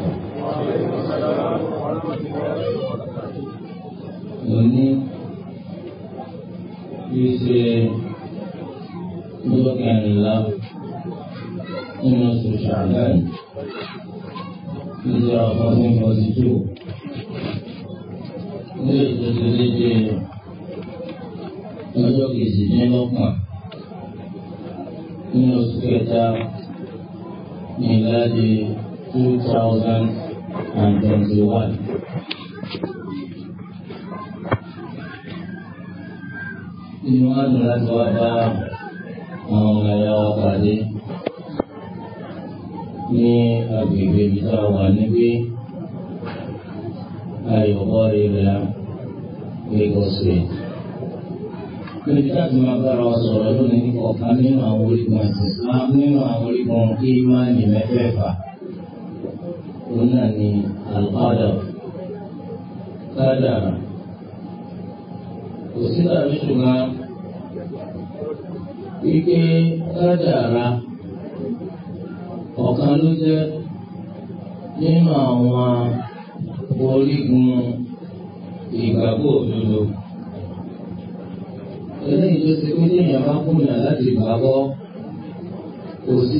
وبركاته lóní kìí ṣe lọ́jọ́ kẹrìnlá nínú oṣù ṣàgbọ́n ìjọ ọ̀fọ̀sìn fọ́sítù ní ìtòsí léde lọ́jọ́ kejìdínlọ́gbọ̀n 2021. Lingkungan dengan cuaca Maulaya tadi ní agbègbè ìta wà níbí ayọ̀bọ̀ ilẹ̀ Lagos State. Níbi láti máa bára wa sọ̀rọ̀ lónìí nípa ọ̀kan nínú àwọn orígun ẹ̀sìn Islam nínú iman orígun òun ni alqadar kádàrà kò sí tàbí ṣùgbọ́n wípé kádàrà ọ̀kan ló jẹ́ nínú àwọn orígun ìgbàgbọ́ òdodo. eléyìí tó ṣe pé bá kò sí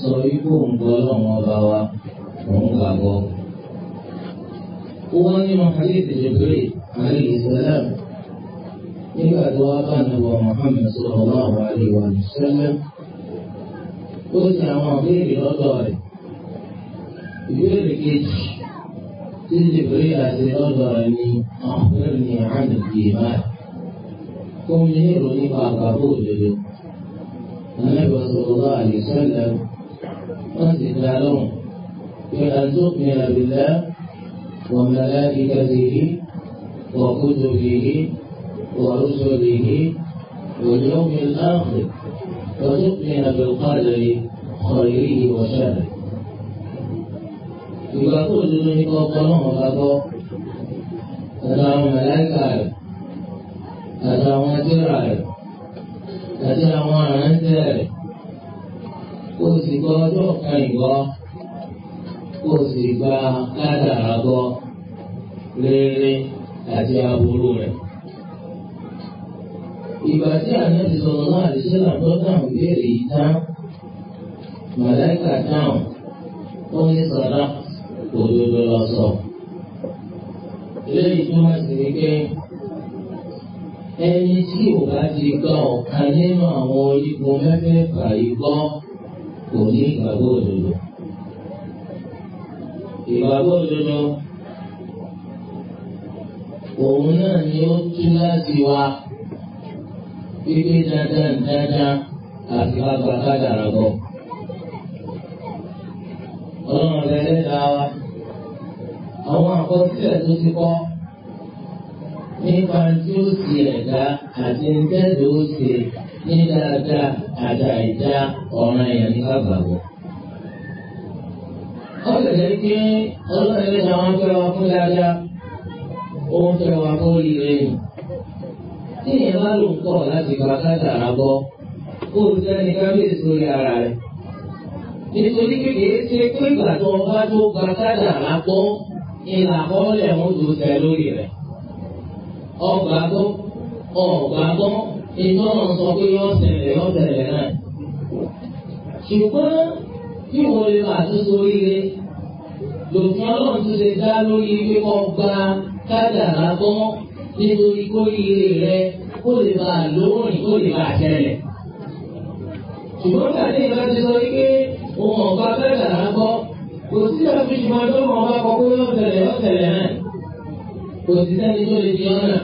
sọ ikú òǹgbọ́ ọlọ́run ọba wa. gbàgbọ́. ó wá nínú hadith Jibril alayhi salam nígbà tó wá bá nàbọ̀ Muhammad sallallahu alayhi wa sallam ó sì àwọn àbẹ́rẹ́ lọ́dọ̀ rẹ̀ ìbéèrè kejì tí Jibril àti lọ́dọ̀ rẹ̀ ni àbẹ́rẹ́ ni àdùnkì báyìí kó mi ní ìròyìn pa àgbàbọ̀ òdodo. Ànábì sallallahu alayhi wa sallam wọ́n sì dá lóhùn. في أن تؤمن بالله وملائكته وكتبه ورسله واليوم الآخر وتؤمن بالقدر خيره وشره ìgbàgbọ́ òdodo ní kọ́ ọlọ́run bá gbọ́ àtàwọn mẹ̀láìkà rẹ̀ àtàwọn àjọra rẹ̀ àti àwọn àrántẹ́ rẹ̀ kó o sì gbọ́ ọjọ́ kan ìgbọ́ kó o sì gba kádàrá gbọ́ rere àti aburú rẹ̀. Ìgbà tí àyàn ti sọ̀rọ̀ náà lè ṣe làbọ́ dáhùn béèrè yìí tán, màláìkà dáhùn ó ní sọ̀rọ̀ òdodo lọ sọ. Eléyìí túmọ̀ sí ni pé ẹni tí ò bá ti gbọ́ ọ̀kan nínú àwọn orígun mẹ́fẹ̀ẹ̀fà yìí gbọ́ kò ní ìgbàgbọ́ òdodo ìgbàgbọ́ òdodo òun náà ni ó tú láti wá pípé dandan dandan àti bàbá kádàrà bọ̀. ọlọ́run ọ̀rẹ́ lẹ́dàá wa àwọn àkọsílẹ̀ tó ti kọ́ nípa tí ó sì ẹ̀dá àti ń tẹ́lẹ̀ ó sì ní dáadáa àdáìdá ọ̀ràn ẹ̀yàn ní kábàbọ̀ ó sì jẹ́ pé ọlọ́run ẹlẹ́dàá wọn fẹ́ wa fún dáadáa ó ń fẹ́ wa fún rírẹ́ yìí. tí ìyẹn bá lò ń kọ̀ láti gba kádàrá bọ́ ó ń sẹ́ni kábíyèsí lórí ara rẹ̀. nítorí pé kìí ṣe pé ìgbà tó wọn bá tó gba kádàrá bọ́ ìlà àkọọ́lẹ̀ wọn tó sẹ lórí rẹ̀. ọgbà tó ọgbà tó ìtọ́nà sọ pé yọ ṣẹlẹ̀ yọ ṣẹlẹ̀ náà. ṣùgbọ́n kí wọ́n lè máa tún sórí rẹ̀. lòfin ọlọ́run tún lè dá lórí pípọ̀ gba kádàrá gbọ́ nítorí kóríire rẹ̀ kó lè máa lóòrìn kó lè máa ṣẹlẹ̀. ṣùgbọ́n kàdé ìgbà ti sọ wípé òun ọ̀gá kádàrá gbọ́ kò sí àfihàn máa tó mọ̀ ọ́n bá kọ́ pé yóò tẹ̀lé yóò tẹ̀lé náà kò sí sẹ́ni tó lè di ọ́ náà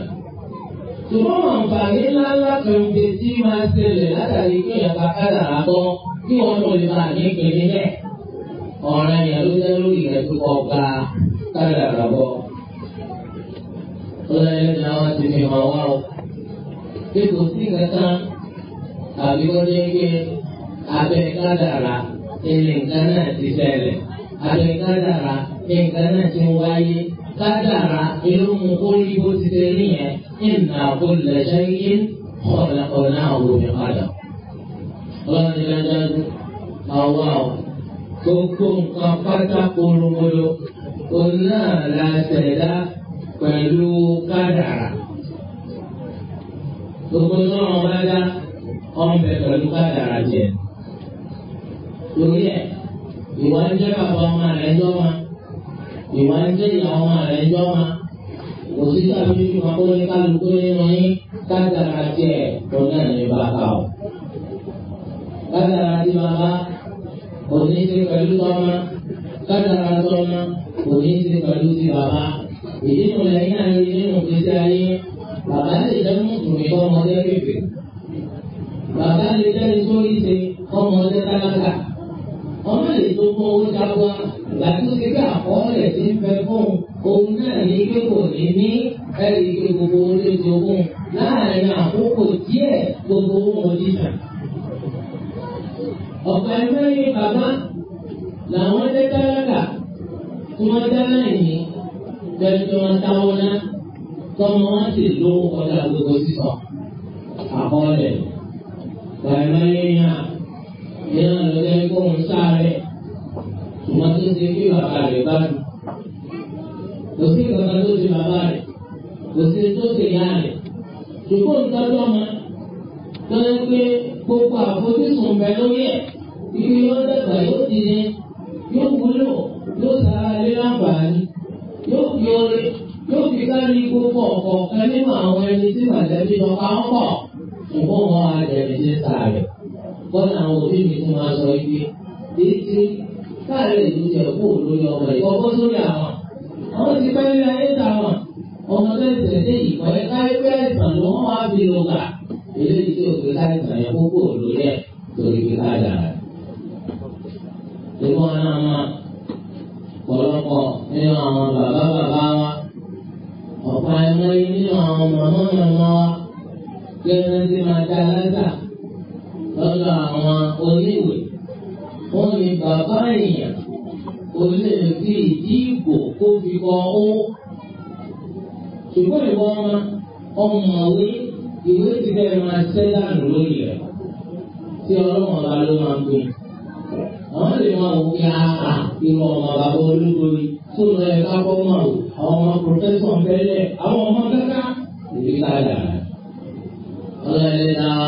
ṣùgbọ́n àǹfààní ńláńlá kan ń bẹ tí máa ṣẹlẹ̀ látàrí pé ìyàgbá kádàrá gbọ́ tí wọ́n kò lè bá ní ìpele bẹ́ẹ̀. ọ̀ràn yẹn ló jẹ́ lórí rẹ̀ tó kọ́ gba kádàrà bọ̀. ó lẹ́yìn ní àwọn ti fi hàn wá o. bí kò sí kankan àbí wọ́n jẹ́ pé abẹ́ kádàrà ilé nǹkan náà ti ṣẹlẹ̀. abẹ́ kádàrà nǹkan náà ti wáyé. kádàrà ìlú mu ó rí bó ti ṣe rí yẹn. inna kulla shay'in khalaqnahu bi qadar ọlọ́run ti dájú àwa ò gbogbo nǹkan pátá polówó òun náà la ṣẹ̀dá pẹ̀lú kádàrà gbogbo náà bá dá ọ̀nbẹ pẹ̀lú kádàrà jẹ lórí ẹ̀ ìwà ń jẹ́ bàbá ọmọ rẹ̀ jọ́ ma ìwà ń jẹ́ ìyá ọmọ rẹ̀ jọ́ ma òṣìṣẹ́ àbíjú kan kó ní kálukú nínú yín kádàrà jẹ òun náà ní bàbá o kádàrá tí bàbá kò ní í ṣe pẹ̀lú tọ́mọ kádàrá tọ́mọ kò ní í ṣe pẹ̀lú ti bàbá ìdínú lẹ́yìn náà rí nínú ìgbésí ayé bàbá lè jẹ́ mùsùlùmí kọ́mọdé pèpè bàbá lè jẹ́ nítorí ṣe kọ́mọdé tálákà ọmọ lè tó fún owó jábọ́ ìgbà tó ṣe bí àkọọ́lẹ̀ ti ń fẹ́ fún òun náà ní pé kò ní ní ẹ̀rí pé gbogbo orí ti ogún láàrin àkókò díẹ̀ gbogbo ohun ojúṣàn ọ̀pọ̀ ẹgbẹ́ yìí bàbá làwọn jẹ́ tálákà tí wọ́n dá láìní pẹ̀lú tí wọ́n táwọn náà tọ́mọ wọn sì ló ọjà gbogbo sísọ àkọọ́lẹ̀ bàbá yìí hàn yẹn náà ló jẹ́ kó ń sáré ṣùgbọ́n tó ṣe kí bàbá rẹ̀ bá dùn kò sí ìkankan tó ṣe bàbá rẹ̀ kò sí tó ṣe ìyá rẹ̀ ṣùgbọ́n ìtọ́jú ọmọ tó ń gbé gbogbo àfojúsùn bẹ lórí ẹ̀ ibi yóò dàgbà yóò dìde yóò wúlò yóò sara ilé láǹfààní yóò fi oore yóò fi kárí gbogbo ọ̀kọ̀ọ̀kan nínú àwọn ẹni tí màdàbí lọ pa ń pọ̀ ṣùgbọ́n wọn àdẹ̀bí ti sàrẹ̀ bọ́n àwọn òbí mi tún máa sọ ibi títí káàárẹ̀ ìlú jẹ̀ kó lórí ọmọ ìkọ́kọ́ sórí àwọn àwọn ti pẹ́ nílẹ̀ ayé tàwọn ọmọ tẹ̀sẹ̀ dé ìkọ́ ẹ̀ káyé pé àìsàn ló wọ́n wá fi lò gbà eléyìí tí òfin káyé sàn yẹn kó kó lórí ẹ̀ torí fi káyé dàrẹ́ ṣùgbọ́n náà máa pọ̀lọpọ̀ nínú àwọn bàbá bàbá wa ọ̀pọ̀ ẹ̀mọ́rí nínú àwọn màmá màmá wa kí wọ́n ti máa dá lẹ́tà lọ́dọ̀ àwọn oníwèé wọ́n ní bàbá èèyàn kò lè fi ìdí ìbò kó fi kọ ó ṣùgbọ́n ìwọ ọmọ ọmọwé ìwé ti bẹ̀rẹ̀ máa ṣẹ́ dànù lórí rẹ̀ tí ọlọ́mọba ló máa ń gbé àwọn lè máa wò pé àà ìwọ ọmọ bàbá ológo ni tó lọ ẹ káfọ́ mọ̀ àwọn ọmọ pòfẹ́sọ̀ bẹ́lẹ̀ àwọn ọmọ kẹ́kẹ́ ìdí káàdà. ọlọ́ọ̀lẹ́ ta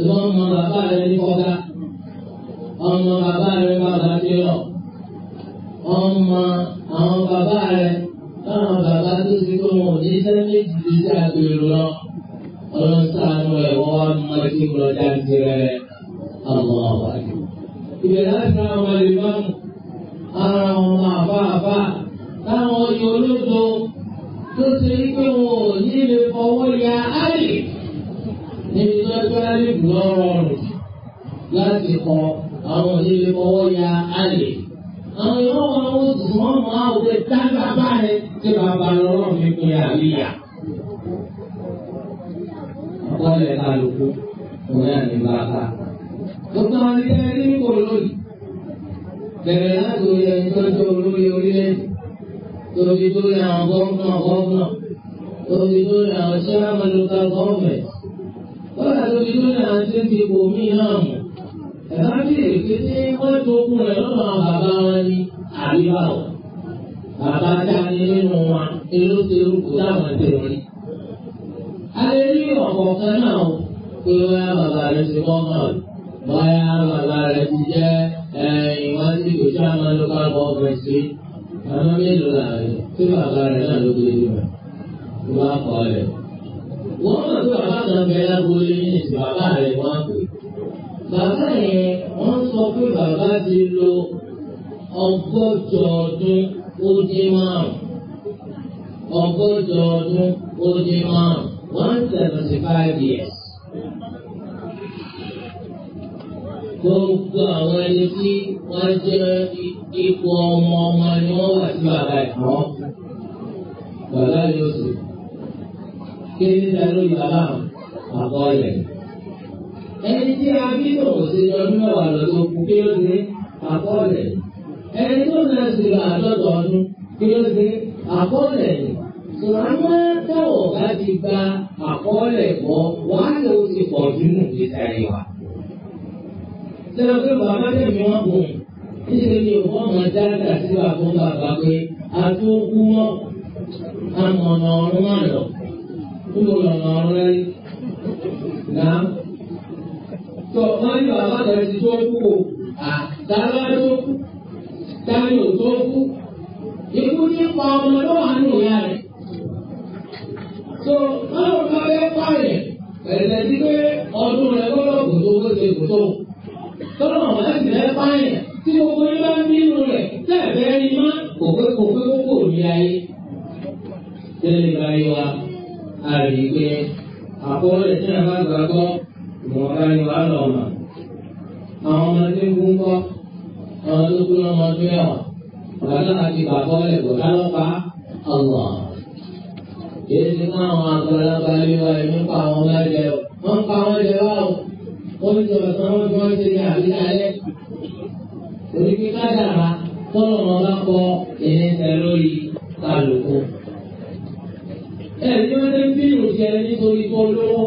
ìwọ ọmọ bàbá rẹ ní kọ́gá ọmọ bàbá rẹ bàbá ti lọ ọmọ àwọn bàbá rẹ táwọn bàbá tó ti kó wọn ò ní sẹ́ńdé ti ti lọ ọlọ́sàn-án ẹ̀wọ́ ọmọ tí mo lọ ọmọ ọ̀gbà ìbẹ̀ láti ra ọmọ lè bá mu ara ọmọ àbáàbá táwọn ọyọ olódo tó ṣe ń pé wọn ò ní lè fọwọ́ ya áyè níbi tó ẹgbẹ́ alébù lọ́rọ̀ rẹ̀ láti kọ àwọn òní lè fọwọ́ ya áyè. àwọn ìwọ́n wọn ó dùn wọ́n mọ́ àwọn ẹ̀dá bàbá rẹ̀ tí bàbá lọ́rọ̀ mi pé àríyá. àpọ́nlẹ̀ kálukú òun náà ní gbogbo àwọn ilé ẹni ní kò lórí bẹ̀rẹ̀ láti orí ẹni tó jẹ́ olórí orílẹ̀-èdè lórí lórí àwọn gọ́ọ̀nà gọ́ọ̀nà lórí lórí àwọn sẹ́wàmù lóka gọ́ọ̀mẹ̀ kọ́lá lórí lórí àwọn tí ó ti bò mí náà mọ̀ ẹ̀ka bí èké tí wọ́n tó kún rẹ̀ lọ́nà bàbá wọn ni àríwáwọ̀ bàbá dání nínú wa inú ti rúkú táwọn ti rí. alẹ́ ní ọ̀kọ̀ọ̀kan náà pé wọ́n bàbá rẹ̀ ti mọ́ náà bóyá bàbá rẹ̀ ti jẹ́ ìwọ́n tí kò sá máa ló ká bọ́ ọ̀fẹ́ sí àwọn mélòó làárẹ̀ tí bàbá rẹ̀ náà ló gbé níbẹ̀ tó bá kọ́ rẹ̀. wọ́n mọ̀ pé bàbá kan bẹ lágbóyè ní ìsìn bàbá rẹ̀ wọ́n pè. bàbá yẹn wọ́n sọ pé bàbá ti lo ọgọ́jọ ọdún ó dín márùn-ún ọgọ́jọ ọdún ó dín márùn-ún one seventy five years. gbogbo àwọn ẹni tí wọ́n jẹ́ ipò ọmọ ọmọ ni wọ́n wà sí bàbá ẹ̀kọ́. Bàbá yóò sè. Kí ni ìdá lórí bàbá àkọọ́lẹ̀? Ẹni tí a bí tòun sí ọdún mẹ́wàá lọ tó kí ló dé àkọọ́lẹ̀? Ẹni tó náà sì lọ àádọ́ta ọdún kí ló dé àkọọ́lẹ̀? sẹ́wọ́n pé bàbá tẹ̀mí wọn kù níṣẹ́ ni wọ́n mọ dáadáa sí àbọ̀ bàbá pé àtúnkù wọn amọ̀nà ọ̀run wọn lọ kúrò lọ́nà ọ̀run rẹ̀ nà. tọ́ wọ́n ní bàbá rẹ̀ ti tó kú o àtàlá tó kú táyọ̀ tó kú ikú ní pa ọmọ lọ́wọ́ àánú ìyá rẹ̀. tó wọ́n lọ bá bẹ́ẹ̀ pààyàn pẹ̀lẹ́ sí pé ọdún rẹ̀ gbọ́dọ̀ kò tó kó ṣe kò tó tọ́lọ́ náà wọ́n sì lẹ́ pààyàn tí gbogbo yín bá ń bínú rẹ̀ tẹ́ẹ̀fẹ́ rí má kò pé kò pé kó kò rí ayé. tẹ́lẹ̀ báyìí wa a rí i pé àkọọ́lẹ̀ tí a bá gbàgbọ́ ìwọ̀nba ni wàá lọ mà. àwọn ọmọ tí ń gún kọ́ àwọn tó kú lọ́mọ tó yẹ̀wọ̀n bàbá àti bàbá ọ̀lẹ̀ kò dá lọ́pàá ọ̀wọ̀. èyí ti mú àwọn àgbàlagbà lé ẹ̀mí pa àwọn ọmọ ẹ̀jẹ̀ wọ́n pa wọ́n jẹ wọ́n ti sọ̀rọ̀ sọ̀rọ̀ wọn tí wọ́n ti rí àbí lálẹ́. Oníkí kádàrá tọ́lọ̀ wọn bá kọ ìyẹn tẹ lórí kálukú. Ẹ̀rí wọn ti bí ìrùjẹ nítorí kó lówó.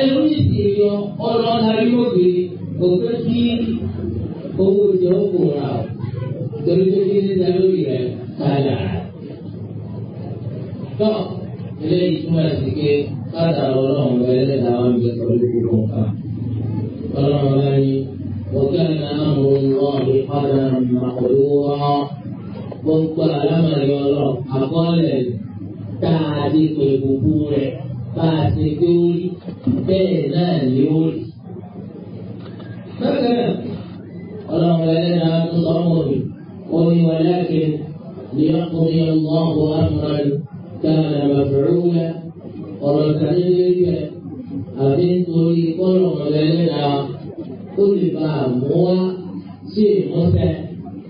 Ẹ̀rú sì ti yọ ọlọ́ọ̀lá yóò gbé òpin kí owó ìjọ kò rà ọ́. Torí pé kí ní tẹ lórí rẹ̀ kádàrá. Tọ́ ilé ìtumọ̀ ẹ̀sìn ké kádàrá ọlọ́run lọ ẹlẹ́dàá wọn gbé pẹ̀lú gbogbo nǹkan ọlọ́run وكان أمر الله قدرا مقدورا gbogbo alámọ̀lẹ́ ọlọ́run àkọọ́lẹ̀ tá a ti pè gbogbo rẹ̀ bá a ti gbé orí bẹ́ẹ̀ náà ni ó rí. bákan náà ọlọ́run ẹlẹ́dàá tó sọ́mọ́ mi ó ní wọlé kiri ní ọkùnrin ọmọ ọmọ amúnáyé tá a nàbàbẹ̀rẹ̀ wúlẹ̀ ọ̀rọ̀ ìkànnì lórí rẹ̀ àbí nítorí kọ́lọ̀ ọ̀lẹ́lẹ́dà ó lè bá àmú wá sí ìmọ̀sẹ̀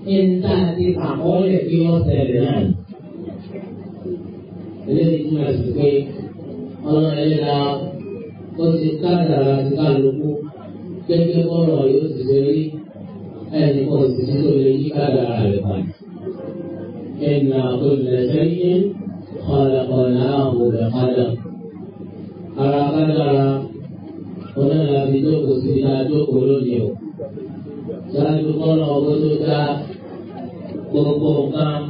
níta àti àkọọ́lẹ̀ kí wọ́n tẹ̀lé náà. eléyìí túmọ̀ sí pé ọlọ́ọ̀lẹ́dà ó ti kádàrá ti kálukú gẹ́gẹ́ kọ́lọ̀ yóò ti ṣe rí ẹnì kan sì ti tó lè yí kádàrá rẹ̀ padà. إن كل شيء خلقناه بقدر ara kájára onára ti jókòó sí ní ajókòó lónìí o. Sáájú kọ́nà owó tó dá gbogbo nǹkan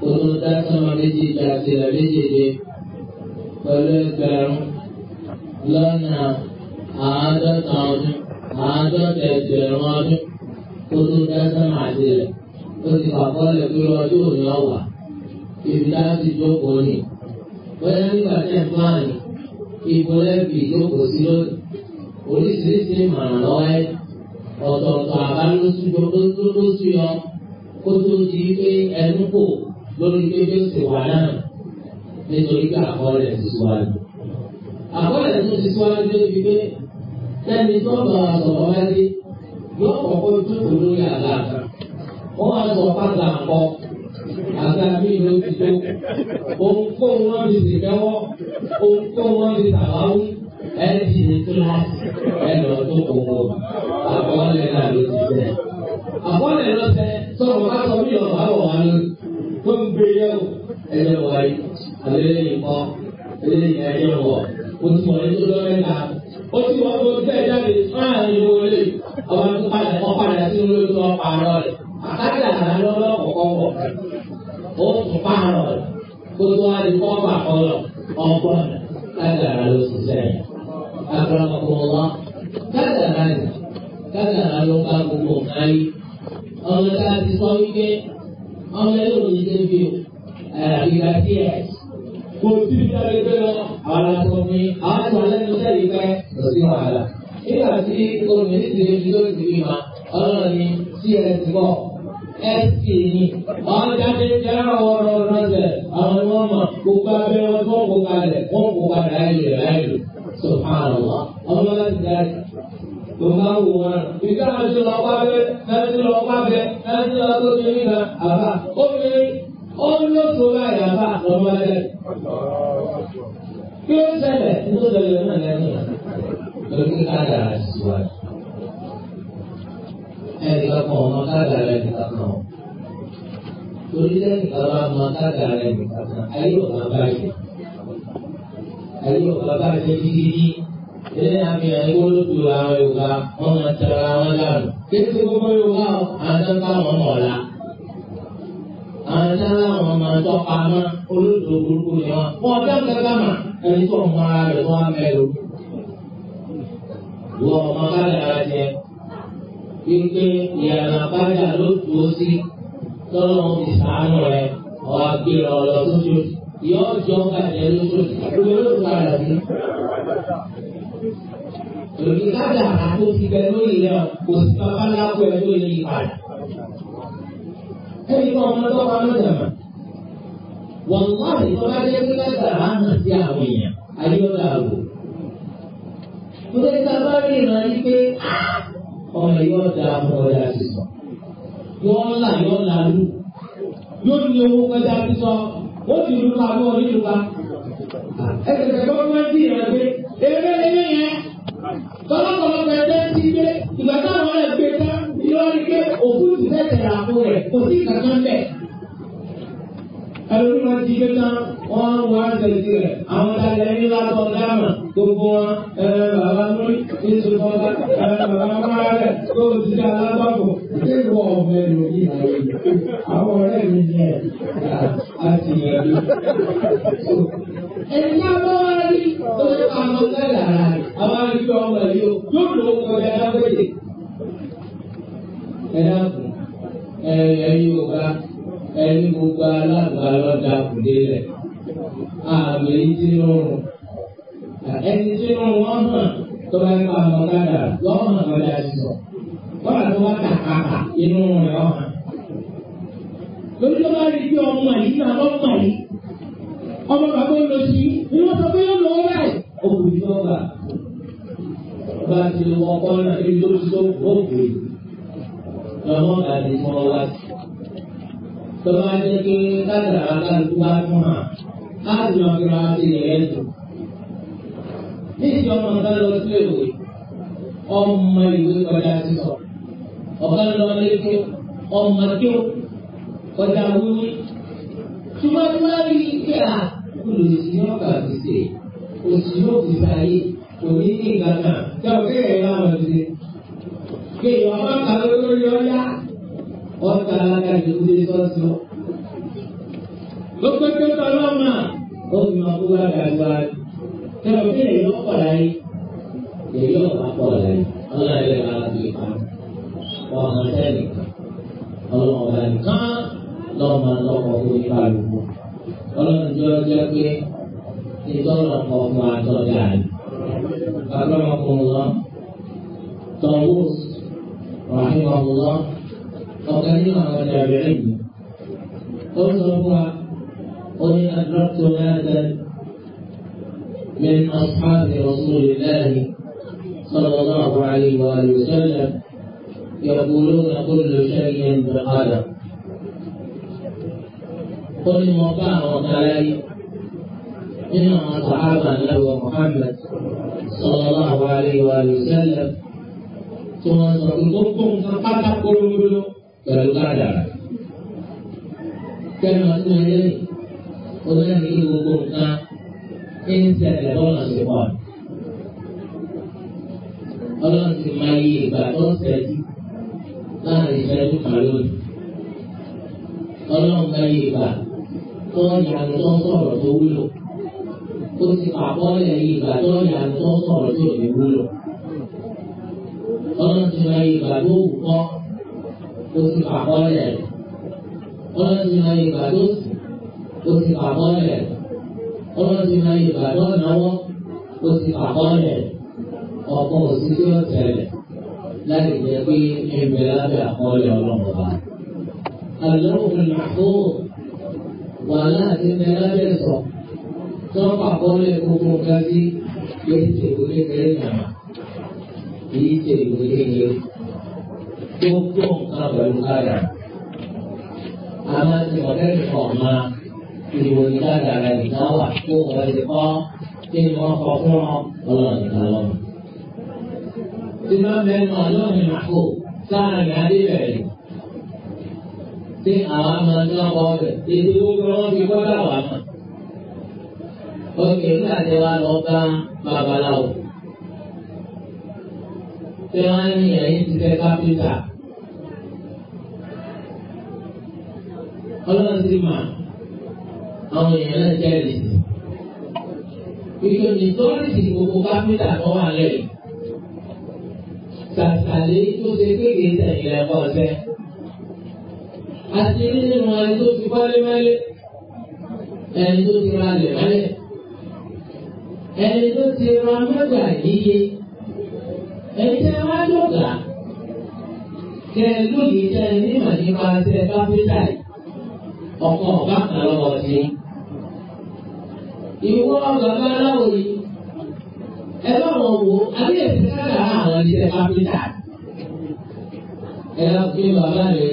kó tó dá sọ́mọ méjì gba sílẹ̀ méjèèjì pẹ̀lú ẹgbẹ̀rún lọ́nà àádọ́ta ọdún àádọ́ta ẹgbẹ̀rún ọdún kó tó dá sọ́mọ àtìlẹ̀ ó ti pàkọ́lẹ̀ pé ọjọ́ òní ọ̀wà ibi láti jókòó ni. Bóyá nígbà tẹ̀ ń àná ìbọlẹ́bì ìjókòó sí lónìí oríṣiríṣi ìmọ̀ràn lọ́wọ́ ẹ̀ ọ̀tọ̀ọ̀tọ̀ àbálòsújọ lóṣùyọ kó tó di pé ẹnu kò lórí bébí òsè wà náà nítorí pé àkọọ́lẹ̀ ti síwájú. àkọọ́lẹ̀ tó ti síwájú débi pé lẹ́ni tó lọ sọ̀rọ̀ wáyé yóò kọ́kọ́ jókòó lórí àlàáfà wọ́n á sọ pátá àkọ́ agbára bí ìlú ti tó ohunkóhun wọn fi ṣèjọwọ ohunkóhun wọn fi tàwáwú ẹnìtì ní kíláàsì ẹnì ọdún owó àkọọlẹ náà ló ti bẹ. àkọọlẹ náà tẹ sọ̀rọ̀ ká sọ bí ọ̀rọ̀ àwọn wà ní tó ń gbé yẹ̀wò ẹ̀yẹ wọ̀nyí àlẹ́lẹ́yìn kọ́ ẹlẹ́yìn ẹ̀yẹ wọ̀ o ti wọ̀nyí tó lọ mẹ́ta o ti wọ́n tó tẹ̀ jáde láàrin wọlé àwọn ó tún bá a lọ gbogbo wa ni kọ́ bá ọ lọ ọgbọ́n kádàrá ló sì sẹ́yìn agbárakọ̀ọ́wá kádàrá ni kádàrá ló bá gbogbo nǹkan yìí ọmọ tá a ti sọ wípé ọmọ yóò ní débi o ìgbà díẹ̀ ini sí ibi abẹ́ gbé lọ àwọn aṣọ mi àwọn aṣọ ẹsì ni àwọn jáde jẹ́ ọ̀rọ̀ ránṣẹ́ àwọn ni wọ́n mọ̀ gbogbo abẹ́ wọn tí wọ́n kó kalẹ̀ wọ́n kó kalẹ̀ ayé rẹ̀ ayé rẹ̀ sọ̀hánàwá ọmọ láti dárí tó bá wù wọn. ìgbà wọn ti lọ wá bẹ náà ti lọ wá bẹ náà ti lọ tó ti nígbà àbá obìnrin ó ló tó báyìí àbá ọmọ rẹ. kí ó ṣẹlẹ̀ ní tó ṣẹlẹ̀ náà lẹ́nu ìlú kí ká dára sí wa ẹnì kan kan ọmọ káàdà rẹ nìkan kan o torí lẹ́yìn kan bá mọ káàdà rẹ nìkan kan ayé ò bá bàjẹ́ ayé ò bá bàjẹ́ gidigidi ilé àmì àìwọ́lódù àwọn Yorùbá wọn máa tẹ̀ra wọn dànù kí ni gbogbo Yorùbá àwọn tó ń bá wọn mọ̀ la àwọn tó ń bá wọn mọ̀ tó pamọ́ olódò burúkú ni wípé ìyànà pàjá ló dúró sí tọ́lọ́run ti sàánú rẹ̀ ọ̀wá gbéra ọ̀lọ́ sójú yóò jọ bàjẹ́ lójú ìwé ló ń padà sí. Lòdì kájà àtó ti bẹ lórí rẹ̀ kò sí bàbá lápò ẹ̀ tó lè padà. Ẹni kan ọmọ tó wà lọ́jà mà. Wọ́n wá ìtọ́lá dé kí kájà àánà sí àwọn èèyàn ayé ọ̀dà àbò. Mo tẹ́lẹ̀ sábà rí ìrántí pé ọmọ yóò da ọ̀dà sísọ. Yóò là yóò là lù. Yóò ní owó kọjá sísọ. Ó ti lu ká lọ́wọ́ nínú wa. Ẹsẹ̀ tẹ̀ kọ́ fún ẹtí rẹ̀ pé eré ilé yẹn. Tọ́lọ́kọ̀lọ́kọ̀ ẹgbẹ́ ti gbé ìgbà táwọn rẹ̀ gbé tán. Ìlọrin pé òkú ti fẹ́ tẹ̀lé àpò rẹ̀ kò sí ìkàkọ́ bẹ́ẹ̀ ẹlòmí máa ti gbé tán wọ́n wọ́n àtẹ̀sí rẹ̀ àwọn ìtajà ní látọ̀ dáàmà gbogbo wọn ẹ̀rọ bàbá múlí èso fọ́tà ẹ̀rọ bàbá mọ́ra rẹ̀ tó o ti dá látọ̀kọ̀ nígbà ọ̀bẹ ló ní àwọn ọ̀rẹ́ mi ní ẹ̀ àti ìyàwó. ẹni náà bá wá rí oṣù àwọn sẹ́lẹ̀ ara rẹ̀ àwọn àríkí ọmọ yìí ó yóò lò ó kọjá lágbèjì. ẹ dákun ẹ ẹ̀yin ò bá ẹni gbogbo alága lọ́dà kò délẹ̀ àmì ìdínú ẹni tí ó wọ́n hàn tó bá ń pa àwọn ọ̀gádà lọ́wọ́ hàn lọ́dà sọ wọ́n àti wọ́n kà kàkà inú rẹ̀ ọ̀hàn. lórí tó bá rí pé ọmọ yìí náà lọ́mọ yìí ọmọ bàbá lọ sí ni wọ́n sọ pé yóò lọ rẹ̀ òkú yìí lọ́gbà bá ti wọ́n kọ́ náà ní lóṣù òkú yìí lọ́mọ àti mọ́ wá sí tó bá jẹ́ pé kádàrá aláàlú wá fún wa láti lọ fi ra ti rẹ̀ lò. Ní ìsìn ọmọ ọ̀gá lọ sí èwe, ọmọ ìwé kọjá ti sọ. Ọ̀gá lọ lékè ọmọ tó kọjá wíwí. Ṣùgbọ́n tí wọ́n rí ìgbé à wọ́n ká kájú ní sọ́ọ̀sì lọ. Gbogbo tó tọ́ lọ́mà, ó fi máa kú wáyà gba kẹ́lọ́ bí èyí lọ́ pọ̀ láyé. Èyí lọ́ bá pọ̀ láyé, ọlọ́run ẹ̀rọ máa fi pa. Wọ́n máa tẹ́ nìkan. Ọlọ́run ọ̀la nìkan lọ́mà lọ́kọ̀ tó ní balùwọ̀. Ọlọ́run jọ jẹ́ pé ìtọ́nà ọkọ̀ fún àtọ́jà rẹ̀. ọkùnrin lọ, tọ́wọ́ rahimahullah. وقرينا وتابعين قلت هو قل أدركت ناسا من أصحاب رسول الله صلى الله عليه وآله وسلم يقولون كل شيء بقدر قل موقع وكلاي إنما صحابة له محمد صلى الله عليه وآله وسلم ثم تقول قم فقط قلوبهم pẹ̀lú kádàrá. Kẹ́mi wọn tún ilé obìnrin kìí gbogbo nǹkan ní ní ṣẹlẹ̀ lọ́nà sí wa. Ọlọ́run ti máa yí ìgbà tó ń ṣẹ́jú láàrin ìṣẹ́jú kan lónìí. Ọlọ́run máa yí ìgbà tó ń yanu tó ń sọ̀rọ̀ tó wúlò. Ó ti pàbọ́lẹ̀ yí ìgbà tó ń yanu tó ń sọ̀rọ̀ tó ìwúlò. Ọlọ́run ti máa yí ìgbà tó wù kọ́ ó ti fà bọ́lẹ̀ máa yẹ gbà tó sì ó ti máa yẹ gbà tó náwó ó ti ọ̀pọ̀ òsì tí ó tẹ̀lé láti jẹ́ pé ẹgbẹ́ lábẹ́ àkọọ́lẹ̀ ọlọ́run bá. àlọ́wọ́ fún àkóò wà láti ẹgbẹ́ lábẹ́ sọ tó ń pàkọ́lẹ̀ gbogbo nǹkan sí yóò ti tẹ̀wé kékeré nàá èyí tẹ̀wé kékeré. ยุ่งยุ่งเข้าไปด้อามาที่มาได้ของมาอยู่บนด้านอะไรนี่เขาอ่ะยุ่งอะไรเฉพาะที่ว่าขอพร้อมเออครับที่นั่นเป็นมาเรื่องหนักกูสร้างงานที่เลยที่อามาเรื่องบอลที่ดูกรองที่ว่าเราอ่ะคนเก่งอาจจะว่าเราบ้างบ้าเรา ṣé wọ́n á ní ẹ̀yìn ti fẹ́ kápẹ́tà. ọlọ́run ti mà àwọn èèyàn náà jẹ́rìí sí. Ìjọ ní tọ́lìsì gbogbo kápẹ́tà tó wà lẹ́yìn. Sàṣàlẹ̀ tó ṣe kéèké sẹ̀yìn lẹ́kọ̀ọ́ sẹ́. Àti nínú ẹni tó ti kọ́lé mẹ́lẹ́, ẹni tó ti ra lẹ̀ mẹ́lẹ́, ẹni tó ti ra mẹ́gbà yíyé ẹni tẹ́ wá lọ́gà kẹ lóye tẹ nímọ̀ nípa tẹ kápẹ́tà yìí ọ̀kan ọ̀gá kan lọ́wọ́ sí. ìwọ bàbá aláwo yìí ẹ bá wọn wò alẹ́ ẹ̀sìn kára àwọn ẹni tẹ kápẹ́tà ẹ lọ sí bàbá rẹ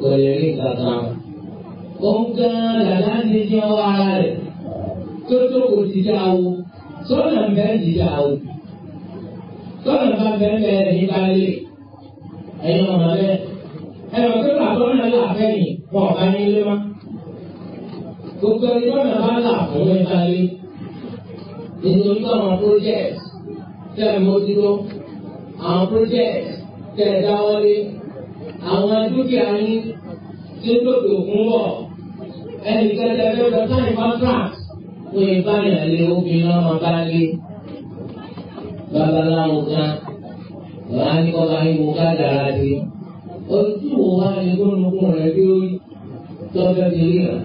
kò lè rí kankan. òun gan-an làlá ti jẹ́ ọwọ́ ara rẹ̀ tó tó kò ti dáa o sọ́nà mẹ́rin ti dáa o lọ́nà bá bẹ́ẹ̀ ní balẹ̀ ẹ̀yin ọ̀nà bẹ́ẹ̀ ẹ̀rọ tó là tó náà là fẹ́ yìí wọ́n ọ̀gá ní ilé wa gbogbo ẹni lọ́nà bá là fún mi balẹ̀ nítorí àwọn project tẹ̀ mójútó àwọn project tẹ̀ dáwọ́lé àwọn dúkìá yín tí ó lòdì òkun wọ̀ ẹnì kẹtẹ ẹgbẹ́ lọ sáyìn contract kò yẹ báyìí lé obìnrin ọmọ bá lé babaláwo kan wọn á ní kọ́ bá yín wo ká dára sí i ojú wo wá ní gbólógún rẹ bí ó tọ́jọ́ ti rí rà.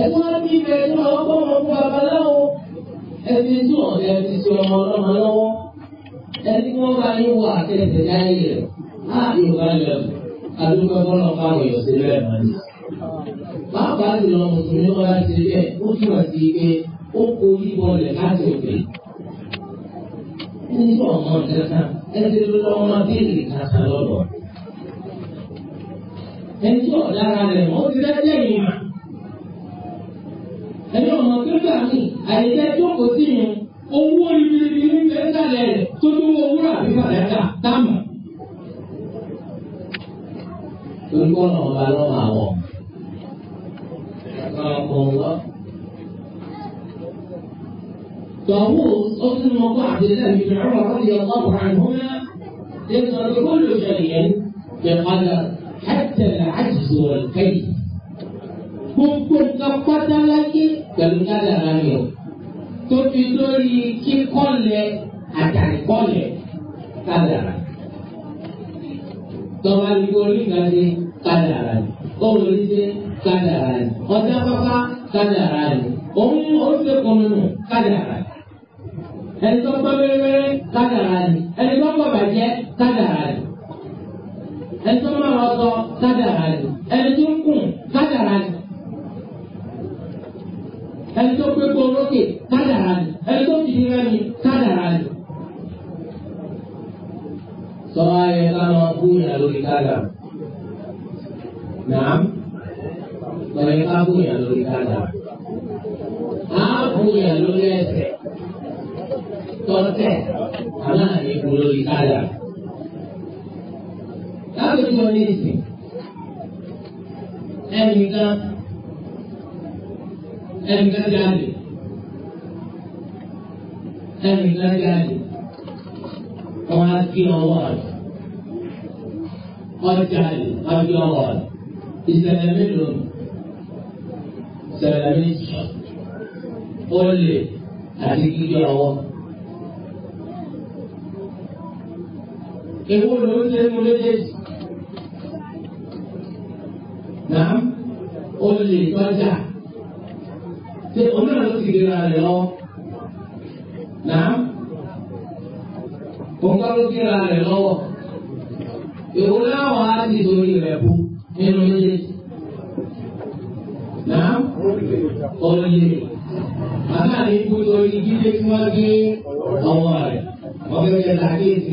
ẹ̀fọ́ bí bẹ́ẹ̀ ní àwọn bọ́mọ fún babaláwo ẹbí tí wọn lè ti ṣe ọmọ ọlọ́mọ lọ́wọ́ ẹbí wọn bá yín wọ àtẹ̀tẹ̀ láyé rẹ̀ á yorùbá lẹ̀ àdúgbò bọ́lá fáwọn èèyàn sí bẹ́ẹ̀ máa ní. pàápàá jùlọ mùsùlùmí wọn láti rí bẹ́ẹ̀ ó túmọ̀ sí pé ó kó yíbọn lẹ̀ láti òkè ní sọ ọmọ kankan ẹsẹ̀ ló lọ ọmọ béèrè kankan lọ́dọ̀ rẹ̀. ẹni tó ọ̀daràn rẹ̀ wọ́n ti dájẹ́ yìí mà. ẹni ọmọ kíkà mi àyíká ìjókòó sí mi owó ribiribi ní bẹ́ńkàlẹ̀ rẹ̀ tó tó owó àbí fàdákà dáàmú. torí kọ́nà ọba lọ́mọ àwọn. ọ̀nà ọ̀gbọ̀n lọ́wọ́. طاووس أصل عبد الله بن عمر رضي الله عنهما يظهر كل شيء بالقدر حتى العجز والكيد ممكن كفتا لكن كالقدر أمير تبتدري كي كل أتعي كل قدر tọ́ba ní kó ní ká ṣe kádàrá ni ọ̀hún ní ṣe kádàrá ni ọjà pápá kádàrá ni òun ó ṣe kọ́nùnù kádàrá ni. ẹni tó gbọ́ wéréwéré kádàrá ni ẹni tó gbọ́ bàjẹ́ kádàrá ni ẹni tó máa wọ sọ kádàrá ni ẹni tó ń kùn kádàrá ni ẹni tó gbé kó lókè kádàrá ni ẹni tó ti dira ni kádàrá ni. sọ́wọ́ ayé káwọn kú yàrá lórí kádàrá nàám sọ̀rọ̀ yẹn ká kú yàrá lórí kádàrá. Ààbò yàrá lórí ẹsẹ̀ tọ́tẹ̀ aláàní kò lórí káyà. Lábẹ́jọ́ ní ìsìn, ẹnìkan ẹnìkan jáde, ẹnìkan jáde, wọ́n á kí ọwọ́ rẹ̀, wọ́n jáde, wọ́n kí ọwọ́ rẹ̀, ìṣẹ̀lẹ̀ mélòó ni? Ìṣẹ̀lẹ̀ méjì, ó lè àti kíkí ọwọ́. èwo ló ń lé mu méjèèjì. Nàá o lè tọ́jà. Ṣé onáà ló ti gbéra rẹ̀ lọ? Nàá òǹkà ló gbéra rẹ̀ lọ́wọ́. Èwo láwọn á ti sórí rẹ̀ bu nínú méjèèjì. Nàá o lè. Màmá mi kú lórí gbígbé tí wọ́n gbé ọwọ́ rẹ̀. Wọ́n fẹ́ fẹ́ ta kéèsì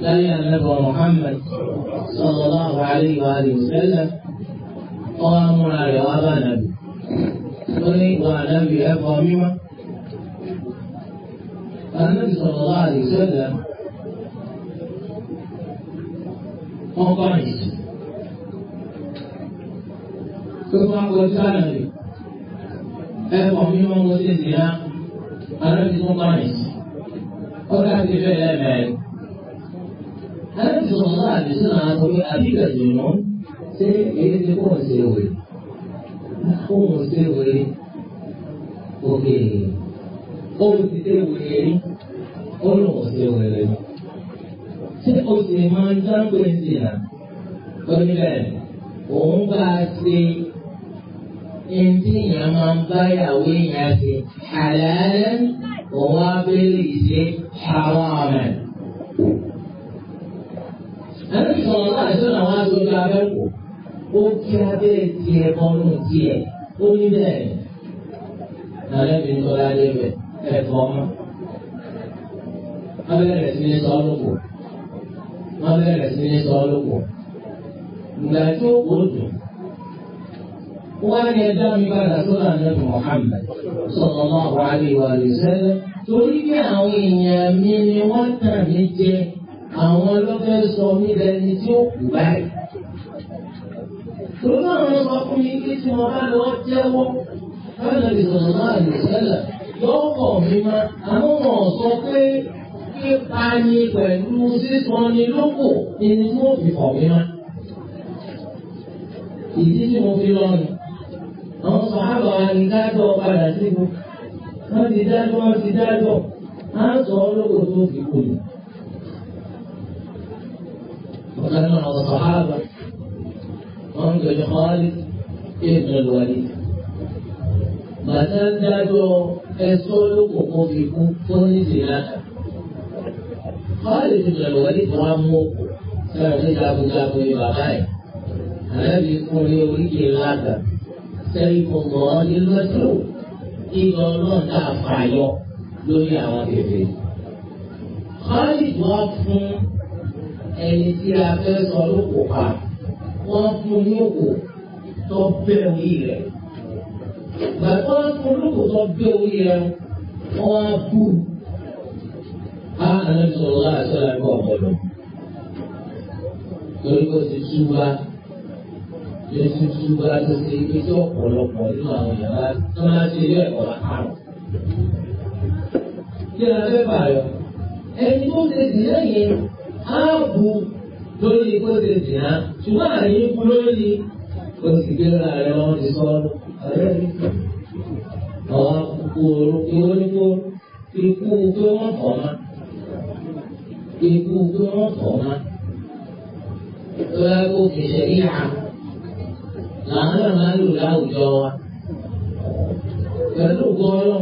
لأن النبي محمد صلى الله عليه وآله وسلم قامنا لأبا نبي قلني ونبي أبا ميمة النبي صلى الله عليه وسلم مقعيش ثم أقول سالمي أبا ميمة مسلم أنا النبي مقعيش وكانت في شيء أمالي láti sọ̀rọ̀ náà àdìsí náà sọ pé àbíkàtì mọ́ ṣé èyí ti pọ̀ ṣe wèrè fóun ṣe wèrè òkè òun ti ṣe wèrè rí òun ṣe wèrè rí ṣé o sì máa ń dáńgbé sí i náà lórí bẹ́ẹ̀ òun bá a ṣe ẹni yẹn máa ń bá ìyàwó yẹn ṣe àlàyé òun á bẹ́ẹ̀ lè ṣe àwọn àmì àbí sọ̀rọ̀ náà àti sọ̀rọ̀ àwọn aṣojú abẹ́kù ó kí abẹ́rẹ́ tiẹ̀ kọ́nù tiẹ̀ ó ní bẹ́ẹ̀ ni. Nàlẹ́bí ń tọ́lá débẹ̀ ẹ̀fọ́ mọ́. Wọ́n bẹ̀rẹ̀ sí ní sọ́ọ́ lóko. Wọ́n bẹ̀rẹ̀ sí ní sọ́ọ́ lóko. Ìgbà tí ó dùn. Wọ́n á ní ẹja mi padà sọ́dọ̀ ànábì Mùhàmmad sallallahu alaihi wa sallam torí pé àwọn èèyàn mi ni wọ́n tàn mí jẹ àwọn ọlọ́fẹ́ sọ mí lẹni tí ó kù báyìí. Tòun náà wọ́n sọ fún mi kí tí wọ́n bá lọ jẹ́wọ́ lọ́nà ìsọ̀rọ̀ náà lè sẹ́lẹ̀ lọ́kọ̀ mi máa àwọn ọ̀rọ̀ sọ pé pípa ni pẹ̀lú sísọ ni lóko ni mo fi kọ̀ mi máa. Ìdí tí mo fi lọ nù. Àwọn sọ̀hábà ni dájọ́ padà síbu. Wọ́n ti dájọ́ wọ́n ti dájọ́. Á sọ ọ́ lóko tó fi kò yìí. وكان على الصحابة وانظر لخالد ابن الوليد bàtà ń dájọ́ ẹ̀sọ́ lókòókò fi kú tó ní ìsìnlá. Báyìí ti bẹ̀rẹ̀ wọlé tó wá mú òkú sọ̀rọ̀ ní jagunjagun ní bàbá ẹ̀. Àlẹ́bí kún ní oríkè lága. Sẹ́yìn kò mọ̀ ọ́ ní lọ́jọ́. Ìgbà ọlọ́run náà fàyọ lórí àwọn bèbè. Báyìí wá fún ẹni tí a fẹ́ sọ ló kò pa wọ́n fún ní òkò tó bẹ́ orí rẹ̀. Gbàgbọ́ fún lóko tó bẹ́ orí rẹ̀ wọ́n á kú. Bá àlejò láàṣọ́ra ní ọ̀pọ̀lọ̀. Torí ó ti túbá ló ti túbá ló ti ibi tí ọ̀pọ̀lọpọ̀ nínú àwọn yàrá tó máa ṣe ilé ẹ̀kọ́ àárọ̀. Kí ni a fẹ́ bàyọ̀? Ẹni tó ṣe sílẹ̀ yẹn ààbò lórí bó ṣe dìá ṣùgbọ́n àyè kú lórí bó ti gbé ra ti sọ ọ̀rẹ́ mi. Àwọn kòkòrò kí ó ikú pé wọ́n fọ̀ ma. Ikú pé wọ́n fọ̀ ma. Lọ́yà kó fi ṣe Làwọn náà lò láwùjọ wa. Pẹ̀lú gbọ́rọ̀,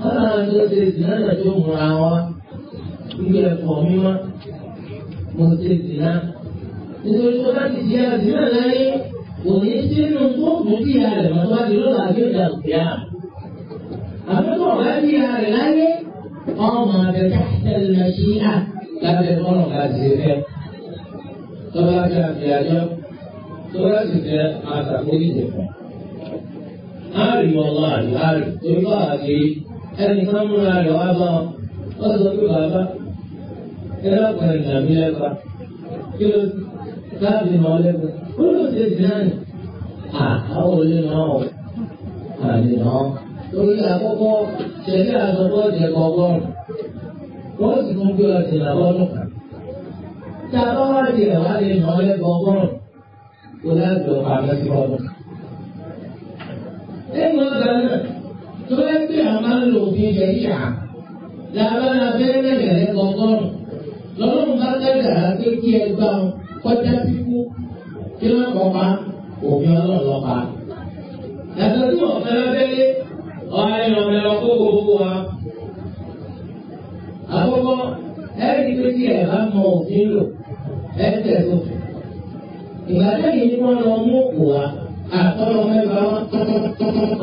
wọ́n náà ló ṣe dìá náà tó múra wa. Ilé ẹ̀kọ́ mímọ́ mo ti zina. nítorí tó bá ti di àzínà láyé òní sínú kóòkù bí ìyá rẹ̀ mọ́ wá di lọ́la àgbéjà òkúyà. àbúrò bá bí ìyá rẹ̀ láyé ọmọ rẹ̀ káṣẹ́lẹ̀ sí à lábẹ́ bọ́ọ̀lù láti fẹ́. tó bá ti àfìyàjọ tó bá ti fẹ́ àtàkùnrin jẹ̀fọ́. a rí ọlọ́ àdúrà rẹ̀ torí bá àgbé ẹnì kan múra rẹ̀ wá bá ọ sọ pé bàbá ẹ̀rọ kan ìdààmú lẹ́pa kí ló káàbì mọ́ lẹ́pa ó ló ṣe dìrán àwọn olè náà ọ̀ àlè náà torí àkọ́kọ́ ṣẹlẹ̀ àtọ́kọ́ ìjẹ̀kọ̀ ọgọ́rùn wọ́n sì fún gbé ọ̀sẹ̀ làbọ́dún kan tá a bá wá di ẹ̀wá lè mọ́ lẹ́pa ọgọ́rùn kó láti ọ̀pá mẹ́sì ọdún. lẹ́yìn ọ̀gá náà tó lẹ́gbẹ̀ẹ́ àmàlò òfin ìjẹ̀yà làbára bẹ́ẹ̀ lẹ́gbẹ̀ẹ́ lẹ́pa ọgọ́rùn lọ́lọ́run bá dágbàrá pé kí ẹ gbá ọ kọjá síkú kí ló ń kọ́pa òfin ọlọ́run lọ́pa. yàtọ̀ sí ọ̀fẹ́ lọ́fẹ́lẹ́ ọ̀hán ẹ̀rọ ẹ̀rọ kókó owó wa. àkọ́kọ́ ẹ̀rí pé tí ẹ̀ mọ òfin lò ẹ̀ tẹ̀sùn. ìgbà tẹ́lẹ̀ ni wọ́n lọ mú òkú wa àtọ́lọ́ mẹ́fà wọn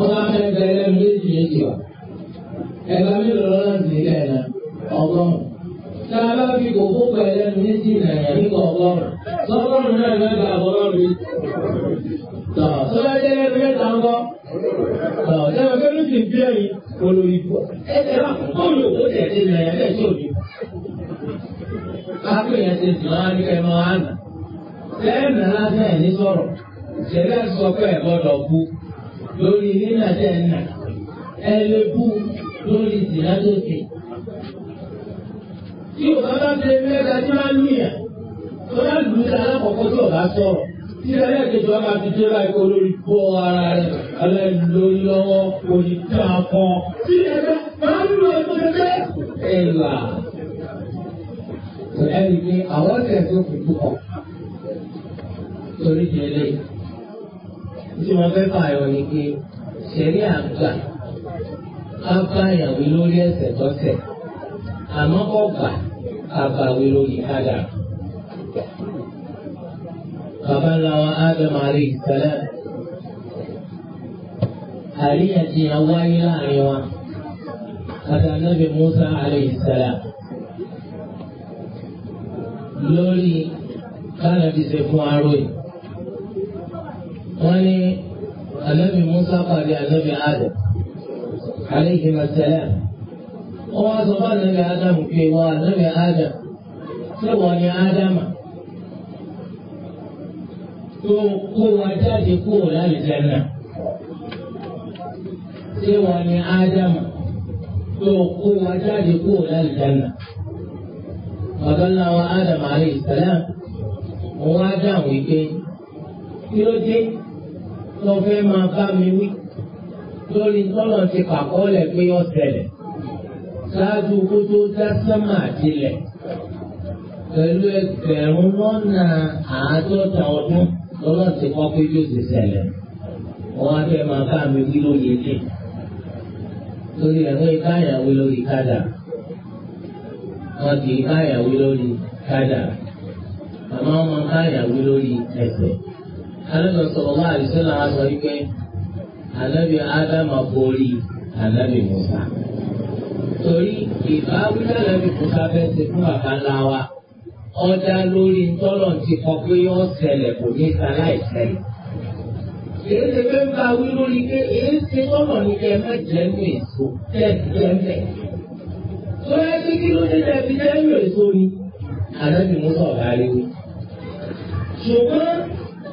ọba mẹ́fà ẹlẹ́nu méjì méjì wa. ẹ̀gbá mélòó lọ́nà ìdílé ẹ̀ náà ọgọ́rùn-ún tá a bá fi kókó pẹ̀lẹ́ ní sí nàìjíríà nípa ọgọ́rùn-ún sọ́kọ́rùn-ún náà ló ń gba àbọ̀rọ̀rùn tọ̀ sọ́dọ̀ jẹ́ lẹ́nu mẹ́ta ń bọ́ tọ̀ sẹ́wọ̀n kẹ́lú sì ń bí ẹ̀yìn olùyìnbó ẹ̀jẹ̀ bá kóòlù ó jẹ̀ sí nàìjíríà ẹ̀ sóòlù. kápẹ́yà ti sùn á ní kẹ́ máa nà lẹ́ẹ̀nà lásán ẹ̀ ní sọ̀rọ̀ ìṣẹ̀lẹ̀ sọ pé ẹ̀ gbọ́dọ̀ kú lórí nínà tẹ̀ ń nà ẹ lè kú lórí ìsìn tí o bá bá bẹ mẹ́ta tí máa ń lùyàn tó bá lù ú sára kọ̀ọ̀kan tí o bá sọ̀rọ̀ tí ìrẹ́lẹ̀ kejì wa máa fi dé báyìí kó lórí bọ́ ara rẹ̀ alẹ́ lórí lọ́wọ́ kò ní ká kan. tí ẹgbẹ́ máa ń lọ ẹgbẹ́ ẹ là. ẹnì ní àwọn tẹ̀ tó fi púpọ̀ torí jẹ́lẹ̀ tí wọ́n fẹ́ fààyọ ni pé ṣẹ̀rí àgbà á bá ìyàwó lórí ẹ̀sẹ̀ tọ́sẹ̀ àmọ́ ọ̀gbà àbàwí lórí kádà. Bàbá ńlá wọn Ádámù alayhi salam. Àríyànjiyàn wáyé láàrin wọn. Àti ànábì Musa alayhi salam. Lórí kánàbí ṣe fún aró yìí. Wọ́n ní ànábì Musa pàdé ànábì Ádámù alayhi wọ́n wá sọ fún ànábì ádámù pé wọ́n ànábì ádámù tí wọ́n ní ádámà tó kó wọn jáde kúrò lálùjẹ náà tí wọ́n ní ádámà tó kó wọn jáde kúrò lálùjẹ náà. Bàbá ńlá wa Ádámù òun á dáhùn kí ló dé tó fẹ́ máa bá mi wí lórí tọ́lọ̀ ti pàkọ́lẹ̀ pé ó ṣẹlẹ̀ ṣáájú kó tó dá sánmà tilẹ̀ pẹ̀lú ẹgbẹ̀rún lọ́nà àádọ́ta ọdún lọ́nà tí wọ́n pé yóò ṣe ṣẹlẹ̀ wọ́n á fẹ́ máa bá mi wí lóye ní torí ẹ̀rọ ìbáyàwó lórí kádà wọn kì í báyàwó lórí kádà àmọ́ wọn máa báyàwó lórí ẹsẹ̀. alẹ́ sọ̀rọ̀ wá àdìsẹ́ làwọn sọ wípé ànábì ádámà borí ànábì mùsà torí ìbáwí lẹ́lẹ́bí kò sábẹ́ ti fún bàbá ńlá wa ọjà lórí ntọ́lọ̀ ti kọ pé yọ ṣẹlẹ̀ kò ní sáláì ṣẹlẹ̀. èyí ti fẹ́ bá wí lórí pé èyí ti tọ́lọ̀ ní kẹ́ mẹ́jẹ̀ ní èso tẹ́ẹ̀tẹ́ mẹ́. lọ́yẹ́ pé kí ló dé tẹ́ẹ̀fi jẹ́rú èso ni ànábì mú sọ̀rọ̀ ariwo. ṣùgbọ́n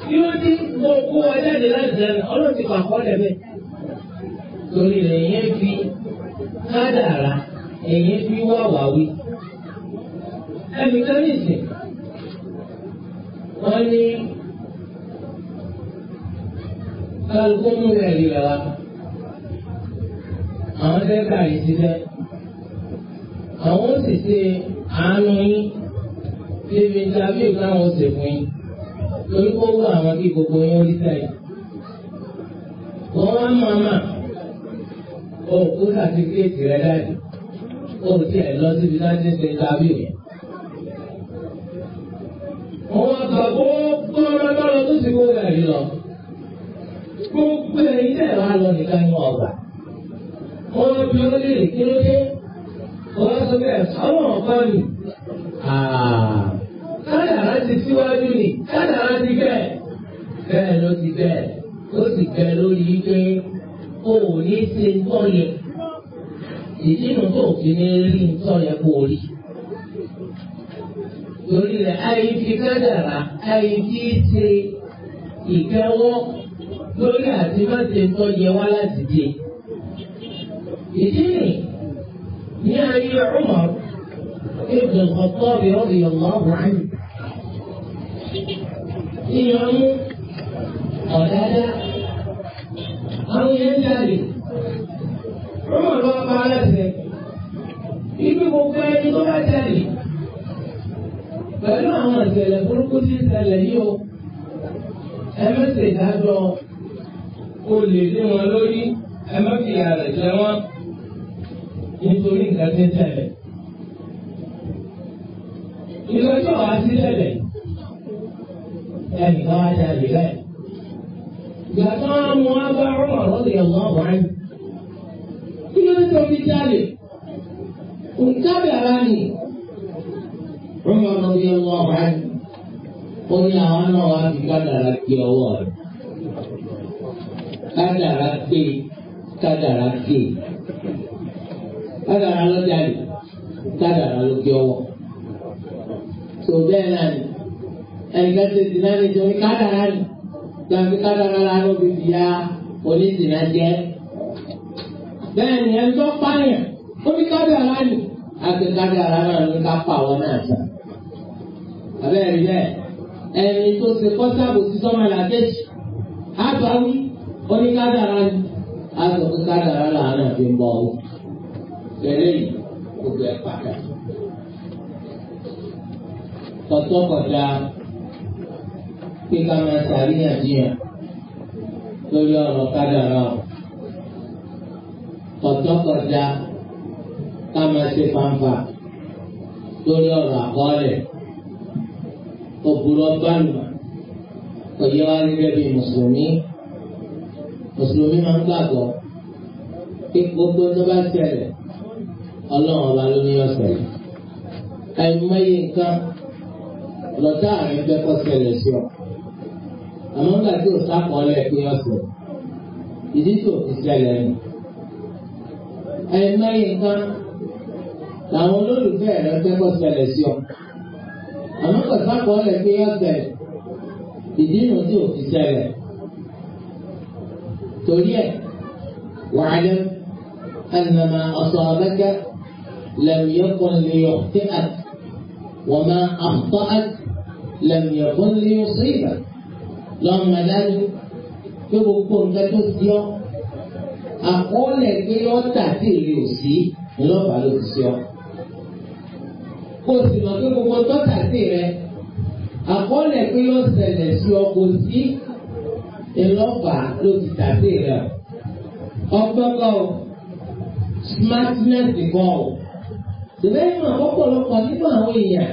bí ó dín gbogbo ọjà ní láti jẹun ọlọ́run ti pàkọ́ lẹ̀ bẹ́ẹ̀. torí rẹ̀ yẹn fi kádàrá ẹ̀yìn fi wá wàwí. ẹnìkan nìsín wọ́n ní kálukú mú rẹ̀ rí rẹ̀ wá. àwọn fẹ́ kà yín síbẹ̀. àwọn ó sì ṣe àánú yín débi ìtàbí ìkáwọn ṣe fún yín torí kó wọ àwọn kí gbogbo yín ó rí sẹ́yìn. wọ́n wá máa máa ohun tó sàtífíkèétì rẹ lẹ́nu ohun tí ẹ̀ lọ síbi láti ṣe tàbí yẹn. Àwọn àgbàgbọ́ gbọ́dọ̀gbọ́dọ̀ tó ti kó ẹ̀rí lọ. Gbogbo ẹ̀rí tẹ̀ wá lọ nìkan ni wọ́n gbà. Wọ́n lọ bí wọ́n lè kí ló dé. Wọ́n sọ pé àwọn ọ̀pá mi. Kádàrá ti síwájú ni, kádàrá ti bẹ́ẹ̀. Bẹ́ẹ̀ ló ti bẹ́ẹ̀, ó sì bẹ́ẹ̀ lórí pé kó o ní ṣe ńtọ́ yẹ ìdí nu tó fi ní rí ńtọ́ yẹ kó o rí. torí rẹ̀ ayé fi kádàrá ayé fi ṣe ìkẹwọ́ lórí àti má ṣe ńtọ́ yẹ wá láti dé. ìdí nì ní ayé Umar ibn al-Khattab radiyallahu anhu. ìyọnu ọ̀dáadáa àwọn yẹn jáde rọ́mọ̀ lọ́wọ́ pa aláṣẹ ibi gbogbo ẹni tó bá jáde pẹ̀lú àwọn ìṣẹ̀lẹ̀ burúkú tí ń ṣẹlẹ̀ yìí o ẹ mẹ́sẹ̀ ìdájọ́ o lè lé wọn lórí ẹ mẹ́fìyà rẹ̀ jẹ wọn nítorí nǹkan tí ń ṣẹlẹ̀. ìlọjọ́ wa sí ẹnìkan wá jáde lẹ́yìn gbàtọ́ mu wá bá Umar radiyallahu anhu. kí ló dé tó fi jáde? nǹkan bẹ̀rẹ̀ ni Umar radiyallahu anhu. ó ní àwọn náà wá fi kádàrá gbé ọwọ́ rẹ̀. kádàrá gbé kádàrá gbé kádàrá ló jáde kádàrá ló gbé ọwọ́. tó bẹ́ẹ̀ náà ni ẹnìkan ti dì náà nítorí kádàrá ni tàbí kádàrárá ló fi fi ya oníṣìnà jẹ. bẹ́ẹ̀ ni ẹni tó pààyàn ó ní kádàrá nì àti kádàrá náà ní ká pa àwọn náà sàn. àbẹ́rẹ́ bẹ́ẹ̀ ẹni tó ṣe kọ́sàbò sí sọ́mọ làkejì àtàwí ó ní kádàrá nì àtọ̀ pé kádàrá làánà fi ń bọ̀ ọ́. bẹ́ẹ̀ ni gbogbo ẹ̀ pàtàkì. kọ̀tọ́kọ̀dá pé ká máa ṣàríyànjiyàn lórí ọ̀rọ̀ kádàrá o. Kọ̀tọ́kọ̀dá ká máa ṣe fanfa lórí ọ̀rọ̀ àkọọ́lẹ̀. Òbúrọ̀ gbàlùmọ̀ òye wa rí gẹ́gẹ́ bí mùsùlùmí. Mùsùlùmí máa ń gbàgbọ́ pé gbogbo tó bá ṣẹlẹ̀ ọlọ́run ọba ló ní ọ̀sẹ̀. Àìmọye nǹkan lọ́tà àrùn fẹ́ kọ́ ṣẹlẹ̀ sí ọ. àmọ́ nígbà tí òsà kọ́lẹ̀ pé ọ̀sẹ̀ ìdí tó fi ṣẹlẹ̀ nù. ẹ̀ẹ́mẹ́yìn kan làwọn olólùfẹ́ rẹ fẹ́ kọ́ ṣẹlẹ̀ sí ọ. àmọ́ pẹ̀sà kọ́lẹ̀ pé ọ̀sẹ̀ ìdí nù tí ò fi ṣẹlẹ̀. torí ẹ̀ wàhálẹ́ ẹnìmọ̀ ọ̀sọ̀ ọ̀bẹ́kẹ́ lẹ́mìí kan lè yọ̀ tí a wọ́n máa àfọ́ àti lẹ́mìí kan lè yọ̀ sí ìbàdàn. lọ́mọ dájú pé gbogbo nǹkan tó ti ọ́ àkọọ́lẹ̀ pé ọ́tà tí èrè ò sí lọ́ba ló ti sọ. Kò sì mọ̀ pé gbogbo tọ́tà sí rẹ̀ àkọọ́lẹ̀ pé yóò ṣẹlẹ̀ sí ọ kò sí ìlọ́ba ló ti tà sí rẹ̀. Ọgbọ́gbọ́ o, smartness kọ́ o. Ìbẹ́yìn àkọ́pọ̀lọpọ̀ nínú àwọn èèyàn.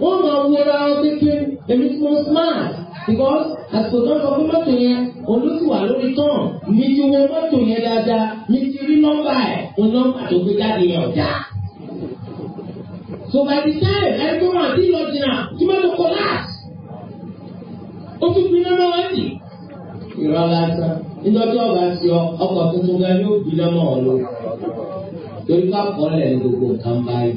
wọ́n máa wúra ọtí pé èmi tí mo smart because àsìkò tó ń sọ fún mọ́tò yẹn olóṣù wà lórí tán mi ti wo mọ́tò yẹn dáadáa mi ti rí nọ́mbà ẹ̀ o nọ́mbà tó gbé jáde yẹn ọ̀dà. so by the time ẹni tó wà ní ìlọjìnà tí mọ́tò collapse ó tún fi nọ́mbà wá sí. ìrọ̀ lásán nítorí ọba sí ọ ọkọ̀ tuntun gan ni ó gbiná mọ́ ọ lọ. torí ká kọ́ lẹ̀ ní gbogbo nǹkan báyìí.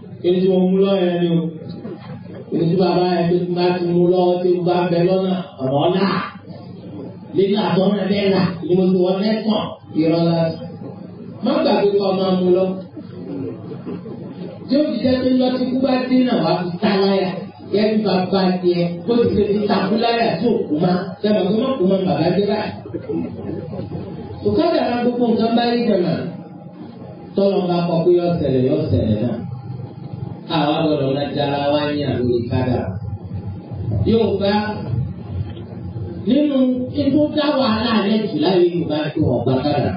èyí tí wọ́n mú lọ́wọ́ yẹn ni o èyí tí bàbá yẹn tó bá ti mú lọ́wọ́ tí bá bẹ lọ́nà ọ̀rọ̀ náà lílà àtọ́nà lẹ́la ni mo ti wọ́n lẹ́kàn ìrọ̀lá má gbàgbé kọ́ ọ máa mú lọ. tí ó ti jẹ́ pé lọ́tí kú bá dé náà wàá fi tá láyà yẹn bí bàbá tiẹ̀ kó ti fi takú láyà tí kú má sẹ́wọ̀n tó kú má bàbá dé báyìí. òkàdà náà gbogbo nǹkan bá rí tọ́lọ́ bá kọ pé yọ àwa gbọ́dọ̀ lọ dára wá ní àlórí kádà. Yorùbá nínú ikú dá wàhálà rẹ̀ jù láyé Yorùbá tó ọ̀gbà kádà.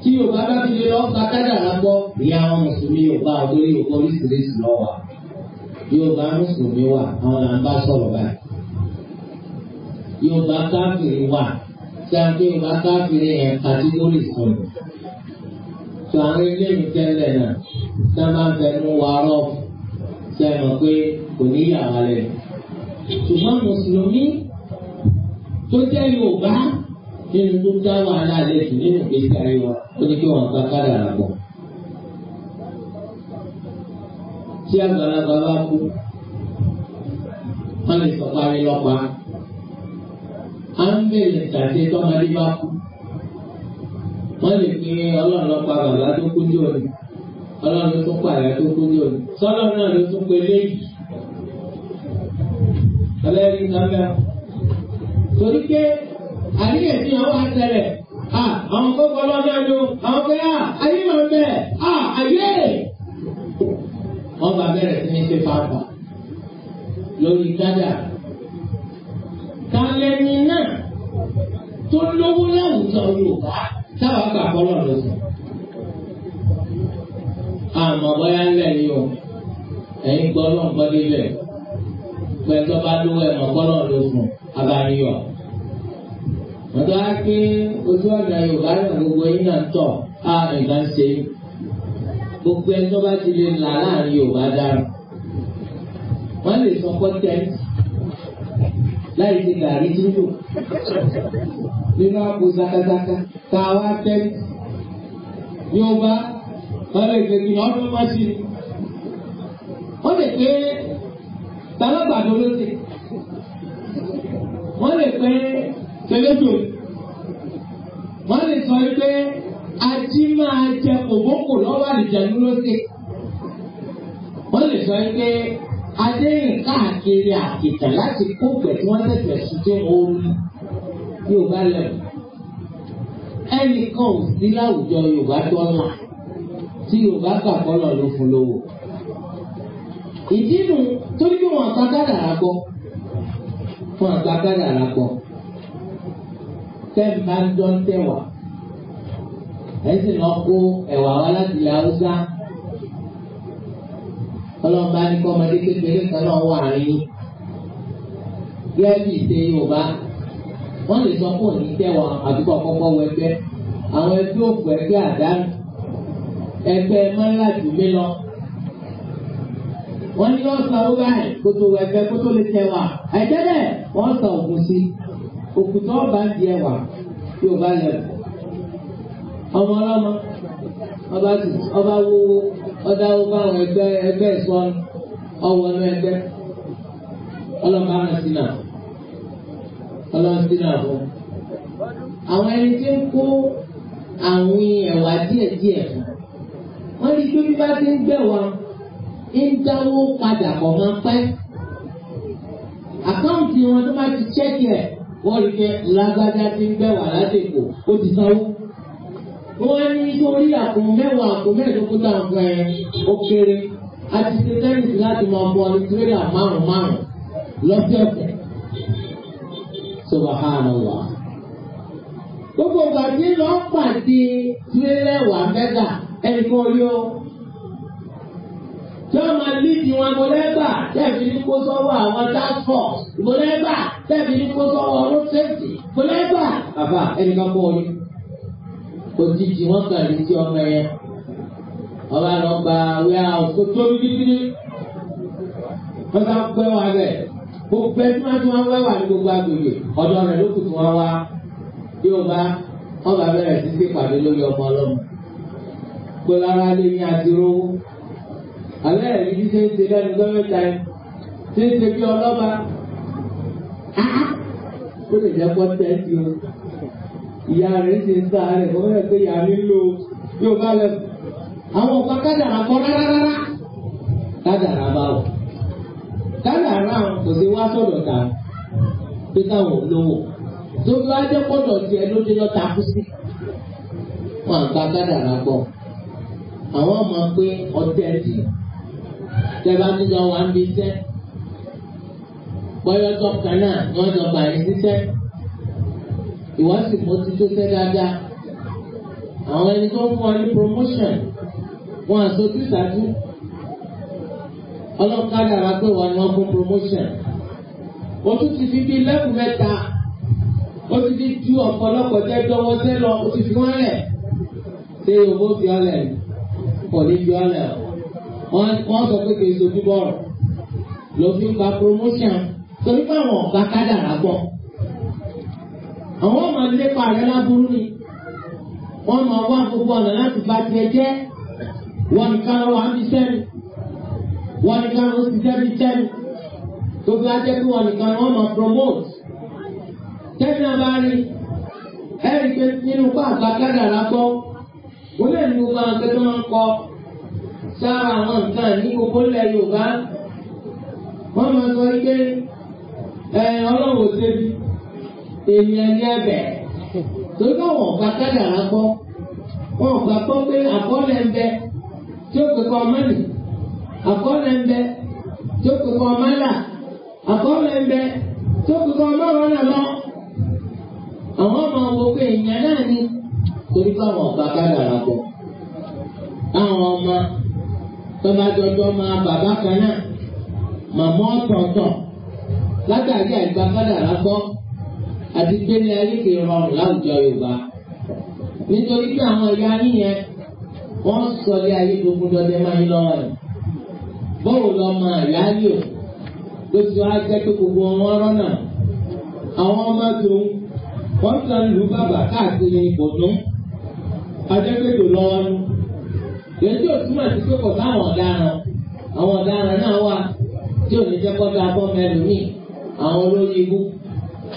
Tí Yorùbá bá fi lè lọ́gbà kádà lágbọ́, ìyá àwọn Mùsùlùmí Yorùbá ọdún Yorùbá oríṣiríṣi lọ wà. Yorùbá Mùsùlùmí wà, àwọn là ń bá sọ̀rọ̀ báyìí. Yorùbá káfìrí wà, tí a ń pè Yorùbá káfìrí yẹn kàtígórì sọ̀rọ̀ tó àwọn ilé mi tẹ́lẹ̀ náà tá a máa ń fẹnu wa rọ̀ ṣe é mọ̀ pé kò ní yà wá lẹ̀. ṣùgbọ́n mùsùlùmí tó jẹ́ Yorùbá nínú tó dá wàhálà lẹ̀ jù nínú ìgbésí ayé wọn ó ní kí wọ́n gba kádàrà bọ̀. tí àgbàlagbà bá kú wọ́n lè sọ parí lọ́pàá. à ń bẹ̀rẹ̀ ìtàjẹ́ tọ́mọdé bá kú wọ́n lè ní ọlọ́run lọ pa bàbá tó kú ní òní ọlọ́run ló tún pa àyà tó kú ní òní sọ́lọ́ náà ló tún pe léyìí ọlẹ́rìí nàmẹ́ torí pé àríyànjiyàn wà tẹ̀lẹ̀ àwọn kókó ọlọ́dún ọdún àwọn pé ayé mọ̀ ń bẹ̀ ayé wọ́n bá bẹ̀rẹ̀ sí ní ṣe fàáfà lórí dájà kálẹ́ni náà tó lówó láwùjọ Yorùbá táwọn gbà fọlọ́ ló sọ. àmọ́ bóyá ńlẹ̀ yìí o ẹ̀yin gbọ́ náà gbọ́ délẹ̀ pẹ̀tọ́ bá lówó ẹ̀mọ́ fọlọ́ ló sùn abaliyọ̀. Mọ̀tọ́ á pé ojú ọ̀nà Yorùbá náà gbogbo yín náà tọ̀ á nìkan ń ṣe. Gbogbo ẹni tó bá ti lè là láàrin Yorùbá dára. Wọ́n lè sọ pọ́ tẹ́ǹtì. láì ní gàrí túbù nínú àpò zakazaka tá a yóò bá ọ̀rẹ́ ìgbẹ́gbẹ́ ọdún mọ́sí ni wọ́n lè pé talábàdó ló ti wọ́n lè pé tẹlẹ́tò wọ́n lè sọ pé ají máa jẹ òbókò lọ́wọ́ ló wọ́n lè sọ pé. adéyìn káàkiri àkìtà láti kó pẹ̀ tí wọ́n tẹ̀sẹ̀ sí jẹ́ ooru Yorùbá lẹ́nu. ẹnìkan ò sí láwùjọ Yorùbá dọ́là tí Yorùbá kà kọ́lọ̀ ló fún lówó. ìdí nu torí bí wọn àgbà kádàrà gbọ́ fún àgbà kádàrà gbọ́ fẹ́ẹ̀ bá ń dán tẹ̀wà ẹ̀ sì lọ kó ẹ̀wà wa láti ilẹ̀ Haúsá. ọlọ́run bá ní kọ́ ọmọdé kékeré na náà wà rí gẹ́gẹ́ ìṣe yorùbá wọ́n lè sọ fún òní tẹ́wọ̀n àdúgbò àkọ́kọ́ wọ ẹgbẹ́ àwọn ẹgbẹ́ òkú ẹgbẹ́ àdánù ẹgbẹ́ mọ́lá jù mí lọ. wọ́n ní yóò owó báyìí kó tó wọ ẹgbẹ́ kó tó lè bẹ́ẹ̀ wọ́n òkú sí òkùtọ́ ọba ń di ẹwà ọba wọ́wọ́ wọ́n dáwọ́ bá àwọn ẹgbẹ́ ẹgbẹ́ ìsọ́n ọwọ́ náà ẹgbẹ́ ọlọ́mọ àwọn sínà ọlọ́mọ sínà fún. àwọn ẹni tí ń kó àwìn ẹ̀wà díẹ̀díẹ̀ fún wọ́n ní pé bí bá ti ń gbẹ̀wà ń dáwó padà kọ̀ máa pẹ́. àkáǹtì wọn tó bá ti ṣẹ́kì ẹ̀ wọ́n rí i pé lágbájá ti ń gbẹ̀wà lásìkò ó ti sanwó wọ́n ní sórí àpò mẹ́wàá àpò mẹ́ẹ̀ẹ́dógún tá à ń gbẹ ó kéré a ti ṣe tẹ́nìsì láti máa bọ ní tírélà márùn márùn lọ́sẹ̀ọ̀sẹ̀ Subhanallah. gbogbo ìgbà tí lọ pàdé tírélà wà mẹ́gà ẹnìkan yọ yóò máa lídì wọn gbọlẹ́gbà tẹ̀sí ní kó sọ́wọ́ àwọn task force gbọlẹ́gbà tẹ̀sí ní kó sọ́wọ́ road safety gbọlẹ́gbà bàbá ẹnìkan bọ̀ ọ́ yìí. òjijì wọn kàn rí sí ọmọ yẹn ọba lọ gba warehouse tó tóbi títí wọn sá pẹ́ wọn ti wọn wà ní gbogbo agbègbè ọ̀dọ̀ rẹ̀ ló kùtù wọn wá bí o bá ọba bẹ̀rẹ̀ sí sí pàdé lórí ọmọ ọlọ́run pé lára lé ní àtirówó alẹ́ rẹ̀ ṣe o. ìyá rẹ̀ ti ń sáà rẹ̀ wọ́n rẹ̀ pé ìyá nílò yóò bá lẹ̀ àwọn ọ̀pá kádàrà kọ́ rárá kádàrà bá wọ̀ kádàrà kò sí wá sọ̀dọ̀ ta pé káwọn olówó tó bá jẹ́ tiẹ̀ ló dé sí wọn àgbà kádàrà gbọ́ àwọn ọmọ pé tẹ́lá ti ìwọ sì mójútó tẹ́ dáadáa àwọn ẹni tó ń fún ọ ní promotion wọn àsojú ìdájú ọlọ́kadà wa pé wọn ni wọn fún promotion o tún ti fi bí lẹ́kùn mẹ́ta o ti fi ju ọ̀pọ̀lọpọ̀ tẹ́ dọ́wọ́ tẹ́ lọ o ti fi wọ́n lẹ̀ ṣé òbó fi ọ lẹ̀ kò ní fi ọ lẹ̀ wọ́n sọ pé kì í sojú bọ́ọ̀rọ̀ ló fi ń gba promotion torí pé àwọn ọ̀gá kádàrà gbọ́. àwọn máa lépa rẹ láburú ni wọ́n máa wá gbogbo ọ̀nà láti bá tiẹ̀ jẹ́ wọ́n nìkan lọ́wọ́ à ń fi sẹ́nu wọ́n nìkan ló ti sẹ́bi sẹ́nu gbogbo ajẹ́ pé wọ́n nìkan wọ́n máa promote tẹ́sán bá rí ẹ̀rí pé nínú wọ́n lè nu kọ sára àwọn nǹkan ní gbogbo ilẹ̀ Yorùbá wọ́n máa sọ èèyàn ní ẹ̀bẹ̀ torí náà wọ́n gba kádàrá gbọ́ wọ́n gba gbọ́ pé àkọọ́lẹ̀ ń bẹ tí ó pè kọ́ ọmọ nì àkọọ́lẹ̀ ń bẹ tí ó pè kọ́ ọmọ là àkọọ́lẹ̀ ń bẹ tí ó pè kọ́ ọmọ wọn là lọ. àwọn ọmọ wo pé èèyàn náà ni torí pé àwọn gba kádàrá gbọ́ àwọn ọmọ tó máa bàbá kan náà màmá ọ̀tọ̀ọ̀tọ̀ látàrí àìgbà kádàrá gbọ́ àti gbélé ayé fi rọrùn láwùjọ Yorùbá nítorí pé àwọn ìyá yín yẹn wọ́n sọ ilé ayé gbogbo dọdẹ máa ń lọ́wọ́ rẹ̀ bọ́wọ́ lọ mọ ìyá yìí o ló ti wá jẹ́ pé gbogbo wọn rọ́nà àwọn ọmọ tó wọ́n sọ lù bàbà káàkiri ipò tó adẹ́gbẹ́dò lọ́wọ́ nù yẹtí o túmọ̀ sí pé ọ̀daràn àwọn ọ̀daràn náà wà tí ò ní jẹ́ kọ́ta bọ́ mẹ́rin mi àwọn olórí ibú.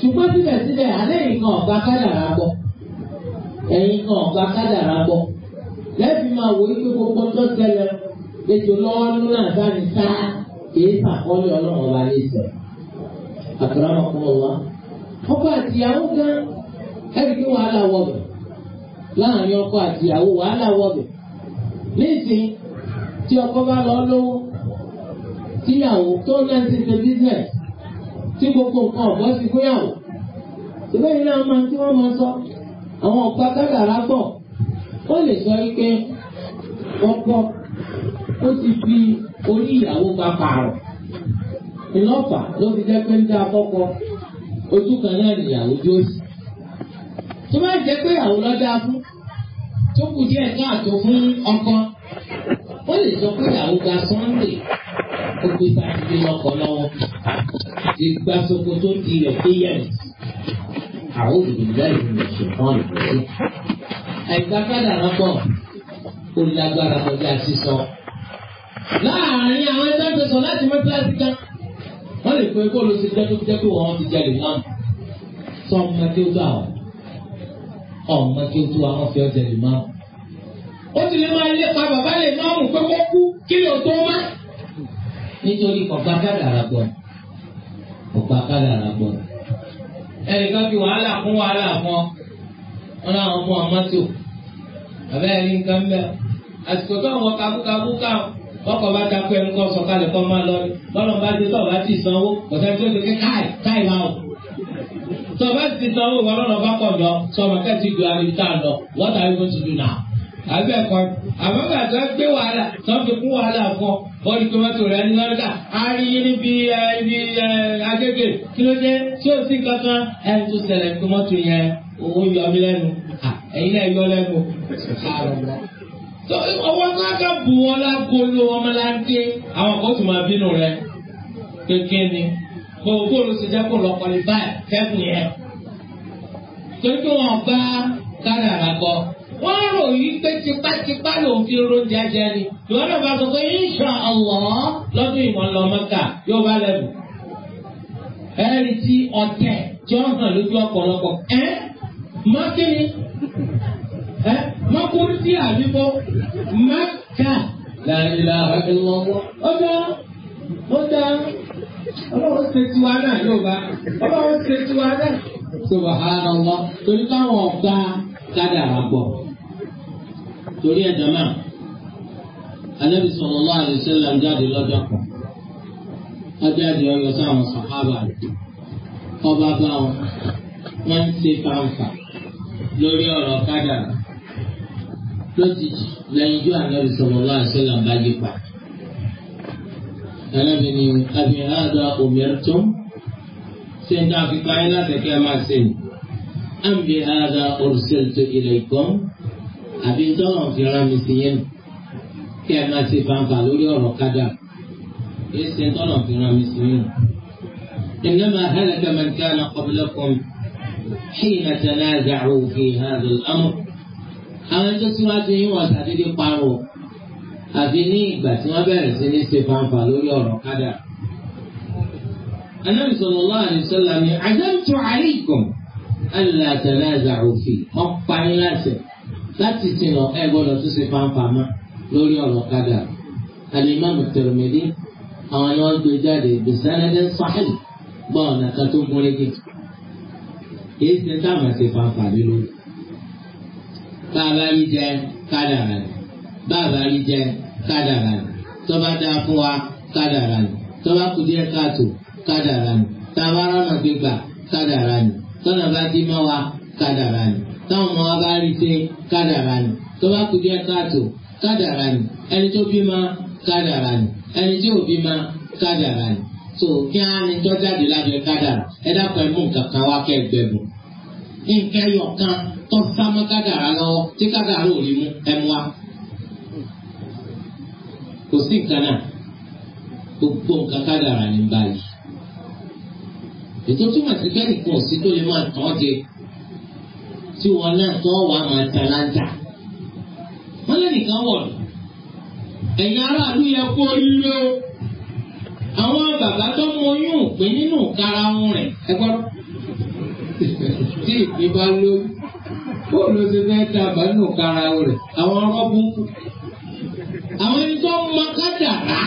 ṣùgbọ́n síbẹ̀síbẹ̀ alẹ́ nǹkan ọ̀gá kádàrá gbọ́ ẹ̀yin kan ọ̀gá kádàrá gbọ́ lẹ́bi máa wò ó pé gbogbo tó tẹ̀lé ètò lọ́wọ́ nínú àdáni sá kìí sàkọ́lé ọlọ́run ọba ní ìsẹ̀ ọkọ gan pé wàhálà ọkọ wàhálà tí ọkọ bá lọ lówó tíyàwó tó náà ti ṣe bísíǹsì tí gbogbo nǹkan ọ̀gbọ́n sì gbéyàwó. Ṣùgbọ́n ìlú náà máa tí wọ́n máa sọ àwọn ọ̀pá kádàrá pọ̀. Wọ́n lè sọ wípé ọkọ ó ti fi orí ìyàwó pa pààrọ̀. ló fi jẹ́ pé ń dá ojú kan náà nìyàwó jẹ́ pé ọkọ. ó lè sọ pé ìyàwó gba Sunday ó gbé sátidé lọ́kọ̀ lọ́wọ́ ìgbà sọ́kò tó di rẹ̀ pé yẹn àwọn olùdílé ìlú ṣùgbọ́n ìbẹ̀rẹ̀. ẹ̀ka kádàrá bọ̀ ó lágbára kọjá sísọ. láàárín àwọn ẹgbẹ́ tó sọ láti mọ́ kíláàsì kan wọ́n lè pe kó ló ṣe jẹ́ tó jẹ́ pé wọ́n ti jẹ lè máa sọ ọmọ kí ó tó àwọn ọmọ kí ó tó àwọn fi ọjẹ lè máa ó ti lè máa lépa bàbá lè máa mú pé kó kú kí lè tó má. nítorí ọ̀gbà kádàrà gbọ́ ọ̀gbà kádàrà gbọ́ ẹnìkan fi wàhálà kún wàhálà fún ọ wọn làwọn fún ọmọ tó àbẹ́rẹ́ ní nǹkan bẹ́ẹ̀ àsìkò tó àwọn kabúkabú káwọn ọkọ̀ bá dákú ẹnu kọ́ sọ̀kalẹ̀ kọ́ máa lọ bọ́lọ̀ bá dé tọ́ọ̀ bá ti sanwó ọ̀sẹ̀ tó lè ké káì káì máa wò. tọ́ọ̀ bá ti sanwó ìwọ lọ́nà bá kọ̀ lọ sọ̀rọ̀ kẹ́sì ju àríwítà lọ what are you going to do now? abẹ́ẹ̀kọ́ àmọ́ gbà tó gbé wàhálà tó fi kún wàhálà fún ọ wọ́n ti tọ́mọ́tò rẹ̀ ní lọ́dà á rí yín níbi ibi agége kí ló dé tí ó sì kankan ẹni tó ṣẹlẹ̀ tọ́mọ́tò yẹn owó yọ mí lẹ́nu ẹ̀yin náà yọ lẹ́nu ọwọ́ ńlá ká bù wọn lágolo ọmọláńdé àwọn kan ó sì máa bínú rẹ kékeré ni kò bóòlù sì jẹ́ kó lọ́kọ̀ọ́lì báyìí fẹ́kùn yẹn torí pé wọ́n gbá kádàrà kọ́ wọ́n rò yí pé tipátipá lòun fi ronjẹ jẹ ni ìwọ náà bá sọ pé insha Allah lọ́dún ìmọ̀ lọ Mẹ́kà yóò bá lẹ́bù. ẹ̀rí tí ọ̀tẹ̀ tí ó hàn lójú ọ̀pọ̀lọpọ̀ ẹ̀ má kíni ẹ̀ má kúrú sí àdúgbò Mẹ́kà la ilaha illallah ọ̀dà ọ̀dà ọlọ́run ṣe tiwa náà yóò bá ọlọ́run ṣe tiwa náà. subhanallah torí káwọn ọ̀gá kádàrà gbọ́ torí ẹ̀ dàmà anabi sallallahu alaihi wasallam jáde lọ́jọ́ kan ọjáde ọyọ sáwọn sàhábà rẹ̀ ọba bá wọn wọ́n ń ṣe fàǹfà lórí ọ̀rọ̀ kádàrá lójijì lẹ́yìn ju anabi sallallahu alaihi wasallam bá yí pa anabi ni abi hada umirtum ṣe ń dá fi pa ẹ máa ṣe ni am bi hada ursiltu ilaykum àbí ntọ́nà òfìrà mi sí yẹn kí ẹ máa ṣe fanfa lórí ọ̀rọ̀ kádà yìí ṣe ntọ́nà òfìrà mi sí yẹn. إنما هلك من كان قبلكم حين تنازعوا في هذا الأمر àwọn tó síwájú yín wọ́n ṣàdédé parọ́ àfi ní ìgbà tí wọ́n bẹ̀rẹ̀ sí ní ṣe fanfa lórí ọ̀rọ̀ kádà. Ànábì sallallahu alaihi wasallam ni àdáńtò láti ti lọ ẹ gbọ́dọ̀ tún ṣe fanfàmà lórí ọ̀rọ̀ kádà alimami Tirmidhi àwọn ni wọn gbé jáde bisanadi sahih gbọ ọ̀nà kan tó múlẹ́gì kìí ṣe táwọn ṣe fanfàmì lórí bàbá rí jẹ kádàrà ni bàbá rí jẹ kádàrà ni tọ́ba dá fún wa kádàrà ni tọ́ba kù díẹ̀ káàtó kádàrà ni tàbá rọ̀nà gbégbà kádàrà ni tọ́nà bá dí mọ́ wa kádàrà ni táwọn ọmọ wa bá rí i pé kádàrà ni tó bá kú díẹ̀ káàtó kádàrà ni ẹni tó bí ma kádàrà ni ẹni tí ò bí ma kádàrà ni tó kí á ní tó jáde lábẹ́ kádàrà ẹ dákun ẹ mú nǹkan kan wá kẹ́ gbẹ̀bù nǹkan ẹyọ kan tó sámọ́ kádàrà lọ́wọ́ tí kádàrà ò rí mú ẹ mú wa kò sí nǹkan náà gbogbo nǹkan kádàrà ni báyìí ètò túmọ̀ sí pé nǹkan ò sí tó lè máa tàn án jẹ tí wọn náà tó wà máa tàlàntà. wọ́n lé nìkan wọ̀ ẹ̀yin aráàlú yẹ kó lílo àwọn bàbá tó mọ oyún òpin nínú karahun rẹ̀ ẹ gbọ́dọ̀ tí ìpín bá lóyún bóòlù ti fẹ́ ta àbánú karahun rẹ̀ àwọn rọ́bù ń kú àwọn ẹni tó mọ kádàrá